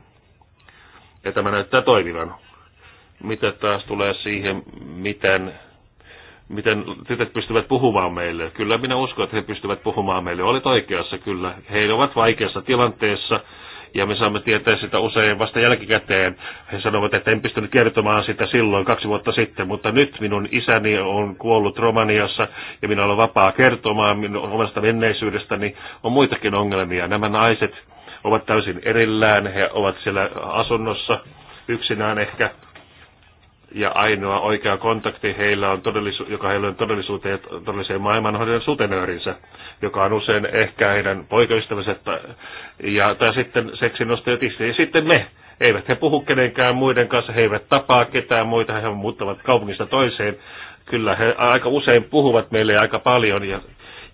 Ja tämä näyttää toimivan. Mitä taas tulee siihen, miten miten tytöt pystyvät puhumaan meille. Kyllä minä uskon, että he pystyvät puhumaan meille. Olet oikeassa kyllä. He ovat vaikeassa tilanteessa ja me saamme tietää sitä usein vasta jälkikäteen. He sanovat, että en pystynyt kertomaan sitä silloin kaksi vuotta sitten, mutta nyt minun isäni on kuollut Romaniassa ja minä olen vapaa kertomaan minun omasta menneisyydestäni. On muitakin ongelmia. Nämä naiset ovat täysin erillään, he ovat siellä asunnossa yksinään ehkä ja ainoa oikea kontakti heillä on todellisu- joka heillä on todellisuuteen, todelliseen maailmaan on sutenöörinsä, joka on usein ehkä heidän poikaystävänsä tai, ja, tai sitten seksinostajat itse. Ja sitten me. Eivät he puhu kenenkään muiden kanssa, he eivät tapaa ketään muita, he muuttavat kaupungista toiseen. Kyllä he aika usein puhuvat meille aika paljon ja,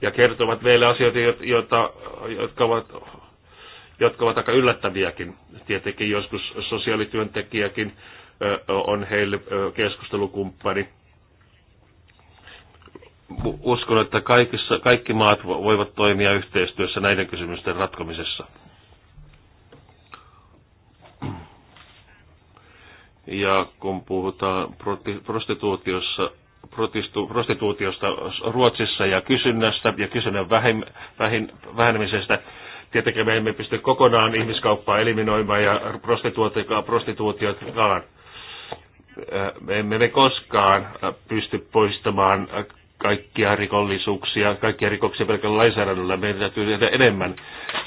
ja kertovat meille asioita, joita, jotka ovat jotka ovat aika yllättäviäkin. Tietenkin joskus sosiaalityöntekijäkin on heille keskustelukumppani. Uskon, että kaikissa, kaikki maat voivat toimia yhteistyössä näiden kysymysten ratkomisessa. Ja kun puhutaan prostituutiossa, prostituutiosta Ruotsissa ja kysynnästä ja kysynnän vähenemisestä, tietenkin me emme pysty kokonaan ihmiskauppaa eliminoimaan ja prostituutiokaan. Me emme me koskaan pysty poistamaan kaikkia rikollisuuksia, kaikkia rikoksia pelkällä lainsäädännöllä. Meidän täytyy tehdä enemmän.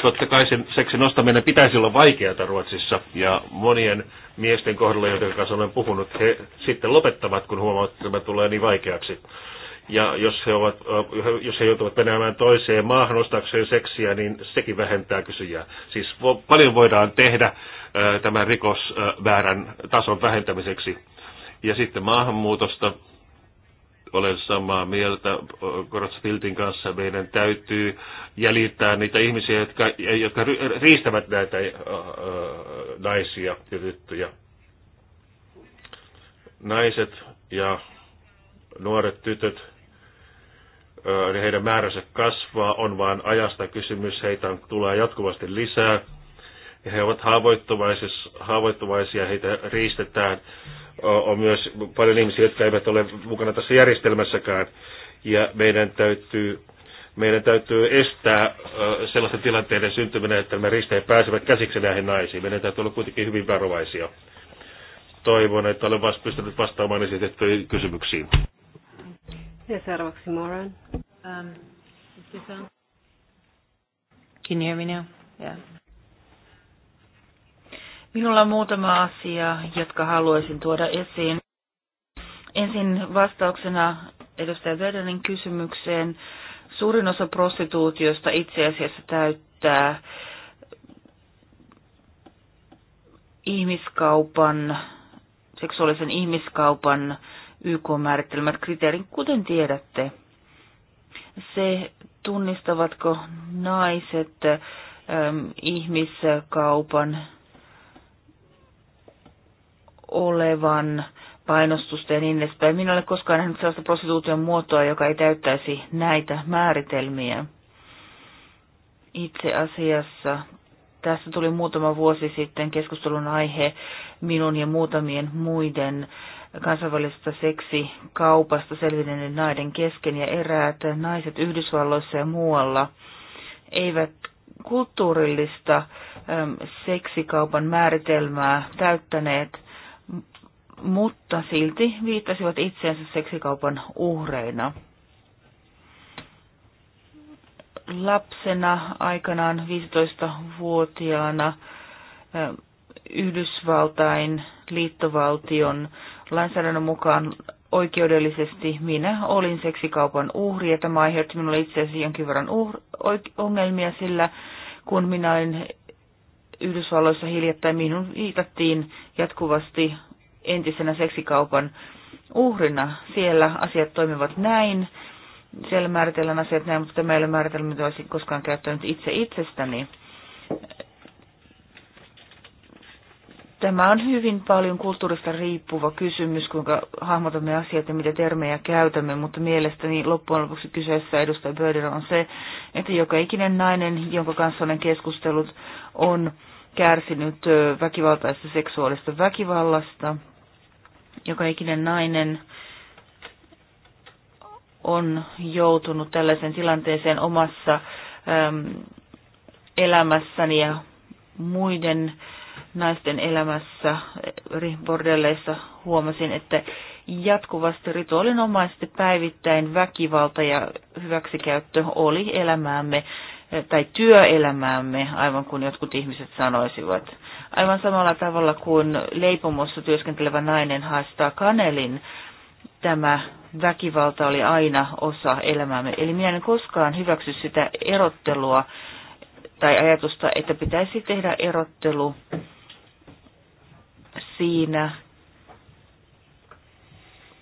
Totta kai sen seksin nostaminen pitäisi olla vaikeata Ruotsissa ja monien miesten kohdalla, joiden kanssa olen puhunut, he sitten lopettavat, kun huomaavat, että tämä tulee niin vaikeaksi. Ja jos he, ovat, jos he joutuvat menemään toiseen maahan ostaakseen seksiä, niin sekin vähentää kysyjää. Siis paljon voidaan tehdä tämän rikosväärän tason vähentämiseksi ja sitten maahanmuutosta olen samaa mieltä filtin kanssa. Meidän täytyy jäljittää niitä ihmisiä, jotka, jotka riistävät näitä naisia ja tyttöjä. Naiset ja nuoret tytöt, niin heidän määränsä kasvaa, on vain ajasta kysymys, heitä tulee jatkuvasti lisää ja he ovat haavoittuvaisia, heitä riistetään. On myös paljon ihmisiä, jotka eivät ole mukana tässä järjestelmässäkään. Ja meidän täytyy, meidän täytyy estää sellaisten tilanteiden syntyminen, että nämä risteet pääsevät käsiksi näihin naisiin. Meidän täytyy olla kuitenkin hyvin varovaisia. Toivon, että olen vasta pystynyt vastaamaan esitettyihin kysymyksiin. Ja seuraavaksi Moran. Um, Can you hear me now? Yeah. Minulla on muutama asia, jotka haluaisin tuoda esiin. Ensin vastauksena edustaja Vedelin kysymykseen. Suurin osa prostituutiosta itse asiassa täyttää ihmiskaupan, seksuaalisen ihmiskaupan YK-määrittelemät kriteerin, kuten tiedätte. Se, tunnistavatko naiset ähm, ihmiskaupan olevan painostusta ja niin edespäin. Minä olen koskaan nähnyt sellaista prostituution muotoa, joka ei täyttäisi näitä määritelmiä. Itse asiassa tässä tuli muutama vuosi sitten keskustelun aihe minun ja muutamien muiden kansainvälisestä seksikaupasta selvinneiden naiden kesken ja eräät naiset Yhdysvalloissa ja muualla eivät kulttuurillista seksikaupan määritelmää täyttäneet mutta silti viittasivat itseensä seksikaupan uhreina. Lapsena aikanaan 15-vuotiaana Yhdysvaltain liittovaltion lainsäädännön mukaan oikeudellisesti minä olin seksikaupan uhri ja tämä aiheutti minulle itse asiassa jonkin verran ongelmia, sillä kun minä olin Yhdysvalloissa hiljattain minun viitattiin jatkuvasti entisenä seksikaupan uhrina. Siellä asiat toimivat näin, siellä määritellään asiat näin, mutta meillä ei ole mitä olisin koskaan käyttänyt itse itsestäni. Tämä on hyvin paljon kulttuurista riippuva kysymys, kuinka hahmotamme asiat ja mitä termejä käytämme, mutta mielestäni loppujen lopuksi kyseessä edustaja Böder on se, että joka ikinen nainen, jonka kanssa olen keskustellut, on kärsinyt väkivaltaista seksuaalista väkivallasta. Joka ikinen nainen on joutunut tällaisen tilanteeseen omassa äm, elämässäni ja muiden naisten elämässä bordelleissa huomasin, että jatkuvasti rituaalinomaisesti päivittäin väkivalta ja hyväksikäyttö oli elämäämme tai työelämäämme, aivan kuin jotkut ihmiset sanoisivat. Aivan samalla tavalla kuin leipomossa työskentelevä nainen haastaa kanelin, tämä väkivalta oli aina osa elämäämme. Eli minä en koskaan hyväksy sitä erottelua tai ajatusta, että pitäisi tehdä erottelu siinä,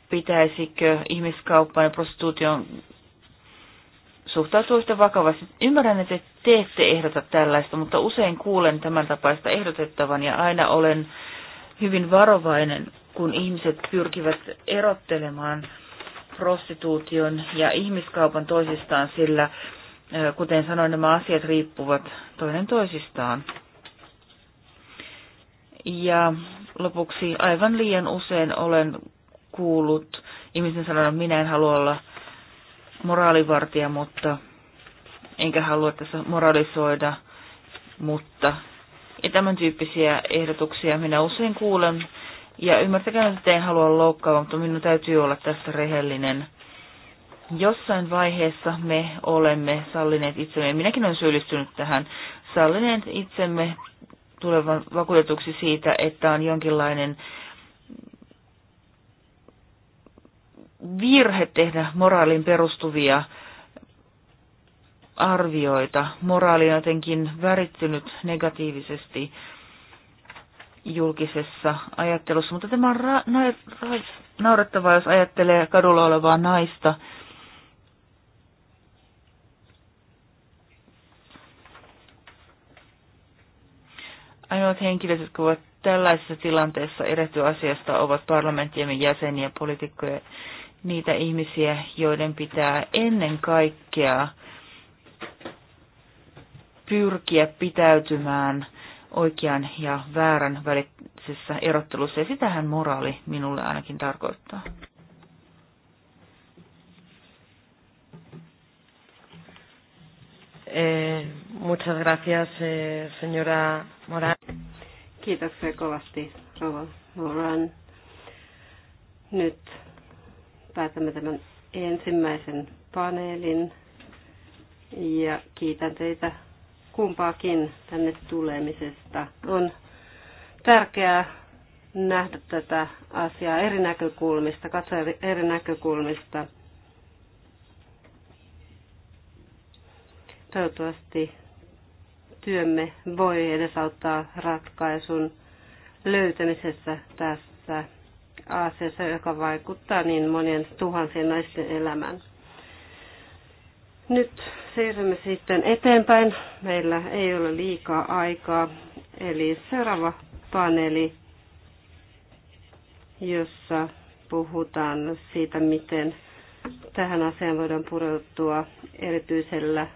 pitäisikö ihmiskauppaan ja prostituution suhtautuu sitä vakavasti. Ymmärrän, että te ette ehdota tällaista, mutta usein kuulen tämän tapaista ehdotettavan ja aina olen hyvin varovainen, kun ihmiset pyrkivät erottelemaan prostituution ja ihmiskaupan toisistaan, sillä kuten sanoin, nämä asiat riippuvat toinen toisistaan. Ja lopuksi aivan liian usein olen kuullut ihmisten että minä en halua olla moraalivartija, mutta enkä halua tässä moralisoida, mutta ja tämän tyyppisiä ehdotuksia minä usein kuulen. Ja ymmärtäkää, että en halua loukkaava, mutta minun täytyy olla tässä rehellinen. Jossain vaiheessa me olemme sallineet itsemme, minäkin olen syyllistynyt tähän, sallineet itsemme tulevan vakuutetuksi siitä, että on jonkinlainen virhe tehdä moraalin perustuvia arvioita. Moraali on jotenkin värittynyt negatiivisesti julkisessa ajattelussa, mutta tämä on ra- na- ra- naurettavaa, jos ajattelee kadulla olevaa naista. Ainoat henkilöt, jotka voivat tällaisessa tilanteessa erehtyä asiasta, ovat parlamenttiemme jäseniä, poliitikkoja niitä ihmisiä, joiden pitää ennen kaikkea pyrkiä pitäytymään oikean ja väärän välisessä erottelussa, ja sitähän moraali minulle ainakin tarkoittaa. Eh, muchas gracias, eh, señora Moran. Kiitoksia kovasti, rouva Moran. Nyt päätämme tämän ensimmäisen paneelin ja kiitän teitä kumpaakin tänne tulemisesta. On tärkeää nähdä tätä asiaa eri näkökulmista, katsoa eri näkökulmista. Toivottavasti työmme voi edesauttaa ratkaisun löytämisessä tässä asiassa, joka vaikuttaa niin monien tuhansien naisten elämään. Nyt siirrymme sitten eteenpäin. Meillä ei ole liikaa aikaa. Eli seuraava paneeli, jossa puhutaan siitä, miten tähän asiaan voidaan pureutua erityisellä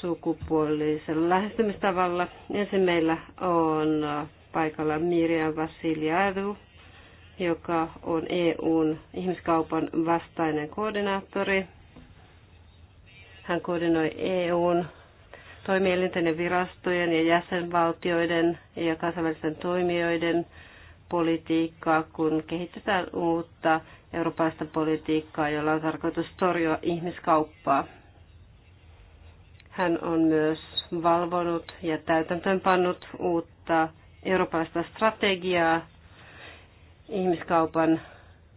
sukupuolisella lähestymistavalla. Ensin meillä on paikalla Miriam Vasiliadu, joka on EUn ihmiskaupan vastainen koordinaattori. Hän koordinoi EUn toimielinten ja virastojen ja jäsenvaltioiden ja kansainvälisten toimijoiden politiikkaa, kun kehitetään uutta eurooppalaista politiikkaa, jolla on tarkoitus torjua ihmiskauppaa. Hän on myös valvonut ja täytäntöönpannut uutta eurooppalaista strategiaa ihmiskaupan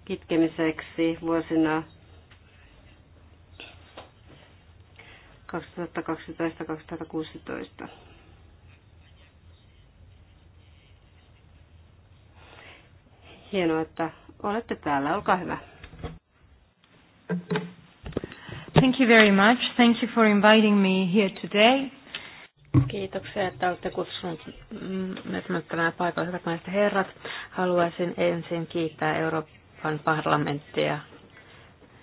kitkemiseksi vuosina 2012-2016. Hienoa, että olette täällä. Olkaa hyvä. Thank you very much. Thank you for inviting me here today. Kiitoksia, että olette kutsunut myös tämän paikan Hyvät naiset herrat, haluaisin ensin kiittää Euroopan parlamenttia,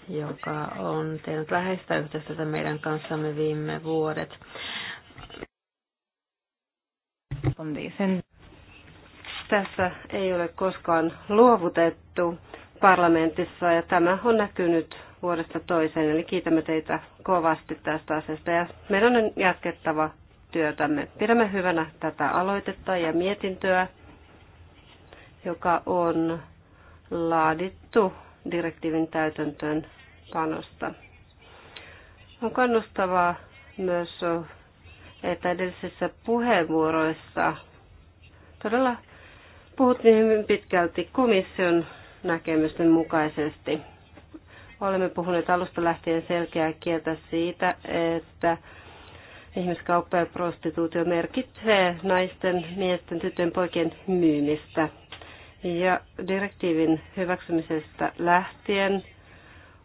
joka on tehnyt läheistä yhteistyötä meidän kanssamme viime vuodet. tässä ei ole koskaan luovutettu parlamentissa ja tämä on näkynyt vuodesta toiseen. Eli kiitämme teitä kovasti tästä asiasta ja meidän on jatkettava työtämme. Pidämme hyvänä tätä aloitetta ja mietintöä, joka on laadittu direktiivin täytäntöön panosta. On kannustavaa myös, että edellisissä puheenvuoroissa todella puhuttiin hyvin pitkälti komission näkemysten mukaisesti. Olemme puhuneet alusta lähtien selkeää kieltä siitä, että ihmiskauppa ja prostituutio merkitsee naisten, miesten, tyttöjen, poikien myymistä. Ja direktiivin hyväksymisestä lähtien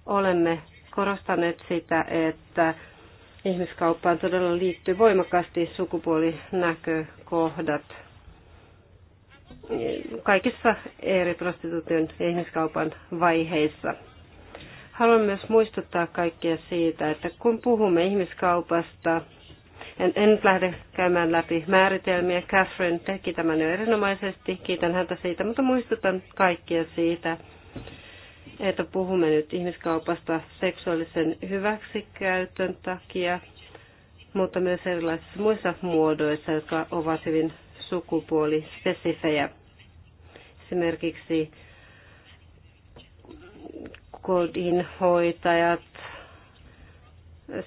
olemme korostaneet sitä, että ihmiskauppaan todella liittyy voimakkaasti sukupuolinäkökohdat kaikissa eri prostituution ja ihmiskaupan vaiheissa. Haluan myös muistuttaa kaikkia siitä, että kun puhumme ihmiskaupasta, en, en nyt lähde käymään läpi määritelmiä. Catherine teki tämän jo erinomaisesti. Kiitän häntä siitä, mutta muistutan kaikkia siitä, että puhumme nyt ihmiskaupasta seksuaalisen hyväksikäytön takia, mutta myös erilaisissa muissa muodoissa, jotka ovat hyvin sukupuolispesifejä. Esimerkiksi kodinhoitajat,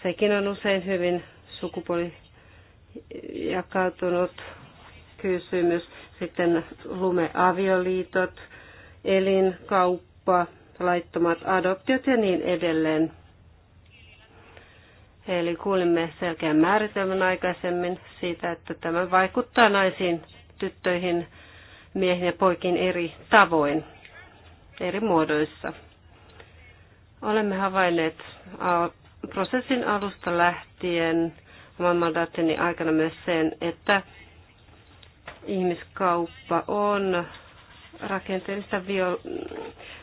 sekin on usein hyvin sukupuoli jakautunut kysymys. Sitten lumeavioliitot, elinkauppa, laittomat adoptiot ja niin edelleen. Eli kuulimme selkeän määritelmän aikaisemmin siitä, että tämä vaikuttaa naisiin, tyttöihin, miehiin ja poikiin eri tavoin, eri muodoissa. Olemme havainneet prosessin alusta lähtien, oman mandaattini aikana myös sen, että ihmiskauppa on rakenteellista viol-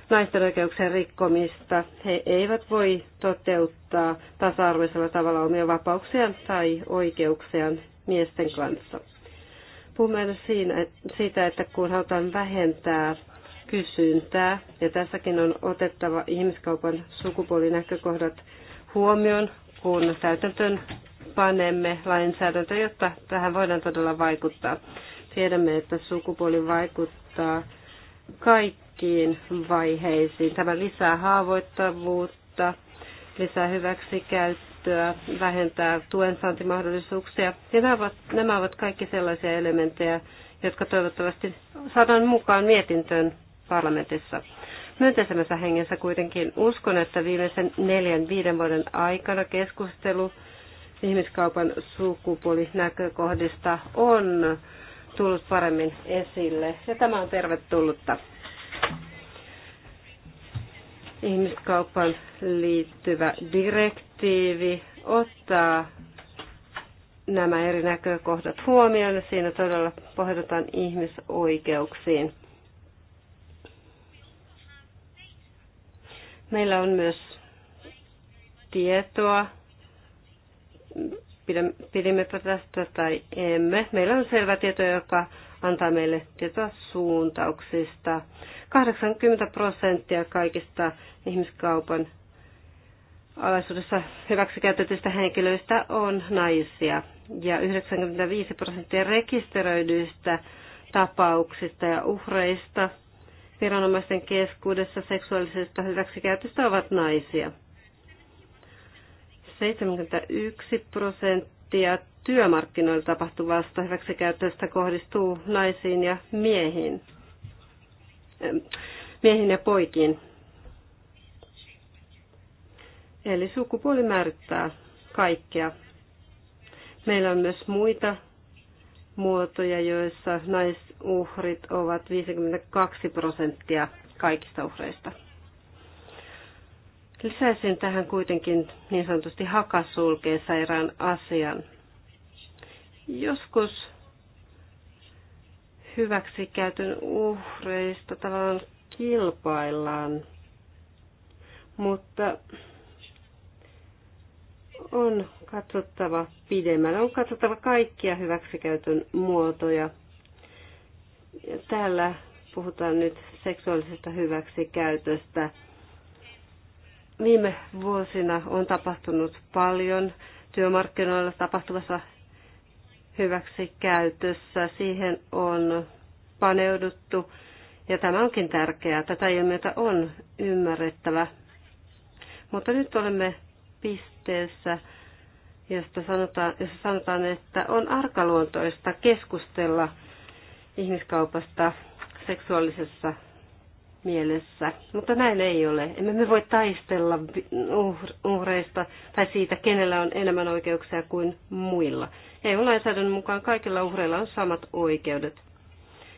naisten oikeuksien rikkomista. He eivät voi toteuttaa tasa-arvoisella tavalla omia vapauksiaan tai oikeuksiaan miesten kanssa. Puhumme myös siinä, siitä, että kun halutaan vähentää kysyntää, ja tässäkin on otettava ihmiskaupan sukupuolinäkökohdat huomioon, kun täytäntöön panemme lainsäädäntö, jotta tähän voidaan todella vaikuttaa. Tiedämme, että sukupuoli vaikuttaa kaikkiin vaiheisiin. Tämä lisää haavoittavuutta, lisää hyväksikäyttöä, vähentää saantimahdollisuuksia. Ja nämä ovat, nämä ovat kaikki sellaisia elementtejä, jotka toivottavasti saadaan mukaan mietintöön parlamentissa. Myönteisemmässä hengessä kuitenkin uskon, että viimeisen neljän viiden vuoden aikana keskustelu ihmiskaupan sukupuolinäkökohdista on tullut paremmin esille ja tämä on tervetullutta. Ihmiskaupan liittyvä direktiivi ottaa nämä eri näkökohdat huomioon ja siinä todella pohjataan ihmisoikeuksiin. Meillä on myös tietoa pidimmepä tästä tai emme. Meillä on selvä tieto, joka antaa meille tietoa suuntauksista. 80 prosenttia kaikista ihmiskaupan alaisuudessa hyväksikäytetyistä henkilöistä on naisia ja 95 prosenttia rekisteröidyistä tapauksista ja uhreista viranomaisten keskuudessa seksuaalisesta hyväksikäytöstä ovat naisia. 71 prosenttia työmarkkinoilla tapahtuvasta hyväksikäytöstä kohdistuu naisiin ja miehiin, miehiin ja poikiin. Eli sukupuoli määrittää kaikkea. Meillä on myös muita muotoja, joissa naisuhrit ovat 52 prosenttia kaikista uhreista. Lisäisin tähän kuitenkin niin sanotusti hakasulkeen sairaan asian. Joskus hyväksikäytön uhreista tavallaan kilpaillaan, mutta on katsottava pidemmälle, on katsottava kaikkia hyväksikäytön muotoja. Täällä puhutaan nyt seksuaalisesta hyväksikäytöstä Viime vuosina on tapahtunut paljon työmarkkinoilla tapahtuvassa hyväksikäytössä. Siihen on paneuduttu ja tämä onkin tärkeää. Tätä ilmiötä on ymmärrettävä. Mutta nyt olemme pisteessä, josta sanotaan, jossa sanotaan, että on arkaluontoista keskustella ihmiskaupasta seksuaalisessa mielessä. Mutta näin ei ole. Emme me voi taistella uhreista tai siitä, kenellä on enemmän oikeuksia kuin muilla. EU-lainsäädännön mukaan kaikilla uhreilla on samat oikeudet.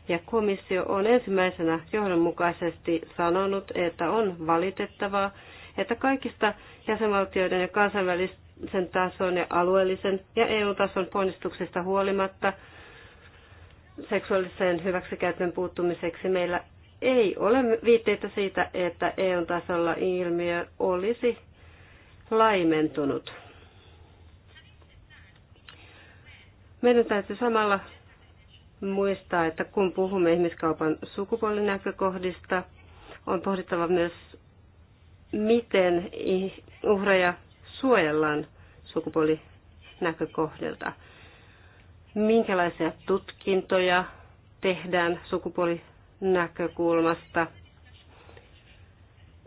Ja komissio on ensimmäisenä johdonmukaisesti sanonut, että on valitettavaa, että kaikista jäsenvaltioiden ja kansainvälisen tason ja alueellisen ja EU-tason ponnistuksista huolimatta seksuaaliseen hyväksikäytön puuttumiseksi meillä ei ole viitteitä siitä, että EUn tasolla ilmiö olisi laimentunut. Meidän täytyy samalla muistaa, että kun puhumme ihmiskaupan sukupuolinäkökohdista, on pohdittava myös, miten uhreja suojellaan sukupuolinäkökohdilta. Minkälaisia tutkintoja tehdään sukupuoli näkökulmasta.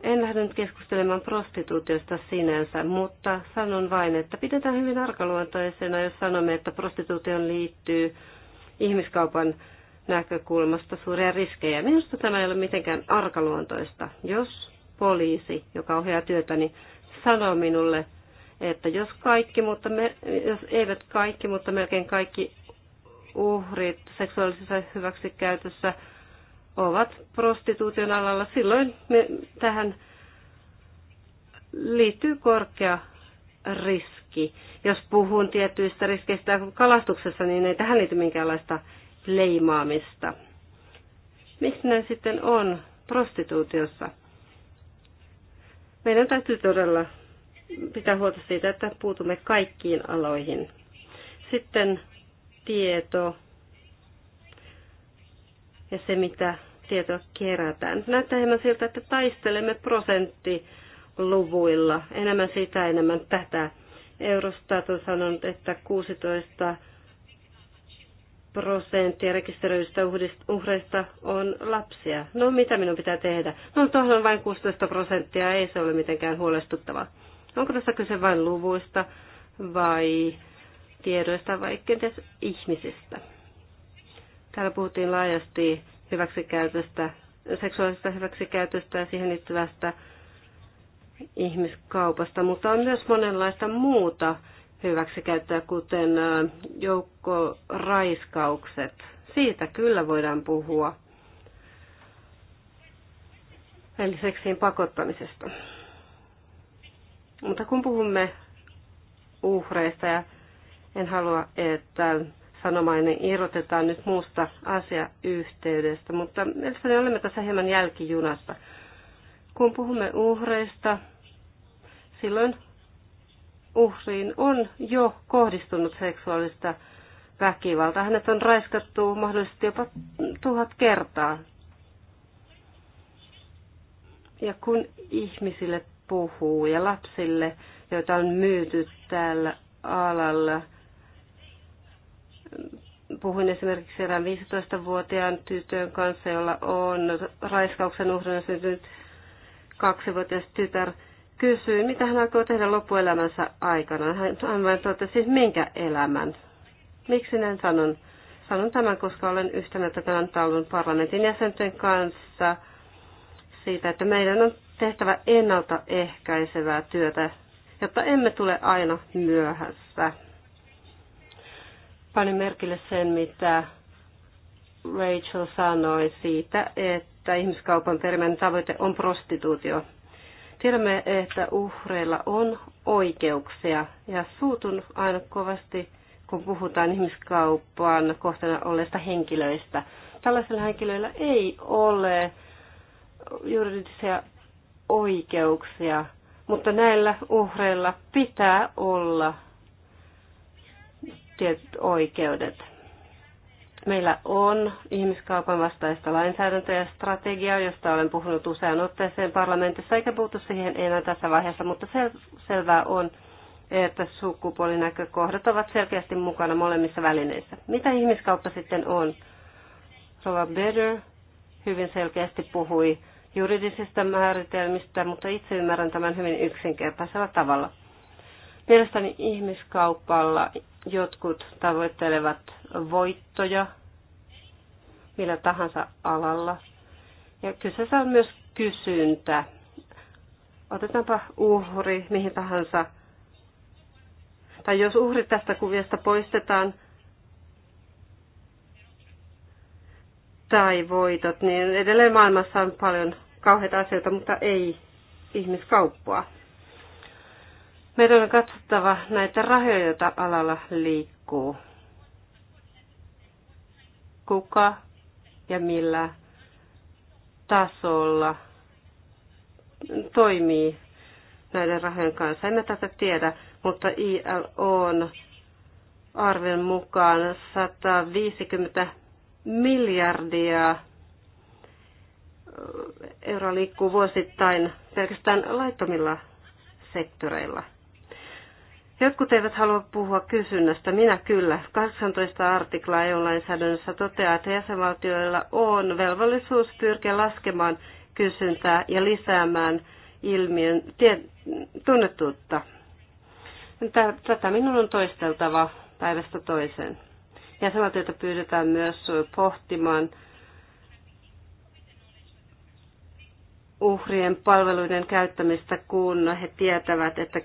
En lähde nyt keskustelemaan prostituutiosta sinänsä, mutta sanon vain, että pidetään hyvin arkaluontoisena, jos sanomme, että prostituutioon liittyy ihmiskaupan näkökulmasta suuria riskejä. Minusta tämä ei ole mitenkään arkaluontoista. Jos poliisi, joka ohjaa työtäni, niin sanoo minulle, että jos, kaikki, mutta me, jos eivät kaikki, mutta melkein kaikki uhrit seksuaalisessa hyväksikäytössä – ovat prostituution alalla, silloin me, tähän liittyy korkea riski. Jos puhun tietyistä riskeistä kalastuksessa, niin ei tähän liity minkäänlaista leimaamista. Mistä ne sitten on prostituutiossa? Meidän täytyy todella pitää huolta siitä, että puutumme kaikkiin aloihin. Sitten tieto, ja se, mitä tietoa kerätään. Näyttää hieman siltä, että taistelemme prosenttiluvuilla. Enemmän sitä, enemmän tätä. Eurostat on sanonut, että 16 prosenttia rekisteröidyistä uhreista on lapsia. No mitä minun pitää tehdä? No tuohon on vain 16 prosenttia, ei se ole mitenkään huolestuttavaa. Onko tässä kyse vain luvuista vai tiedoista vai kenties ihmisistä? Täällä puhuttiin laajasti hyväksikäytöstä, seksuaalisesta hyväksikäytöstä ja siihen liittyvästä ihmiskaupasta, mutta on myös monenlaista muuta hyväksikäyttöä, kuten joukkoraiskaukset. Siitä kyllä voidaan puhua. Eli seksiin pakottamisesta. Mutta kun puhumme uhreista ja en halua, että sanomainen niin irrotetaan nyt muusta asiayhteydestä, mutta mielestäni olemme tässä hieman jälkijunassa. Kun puhumme uhreista, silloin uhriin on jo kohdistunut seksuaalista väkivaltaa. Hänet on raiskattu mahdollisesti jopa tuhat kertaa. Ja kun ihmisille puhuu ja lapsille, joita on myyty täällä alalla, Puhuin esimerkiksi erään 15-vuotiaan tytön kanssa, jolla on raiskauksen uhrina syntynyt kaksivuotias tytär. Kysyin, mitä hän aikoo tehdä loppuelämänsä aikana. Hän vain totesi, minkä elämän. Miksi näin sanon? Sanon tämän, koska olen yhtä mieltä tämän taulun parlamentin jäsenten kanssa siitä, että meidän on tehtävä ennaltaehkäisevää työtä, jotta emme tule aina myöhässä panin merkille sen, mitä Rachel sanoi siitä, että ihmiskaupan perimäinen tavoite on prostituutio. Tiedämme, että uhreilla on oikeuksia ja suutun aina kovasti, kun puhutaan ihmiskaupan kohtana olleista henkilöistä. Tällaisilla henkilöillä ei ole juridisia oikeuksia, mutta näillä uhreilla pitää olla tietyt oikeudet. Meillä on ihmiskaupan vastaista lainsäädäntöä ja strategiaa, josta olen puhunut usean otteeseen parlamentissa, eikä puhuttu siihen enää tässä vaiheessa, mutta sel- selvää on, että sukupuolinäkökohdat ovat selkeästi mukana molemmissa välineissä. Mitä ihmiskauppa sitten on? Rova Beder hyvin selkeästi puhui juridisista määritelmistä, mutta itse ymmärrän tämän hyvin yksinkertaisella tavalla. Mielestäni ihmiskaupalla jotkut tavoittelevat voittoja millä tahansa alalla. Ja kyseessä on myös kysyntä. Otetaanpa uhri mihin tahansa. Tai jos uhri tästä kuviosta poistetaan, tai voitot, niin edelleen maailmassa on paljon kauheita asioita, mutta ei ihmiskauppaa. Meidän on katsottava näitä rahoja, joita alalla liikkuu. Kuka ja millä tasolla toimii näiden rahojen kanssa. En tätä tiedä, mutta ILO on arvion mukaan 150 miljardia euroa liikkuu vuosittain pelkästään laittomilla sektoreilla. Jotkut eivät halua puhua kysynnästä, minä kyllä. 18 artiklaa EU-lainsäädännössä toteaa, että jäsenvaltioilla on velvollisuus pyrkiä laskemaan kysyntää ja lisäämään ilmiön tie- tunnettuutta. Tätä minun on toisteltava päivästä toiseen. Jäsenvaltioita pyydetään myös pohtimaan uhrien palveluiden käyttämistä, kun he tietävät, että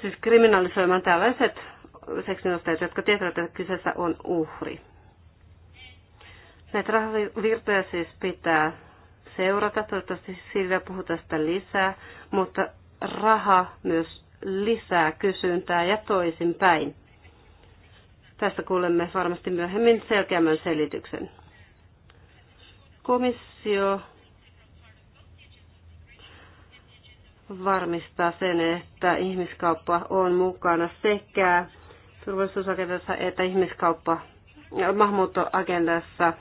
siis kriminalisoimaan tällaiset seksinnostajat, jotka tietävät, että kyseessä on uhri. Näitä rahavirtoja siis pitää seurata. Toivottavasti Silvia puhuu tästä lisää, mutta raha myös lisää kysyntää ja toisinpäin. Tästä kuulemme varmasti myöhemmin selkeämmän selityksen. Komissio varmistaa sen, että ihmiskauppa on mukana sekä turvallisuusagendassa että ihmiskauppa maahanmuuttoagendassa.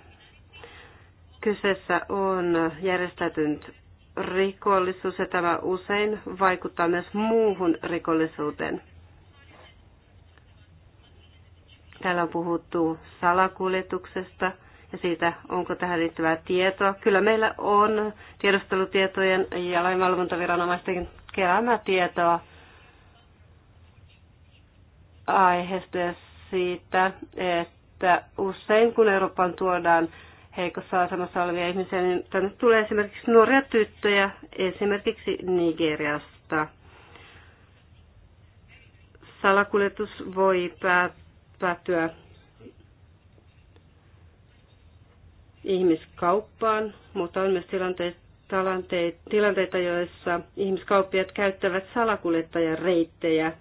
Kyseessä on järjestäytynyt rikollisuus ja tämä usein vaikuttaa myös muuhun rikollisuuteen. Täällä on puhuttu salakuljetuksesta – ja siitä, onko tähän liittyvää tietoa. Kyllä meillä on tiedustelutietojen ja lainvalvontaviranomaistenkin keräämää tietoa aiheesta ja siitä, että usein kun Eurooppaan tuodaan heikossa asemassa olevia ihmisiä, niin tänne tulee esimerkiksi nuoria tyttöjä, esimerkiksi Nigeriasta. Salakuljetus voi päättyä ihmiskauppaan, mutta on myös tilanteita, joissa ihmiskauppiat käyttävät salakuljettajan reittejä.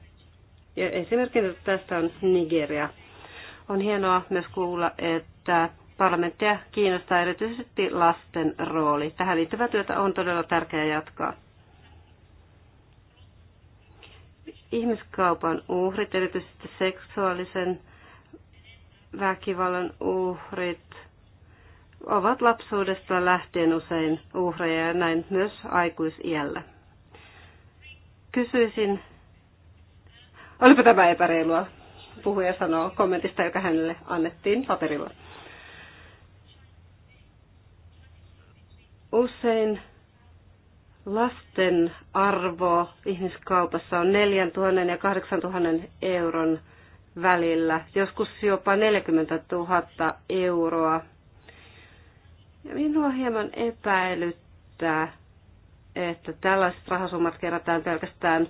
Ja esimerkkinä tästä on Nigeria. On hienoa myös kuulla, että parlamenttia kiinnostaa erityisesti lasten rooli. Tähän liittyvää työtä on todella tärkeää jatkaa. Ihmiskaupan uhrit, erityisesti seksuaalisen väkivallan uhrit, ovat lapsuudesta lähtien usein uhreja ja näin myös aikuisiällä. Kysyisin, olipa tämä epäreilua, puhuja sanoo kommentista, joka hänelle annettiin paperilla. Usein lasten arvo ihmiskaupassa on 4000 ja 8000 euron välillä, joskus jopa 40 000 euroa ja minua hieman epäilyttää, että tällaiset rahasummat kerätään pelkästään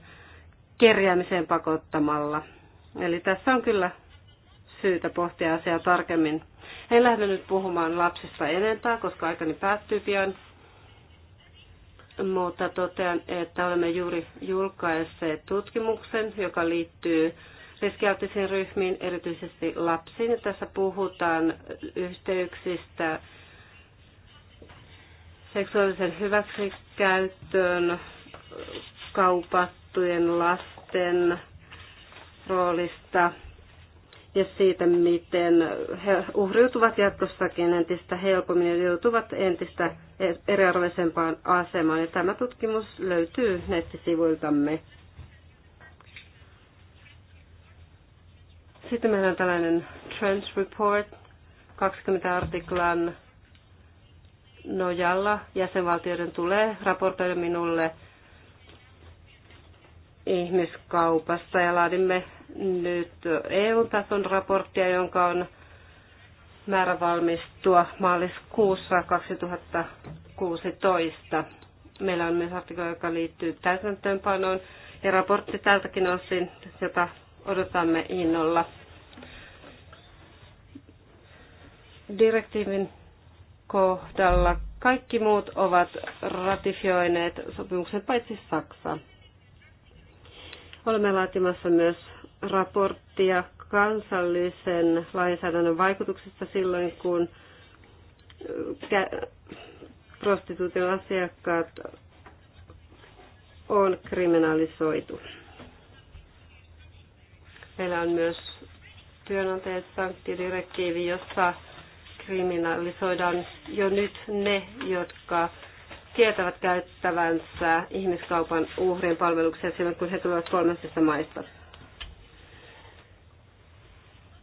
kerjäämiseen pakottamalla. Eli tässä on kyllä syytä pohtia asiaa tarkemmin. En lähde nyt puhumaan lapsista enempää, koska aikani päättyy pian. Mutta totean, että olemme juuri julkaisseet tutkimuksen, joka liittyy riskialtisiin ryhmiin, erityisesti lapsiin. Tässä puhutaan yhteyksistä seksuaalisen hyväksikäyttöön kaupattujen lasten roolista ja siitä, miten he uhriutuvat jatkossakin entistä helpommin ja joutuvat entistä eriarvoisempaan asemaan. Ja tämä tutkimus löytyy nettisivuiltamme. Sitten meillä on tällainen Trends Report, 20 artiklan nojalla jäsenvaltioiden tulee raportoida minulle ihmiskaupasta ja laadimme nyt EU-tason raporttia, jonka on määrä valmistua maaliskuussa 2016. Meillä on myös artikko, joka liittyy täytäntöönpanoon ja raportti tältäkin osin, jota odotamme innolla. Direktiivin kohdalla kaikki muut ovat ratifioineet sopimuksen paitsi Saksa. Olemme laatimassa myös raporttia kansallisen lainsäädännön vaikutuksista silloin, kun äh, prostituution asiakkaat on kriminalisoitu. Meillä on myös työnantajat sanktiodirektiivi, jossa kriminalisoidaan jo nyt ne, jotka tietävät käyttävänsä ihmiskaupan uhrien palveluksia silloin, kun he tulevat kolmansista maista.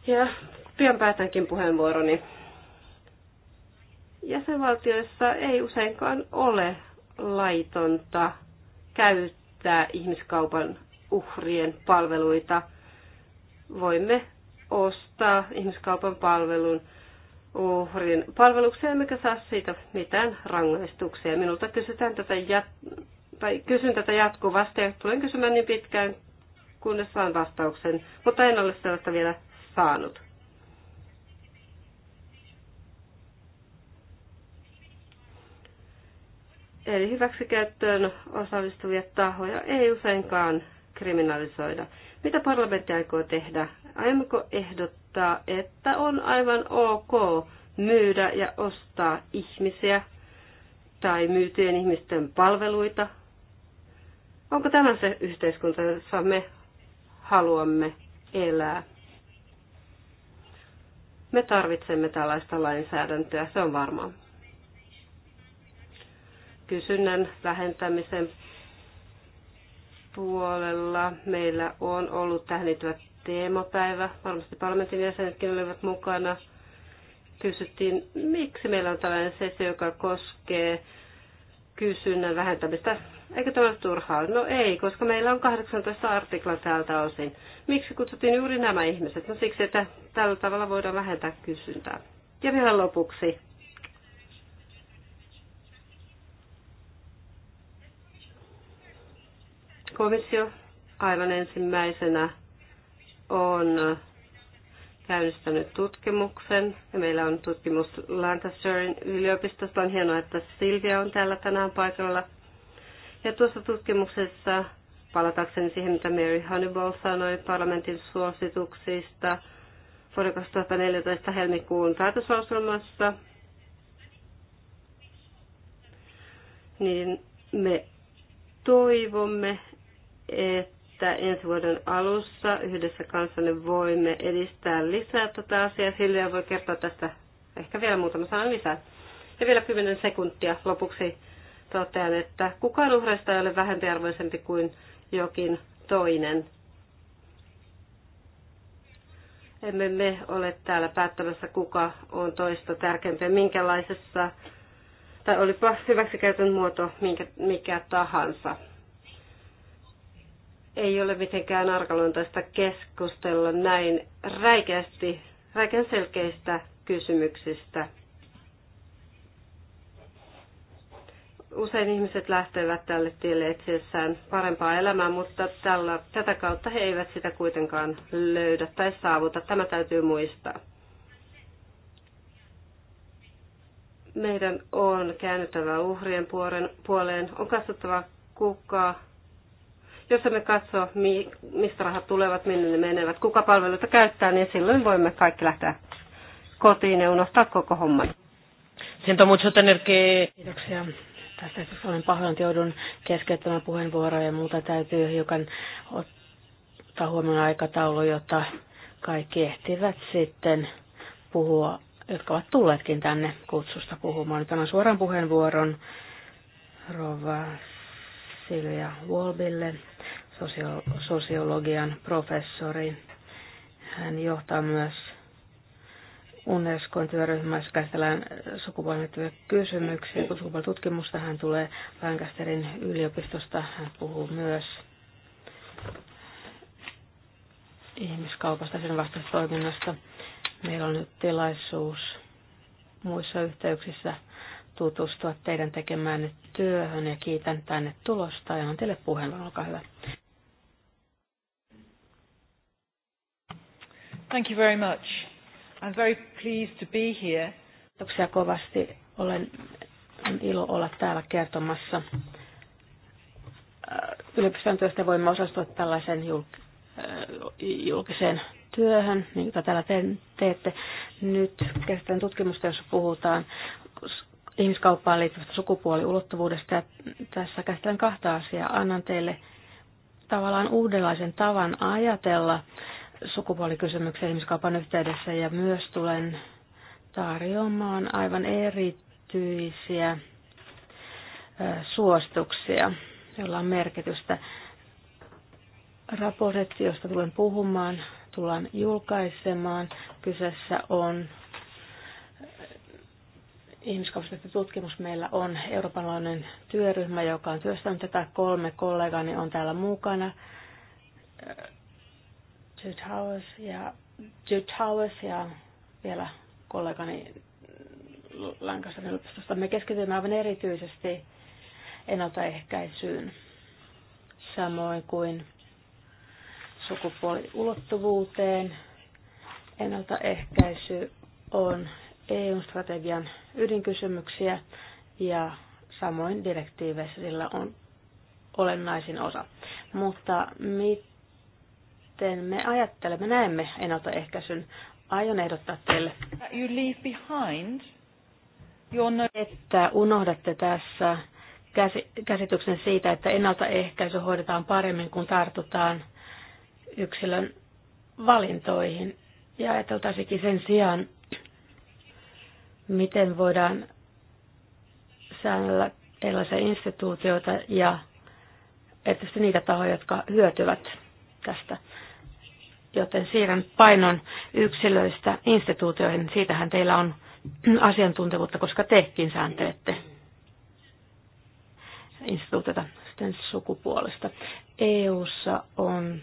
Ja pian päätänkin puheenvuoroni. Jäsenvaltioissa ei useinkaan ole laitonta käyttää ihmiskaupan uhrien palveluita. Voimme ostaa ihmiskaupan palvelun uhrin palvelukseen, mikä saa siitä mitään rangaistuksia. Minulta kysytään tätä jat- tai kysyn tätä jatkuvasti ja tulen kysymään niin pitkään, kunnes saan vastauksen, mutta en ole sellaista vielä saanut. Eli hyväksikäyttöön osallistuvia tahoja ei useinkaan kriminalisoida. Mitä parlamentti aikoo tehdä? Aiommeko ehdottaa, että on aivan ok myydä ja ostaa ihmisiä tai myytyjen ihmisten palveluita? Onko tämä se yhteiskunta, jossa me haluamme elää? Me tarvitsemme tällaista lainsäädäntöä, se on varmaa. Kysynnän vähentämisen puolella meillä on ollut tähän liittyvä teemapäivä. Varmasti parlamentin jäsenetkin olivat mukana. Kysyttiin, miksi meillä on tällainen sessio, joka koskee kysynnän vähentämistä. Eikö tämä ole turhaa? No ei, koska meillä on 18 artikla tältä osin. Miksi kutsuttiin juuri nämä ihmiset? No siksi, että tällä tavalla voidaan vähentää kysyntää. Ja vielä lopuksi. Komissio aivan ensimmäisenä on käynnistänyt tutkimuksen. Ja meillä on tutkimus Lancasterin yliopistosta. On hienoa, että Silvia on täällä tänään paikalla. Ja tuossa tutkimuksessa palatakseni siihen, mitä Mary Honeyball sanoi parlamentin suosituksista vuoden 2014 helmikuun päätöslauselmassa, niin me toivomme, että ensi vuoden alussa yhdessä kanssanne voimme edistää lisää tätä asiaa. Silvia voi kertoa tästä ehkä vielä muutama sana lisää. Ja vielä 10 sekuntia lopuksi totean, että kukaan uhreista ei ole vähempiarvoisempi kuin jokin toinen. Emme me ole täällä päättämässä, kuka on toista tärkeämpi minkälaisessa, tai olipa hyväksikäytön muoto minkä, mikä tahansa ei ole mitenkään arkaluontoista keskustella näin räikeästi, räikeän selkeistä kysymyksistä. Usein ihmiset lähtevät tälle tielle etsiessään parempaa elämää, mutta tällä, tätä kautta he eivät sitä kuitenkaan löydä tai saavuta. Tämä täytyy muistaa. Meidän on käännyttävä uhrien puoleen, on katsottava kuka jos emme katso, mistä rahat tulevat, minne ne menevät, kuka palveluita käyttää, niin silloin voimme kaikki lähteä kotiin ja unohtaa koko homman. Siento mucho tener que... Kiitoksia. Tästä siis olen pahoin, joudun keskeyttämään puheenvuoroa ja muuta täytyy hiukan ottaa huomioon aikataulu, jotta kaikki ehtivät sitten puhua, jotka ovat tulleetkin tänne kutsusta puhumaan. Nyt annan suoran puheenvuoron Rova Silja Wolbille sosiologian professori. Hän johtaa myös Unescon työryhmässä jossa käsitellään sukupuolen kysymyksiä. Sukupuolitutkimusta hän tulee Lancasterin yliopistosta. Hän puhuu myös ihmiskaupasta sen vastaisesta toiminnasta. Meillä on nyt tilaisuus muissa yhteyksissä tutustua teidän tekemäänne työhön ja kiitän tänne tulosta ja on teille puheenvuoron, olkaa hyvä. Thank you very much. I'm very pleased to be here. Kiitoksia kovasti. Olen on ilo olla täällä kertomassa. Äh, yliopiston työstä voimme osallistua tällaisen äh, julkiseen työhön, niin jota täällä teette. Nyt käsitellään tutkimusta, jossa puhutaan ihmiskauppaan liittyvästä sukupuoliulottuvuudesta. Ja tässä käsitellään kahta asiaa. Annan teille tavallaan uudenlaisen tavan ajatella sukupuolikysymyksen ihmiskaupan yhteydessä ja myös tulen tarjoamaan aivan erityisiä suostuksia, joilla on merkitystä. Raportit, joista tulen puhumaan, tullaan julkaisemaan. Kyseessä on ihmiskaupallisten tutkimus. Meillä on eurooppalainen työryhmä, joka on työstänyt tätä. Kolme kollegani on täällä mukana Jude ja, Jude ja vielä kollegani Lancasterin yliopistosta. Me keskitymme aivan erityisesti ennaltaehkäisyyn, samoin kuin sukupuoliulottuvuuteen. Ennaltaehkäisy on EU-strategian ydinkysymyksiä ja samoin direktiiveissä sillä on olennaisin osa. Mutta mit, sitten me ajattelemme, näemme ennaltaehkäisyn. Aion ehdottaa teille. You leave behind your... No- että unohdatte tässä käsityksen siitä, että ennaltaehkäisy hoidetaan paremmin, kun tartutaan yksilön valintoihin. Ja ajateltaisikin sen sijaan, miten voidaan säännellä erilaisia instituutioita ja erityisesti niitä tahoja, jotka hyötyvät tästä joten siirrän painon yksilöistä instituutioihin. Siitähän teillä on asiantuntevuutta, koska tekin sääntelette instituutiota sitten sukupuolesta. EU:ssa on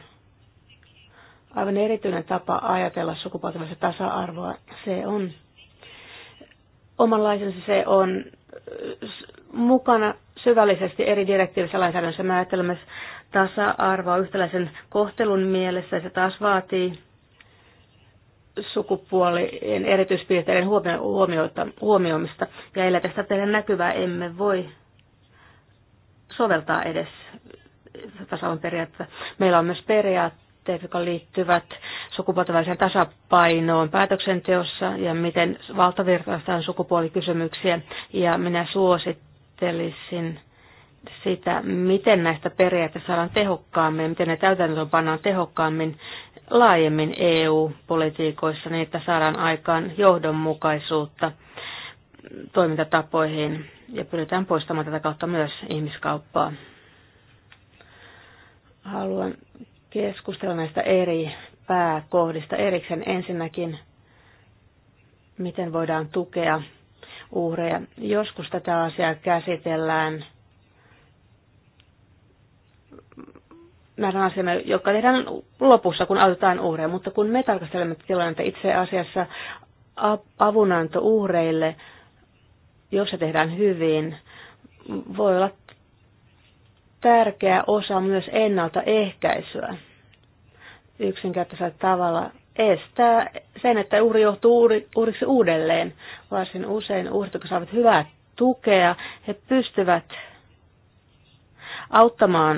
aivan erityinen tapa ajatella sukupuolten tasa-arvoa. Se on omanlaisensa, se on mukana syvällisesti eri direktiivissä lainsäädännössä. Me tasa-arvoa yhtäläisen kohtelun mielessä. Se taas vaatii sukupuolien erityispiirteiden huomioimista. Ja ellei tästä tehdä näkyvää, emme voi soveltaa edes tasa-arvon periaatteita. Meillä on myös periaatteet, jotka liittyvät sukupuolten väliseen tasapainoon päätöksenteossa ja miten valtavirtaistaan sukupuolikysymyksiä. Ja minä suosittelisin sitä, miten näistä periaatteista saadaan tehokkaammin, miten ne täytäntöön pannaan tehokkaammin laajemmin EU-politiikoissa, niin että saadaan aikaan johdonmukaisuutta toimintatapoihin ja pyritään poistamaan tätä kautta myös ihmiskauppaa. Haluan keskustella näistä eri pääkohdista erikseen ensinnäkin, miten voidaan tukea uhreja. Joskus tätä asiaa käsitellään määrän asema, joka tehdään lopussa, kun autetaan uhreja. Mutta kun me tarkastelemme tilannetta itse asiassa avunanto uhreille, jos se tehdään hyvin, voi olla tärkeä osa myös ennaltaehkäisyä. Yksinkertaisella tavalla estää sen, että uhri joutuu uhriksi uudelleen. Varsin usein uhrit, jotka saavat hyvää tukea, he pystyvät auttamaan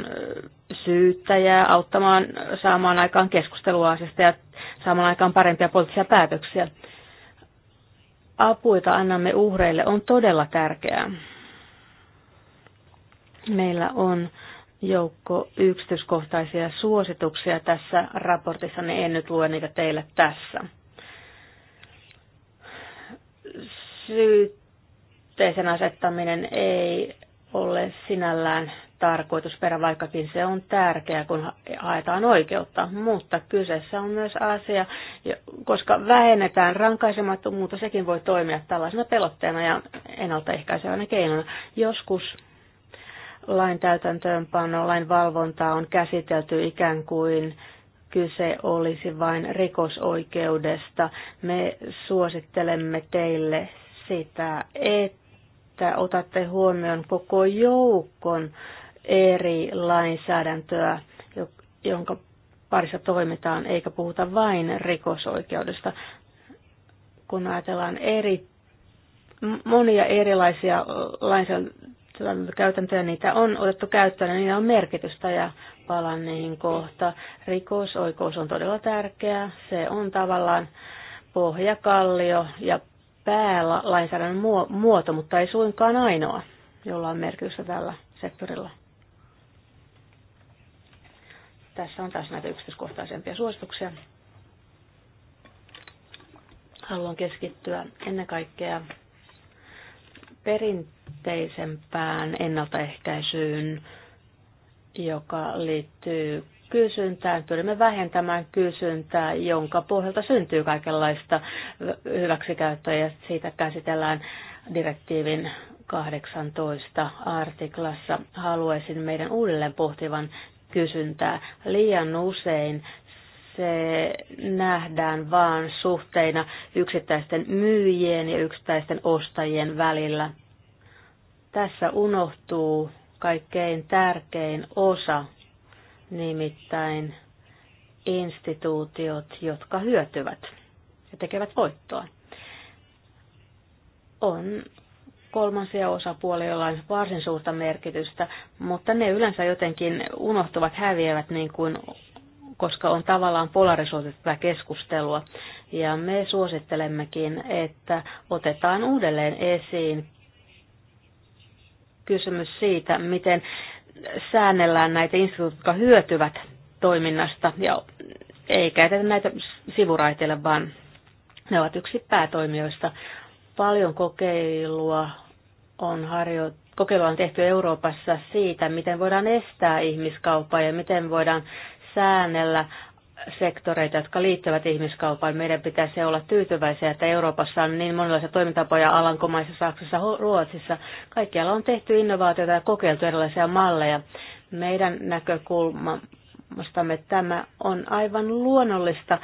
syyttäjää auttamaan saamaan aikaan keskustelua asiasta ja saamaan aikaan parempia poliittisia päätöksiä. Apuita annamme uhreille on todella tärkeää. Meillä on joukko yksityiskohtaisia suosituksia tässä raportissa, niin en nyt lue niitä teille tässä. Syytteisen asettaminen ei ole sinällään tarkoitusperä, vaikkakin se on tärkeää, kun haetaan oikeutta. Mutta kyseessä on myös asia, koska vähennetään rankaisemattomuutta, sekin voi toimia tällaisena pelotteena ja ennaltaehkäisevänä keinona. Joskus lain täytäntöönpano, lain valvontaa on käsitelty ikään kuin kyse olisi vain rikosoikeudesta. Me suosittelemme teille sitä, että otatte huomioon koko joukon eri lainsäädäntöä, jonka parissa toimitaan, eikä puhuta vain rikosoikeudesta. Kun ajatellaan eri, monia erilaisia lainsäädäntökäytäntöjä, niitä on otettu käyttöön niin niillä on merkitystä ja palaan niihin kohta. Rikosoikeus on todella tärkeää. Se on tavallaan pohjakallio ja päälainsäädännön muoto, mutta ei suinkaan ainoa, jolla on merkitystä tällä sektorilla. Tässä on taas näitä yksityiskohtaisempia suosituksia. Haluan keskittyä ennen kaikkea perinteisempään ennaltaehkäisyyn, joka liittyy kysyntään. Pyrimme vähentämään kysyntää, jonka pohjalta syntyy kaikenlaista hyväksikäyttöä ja siitä käsitellään direktiivin 18 artiklassa. Haluaisin meidän uudelleen pohtivan kysyntää. Liian usein se nähdään vain suhteina yksittäisten myyjien ja yksittäisten ostajien välillä. Tässä unohtuu kaikkein tärkein osa, nimittäin instituutiot, jotka hyötyvät ja tekevät voittoa. On kolmansia osapuolia, joilla on varsin suurta merkitystä, mutta ne yleensä jotenkin unohtuvat, häviävät niin kuin koska on tavallaan polarisoitettua keskustelua. Ja me suosittelemmekin, että otetaan uudelleen esiin kysymys siitä, miten säännellään näitä instituutioita, jotka hyötyvät toiminnasta, ja ei käytetä näitä sivuraiteille, vaan ne ovat yksi päätoimijoista. Paljon kokeilua on harjo... kokeilua on tehty Euroopassa siitä, miten voidaan estää ihmiskauppaa ja miten voidaan säännellä sektoreita, jotka liittyvät ihmiskaupaan. Meidän pitäisi olla tyytyväisiä, että Euroopassa on niin monenlaisia toimintapoja Alankomaissa, Saksassa, Ruotsissa. Kaikkialla on tehty innovaatioita ja kokeiltu erilaisia malleja. Meidän näkökulma maailmastamme. Tämä on aivan luonnollista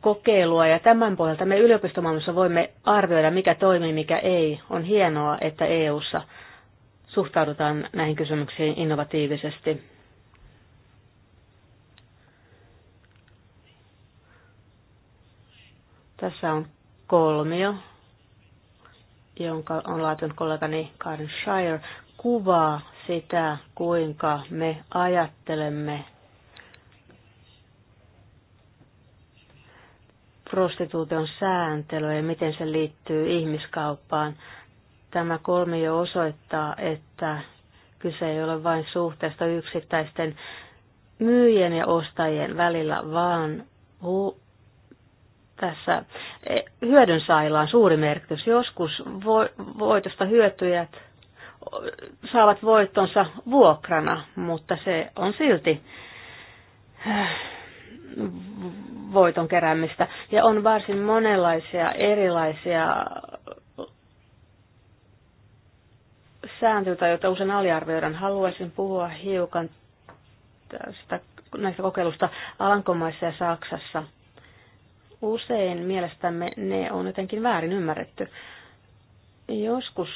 kokeilua ja tämän pohjalta me yliopistomaailmassa voimme arvioida, mikä toimii, mikä ei. On hienoa, että EU:ssa suhtaudutaan näihin kysymyksiin innovatiivisesti. Tässä on kolmio, jonka on laatunut kollegani Karen Shire, kuvaa sitä, kuinka me ajattelemme prostituution sääntelyä ja miten se liittyy ihmiskauppaan. Tämä kolmi jo osoittaa, että kyse ei ole vain suhteesta yksittäisten myyjien ja ostajien välillä, vaan hu- tässä e, hyödyn sailla on suuri merkitys. Joskus vo- voitosta hyötyjät saavat voittonsa vuokrana, mutta se on silti voiton keräämistä. Ja on varsin monenlaisia erilaisia sääntöjä, joita usein aliarvioidaan. Haluaisin puhua hiukan tästä, näistä kokeilusta Alankomaissa ja Saksassa. Usein mielestämme ne on jotenkin väärin ymmärretty. Joskus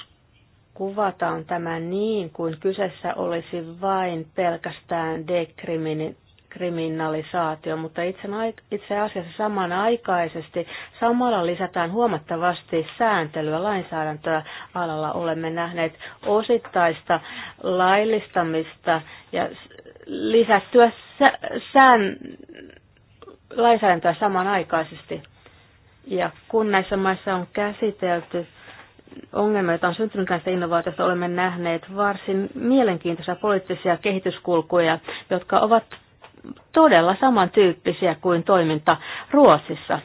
kuvataan tämä niin, kuin kyseessä olisi vain pelkästään dekrimini- kriminalisaatio, mutta itse asiassa samanaikaisesti samalla lisätään huomattavasti sääntelyä, lainsäädäntöä alalla. Olemme nähneet osittaista laillistamista ja lisättyä sään, lainsäädäntöä samanaikaisesti. Ja kun näissä maissa on käsitelty ongelmia, joita on syntynyt näistä innovaatioista, olemme nähneet varsin mielenkiintoisia poliittisia kehityskulkuja, jotka ovat todella samantyyppisiä kuin toiminta Ruotsissa.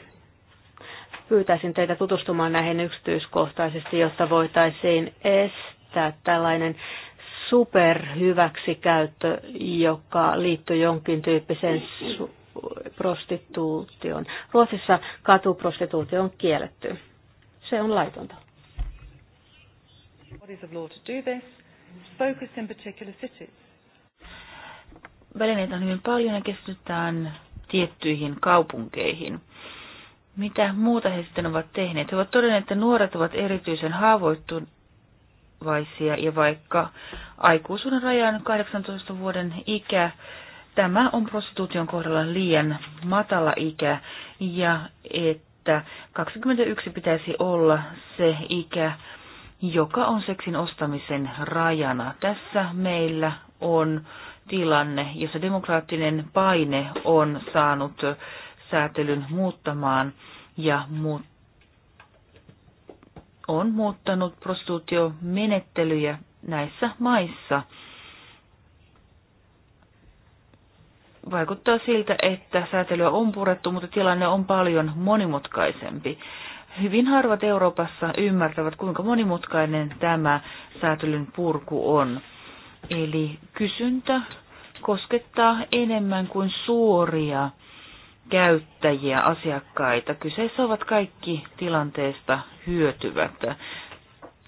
Pyytäisin teitä tutustumaan näihin yksityiskohtaisesti, jotta voitaisiin estää tällainen superhyväksikäyttö, joka liittyy jonkin tyyppiseen prostituutioon. Ruotsissa katuprostituutio on kielletty. Se on laitonta. Bodies of law to do this, Focus in particular cities välineitä on hyvin paljon ja keskitytään tiettyihin kaupunkeihin. Mitä muuta he sitten ovat tehneet? He ovat todenneet, että nuoret ovat erityisen haavoittuvaisia ja vaikka aikuisuuden raja on 18 vuoden ikä, tämä on prostituution kohdalla liian matala ikä ja että 21 pitäisi olla se ikä, joka on seksin ostamisen rajana. Tässä meillä on tilanne, jossa demokraattinen paine on saanut säätelyn muuttamaan ja muut, on muuttanut prostituutiomenettelyjä näissä maissa. Vaikuttaa siltä, että säätelyä on purettu, mutta tilanne on paljon monimutkaisempi. Hyvin harvat Euroopassa ymmärtävät, kuinka monimutkainen tämä säätelyn purku on. Eli kysyntä koskettaa enemmän kuin suoria käyttäjiä, asiakkaita. Kyseessä ovat kaikki tilanteesta hyötyvät.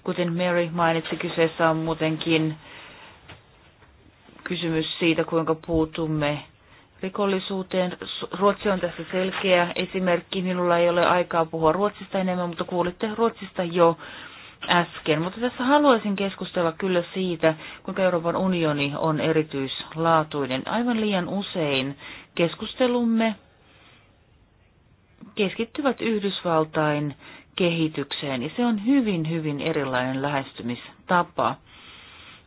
Kuten Mary mainitsi, kyseessä on muutenkin kysymys siitä, kuinka puutumme rikollisuuteen. Ruotsi on tässä selkeä esimerkki. Minulla ei ole aikaa puhua Ruotsista enemmän, mutta kuulitte Ruotsista jo äsken. Mutta tässä haluaisin keskustella kyllä siitä, kuinka Euroopan unioni on erityislaatuinen. Aivan liian usein keskustelumme keskittyvät Yhdysvaltain kehitykseen, ja se on hyvin, hyvin erilainen lähestymistapa.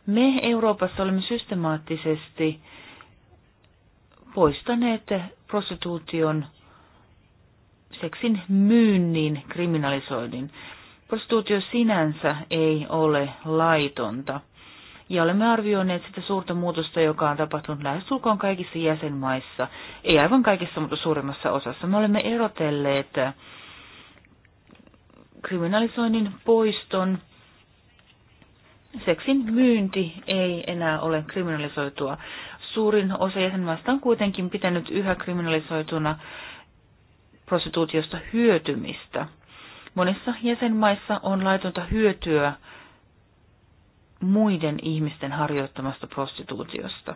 Me Euroopassa olemme systemaattisesti poistaneet prostituution, seksin myynnin kriminalisoinnin. Prostituutio sinänsä ei ole laitonta. Ja olemme arvioineet sitä suurta muutosta, joka on tapahtunut lähestulkoon kaikissa jäsenmaissa. Ei aivan kaikissa, mutta suurimmassa osassa. Me olemme erotelleet kriminalisoinnin poiston. Seksin myynti ei enää ole kriminalisoitua. Suurin osa jäsenmaista on kuitenkin pitänyt yhä kriminalisoituna prostituutiosta hyötymistä. Monissa jäsenmaissa on laitonta hyötyä muiden ihmisten harjoittamasta prostituutiosta.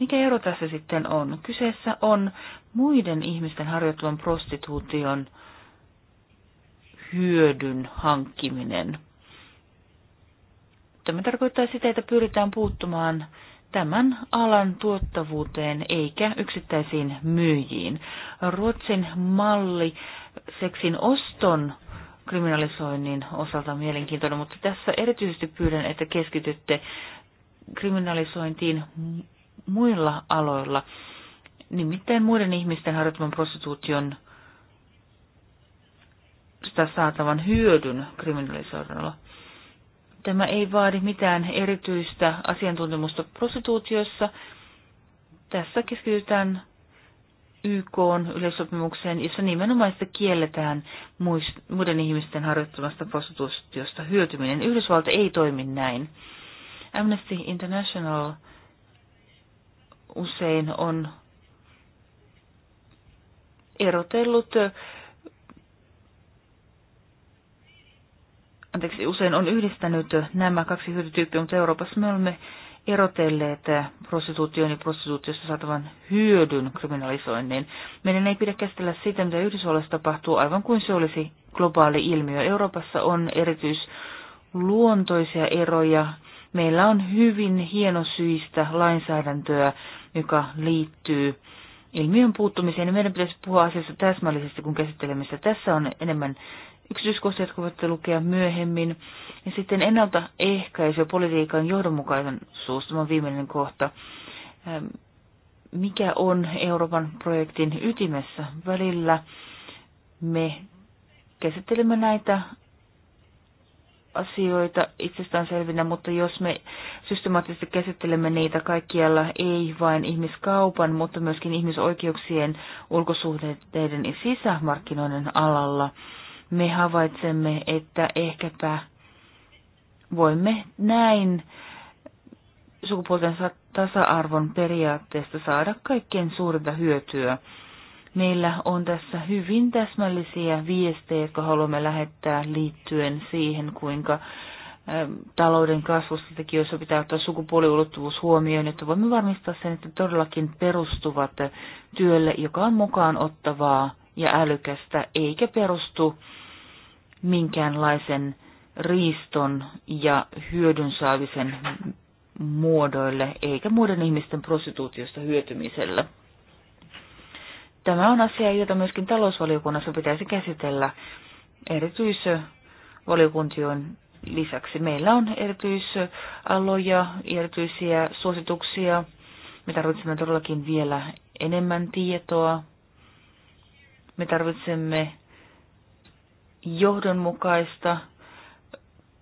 Mikä ero tässä sitten on? Kyseessä on muiden ihmisten harjoittaman prostituution hyödyn hankkiminen. Tämä tarkoittaa sitä, että pyritään puuttumaan tämän alan tuottavuuteen eikä yksittäisiin myyjiin. Ruotsin malli seksin oston kriminalisoinnin osalta mielenkiintoinen, mutta tässä erityisesti pyydän, että keskitytte kriminalisointiin muilla aloilla, nimittäin muiden ihmisten harjoittaman prostituution sitä saatavan hyödyn kriminalisoinnilla. Tämä ei vaadi mitään erityistä asiantuntemusta prostituutiossa. Tässä keskitytään YK on yleissopimukseen, jossa sitä kielletään muiden ihmisten harjoittamasta prostituutiosta hyötyminen. Yhdysvalta ei toimi näin. Amnesty International usein on erotellut, anteeksi, usein on yhdistänyt nämä kaksi hyötytyyppiä, mutta Euroopassa me olemme erotelleet prostituution ja prostituutiosta saatavan hyödyn kriminalisoinnin. Meidän ei pidä käsitellä sitä, mitä Yhdysvalloissa tapahtuu, aivan kuin se olisi globaali ilmiö. Euroopassa on erityisluontoisia eroja. Meillä on hyvin hienosyistä lainsäädäntöä, joka liittyy ilmiön puuttumiseen, meidän pitäisi puhua asiasta täsmällisesti, kun käsittelemme sitä. Tässä on enemmän yksityiskohtia, jotka voitte lukea myöhemmin. Ja sitten ennaltaehkäisy ja politiikan johdonmukaisuus, tämä on viimeinen kohta. Mikä on Euroopan projektin ytimessä? Välillä me käsittelemme näitä asioita itsestäänselvinä, mutta jos me systemaattisesti käsittelemme niitä kaikkialla, ei vain ihmiskaupan, mutta myöskin ihmisoikeuksien, ulkosuhteiden ja sisämarkkinoiden alalla, me havaitsemme, että ehkäpä voimme näin sukupuolten tasa-arvon periaatteesta saada kaikkein suurinta hyötyä. Meillä on tässä hyvin täsmällisiä viestejä, jotka haluamme lähettää liittyen siihen, kuinka ähm, talouden kasvusta tekijöissä pitää ottaa sukupuoliulottuvuus huomioon, että voimme varmistaa sen, että todellakin perustuvat työlle, joka on mukaan ottavaa ja älykästä, eikä perustu minkäänlaisen riiston ja hyödyn saavisen muodoille eikä muiden ihmisten prostituutiosta hyötymisellä. Tämä on asia, jota myöskin talousvaliokunnassa pitäisi käsitellä erityisvaliokuntien lisäksi. Meillä on erityisaloja, erityisiä suosituksia. Me tarvitsemme todellakin vielä enemmän tietoa. Me tarvitsemme johdonmukaista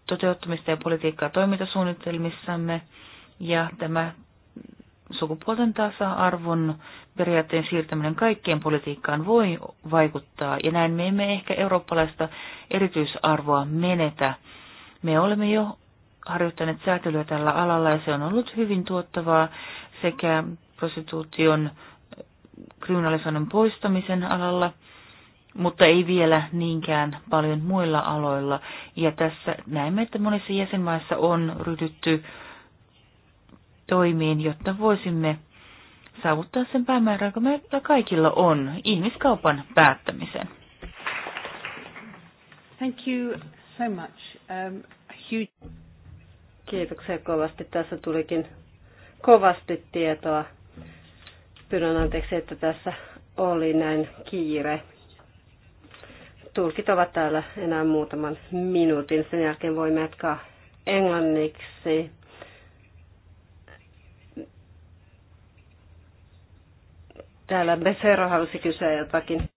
toteuttamista ja politiikkaa toimintasuunnitelmissamme ja tämä sukupuolten tasa-arvon periaatteen siirtäminen kaikkeen politiikkaan voi vaikuttaa ja näin me emme ehkä eurooppalaista erityisarvoa menetä. Me olemme jo harjoittaneet säätelyä tällä alalla ja se on ollut hyvin tuottavaa sekä prostituution kriminalisoinnin poistamisen alalla – mutta ei vielä niinkään paljon muilla aloilla. Ja tässä näemme, että monissa jäsenmaissa on ryhdytty toimiin, jotta voisimme saavuttaa sen päämäärän, joka meillä kaikilla on, ihmiskaupan päättämisen. Thank you so much. Um, huge... Kiitoksia kovasti. Tässä tulikin kovasti tietoa. Pyydän anteeksi, että tässä oli näin kiire tulkit ovat täällä enää muutaman minuutin. Sen jälkeen voi jatkaa englanniksi. Täällä Becerra halusi kysyä jotakin.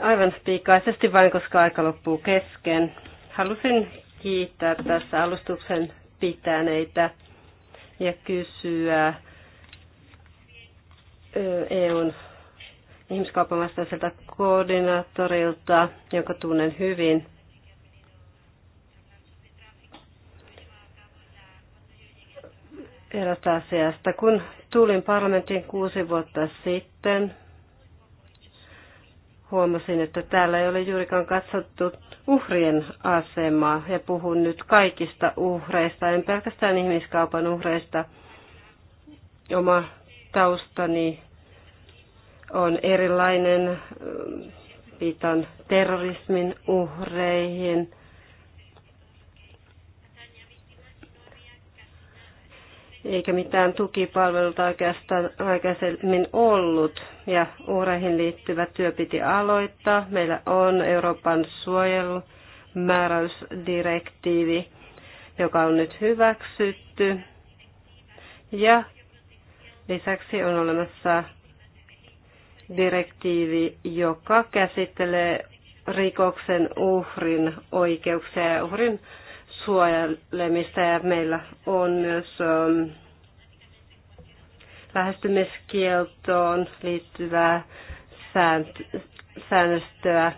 Aivan pikaisesti vain, koska aika loppuu kesken. Halusin kiittää tässä alustuksen pitäneitä ja kysyä EUn ihmiskaupan vastaiselta koordinaattorilta, jonka tunnen hyvin. Erästä asiasta. Kun tulin parlamenttiin kuusi vuotta sitten, huomasin, että täällä ei ole juurikaan katsottu uhrien asemaa ja puhun nyt kaikista uhreista, en pelkästään ihmiskaupan uhreista. Oma taustani on erilainen, viitan terrorismin uhreihin. Eikä mitään tukipalveluita oikeastaan aikaisemmin ollut ja uhreihin liittyvä työ piti aloittaa. Meillä on Euroopan suojelumääräysdirektiivi, joka on nyt hyväksytty. Ja lisäksi on olemassa direktiivi, joka käsittelee rikoksen uhrin oikeuksia ja uhrin suojelemista. Ja meillä on myös ähm, lähestymiskieltoon liittyvää säännöstöä.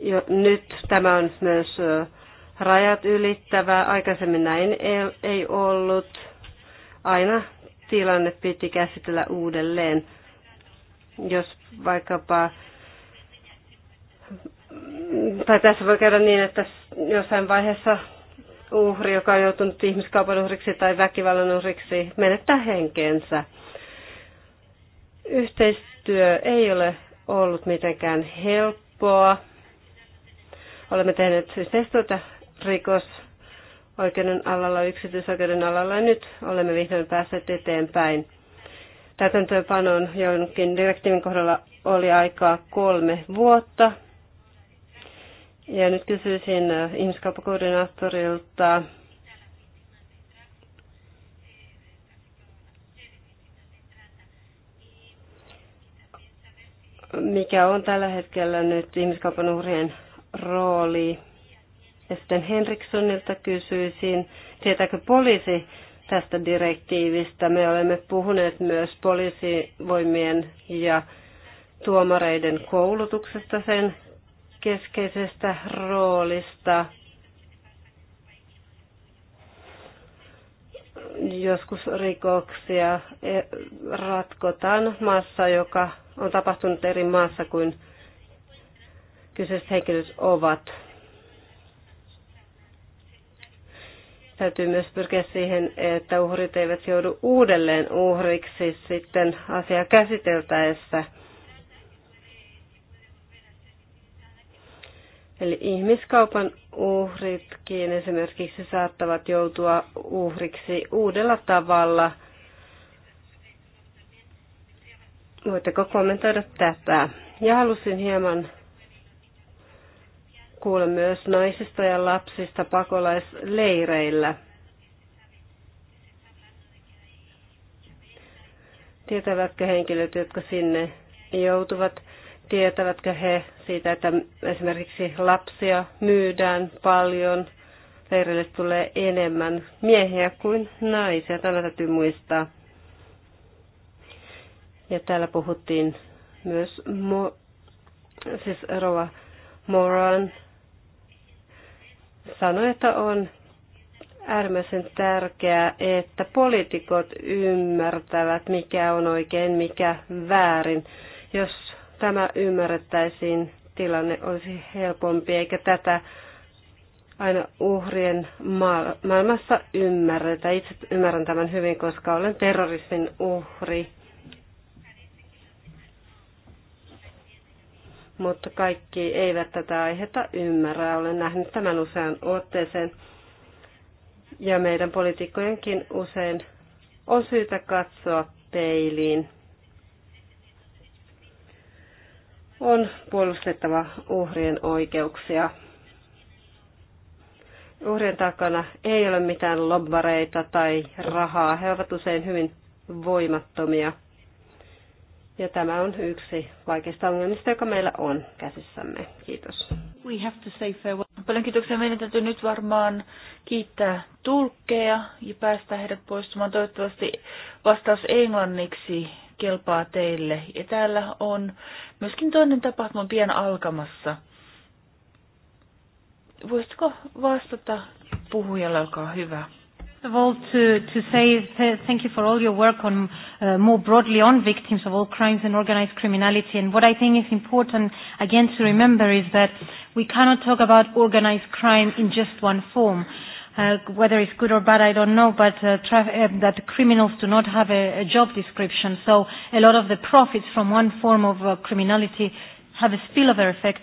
Jo, nyt tämä on myös äh, rajat ylittävää. Aikaisemmin näin ei ollut. Aina tilanne piti käsitellä uudelleen. Jos vaikkapa tai tässä voi käydä niin, että jossain vaiheessa uhri, joka on joutunut ihmiskaupan uhriksi tai väkivallan uhriksi, menettää henkeensä. Yhteistyö ei ole ollut mitenkään helppoa. Olemme tehneet siis yhteistyötä rikos- oikeuden alalla, yksityisoikeuden alalla ja nyt olemme vihdoin päässeet eteenpäin. Täytäntöönpanon jonkin direktiivin kohdalla oli aikaa kolme vuotta. Ja nyt kysyisin äh, ihmiskauppakoordinaattorilta, mikä on tällä hetkellä nyt ihmiskaupan uhrien rooli ja sitten Henrikssonilta kysyisin, tietääkö poliisi tästä direktiivistä? Me olemme puhuneet myös poliisivoimien ja tuomareiden koulutuksesta, sen keskeisestä roolista. Joskus rikoksia e, ratkotaan maassa, joka on tapahtunut eri maassa kuin kyseiset henkilöt ovat Täytyy myös pyrkiä siihen, että uhrit eivät joudu uudelleen uhriksi sitten asiaa käsiteltäessä. Eli ihmiskaupan uhritkin esimerkiksi saattavat joutua uhriksi uudella tavalla. Voitteko kommentoida tätä? Ja halusin hieman kuule myös naisista ja lapsista pakolaisleireillä. Tietävätkö henkilöt, jotka sinne joutuvat, tietävätkö he siitä, että esimerkiksi lapsia myydään paljon, leireille tulee enemmän miehiä kuin naisia. Tämä täytyy muistaa. Ja täällä puhuttiin myös, mo- siis Rova Moran sanoi, että on äärimmäisen tärkeää, että poliitikot ymmärtävät, mikä on oikein, mikä väärin. Jos tämä ymmärrettäisiin, tilanne olisi helpompi, eikä tätä aina uhrien maailmassa ymmärretä. Itse ymmärrän tämän hyvin, koska olen terrorismin uhri. mutta kaikki eivät tätä aihetta ymmärrä. Olen nähnyt tämän usean otteeseen. Ja meidän poliitikkojenkin usein on syytä katsoa peiliin. On puolustettava uhrien oikeuksia. Uhrien takana ei ole mitään lobbareita tai rahaa. He ovat usein hyvin voimattomia. Ja tämä on yksi vaikeista ongelmista, joka meillä on käsissämme. Kiitos. We have to say farewell. Paljon kiitoksia. Meidän täytyy nyt varmaan kiittää tulkkeja ja päästä heidät poistumaan. Toivottavasti vastaus englanniksi kelpaa teille. Ja täällä on myöskin toinen tapahtuma pian alkamassa. Voisitko vastata puhujalle, olkaa hyvä. First of all, to, to say th thank you for all your work on uh, more broadly on victims of all crimes and organized criminality. And what I think is important, again, to remember is that we cannot talk about organized crime in just one form. Uh, whether it's good or bad, I don't know, but uh, uh, that criminals do not have a, a job description. So a lot of the profits from one form of uh, criminality have a spillover effect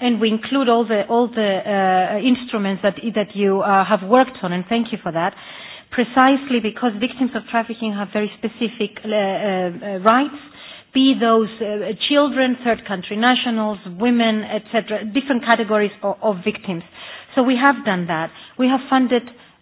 and we include all the all the uh, instruments that that you uh, have worked on, and thank you for that. Precisely because victims of trafficking have very specific uh, uh, uh rights, be those uh, children, third country nationals, women, etc., different categories of, of victims. So we have done that. We have funded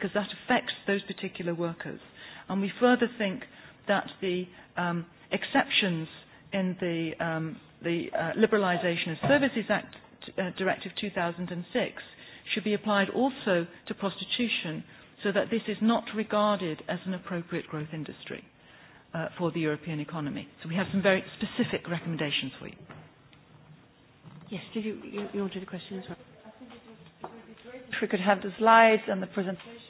because that affects those particular workers. And we further think that the um, exceptions in the, um, the uh, Liberalisation of Services Act uh, Directive 2006 should be applied also to prostitution so that this is not regarded as an appropriate growth industry uh, for the European economy. So we have some very specific recommendations for you. Yes, did you, you, you wanted a question as well? I think it would, it would be great if we could have the slides and the presentation.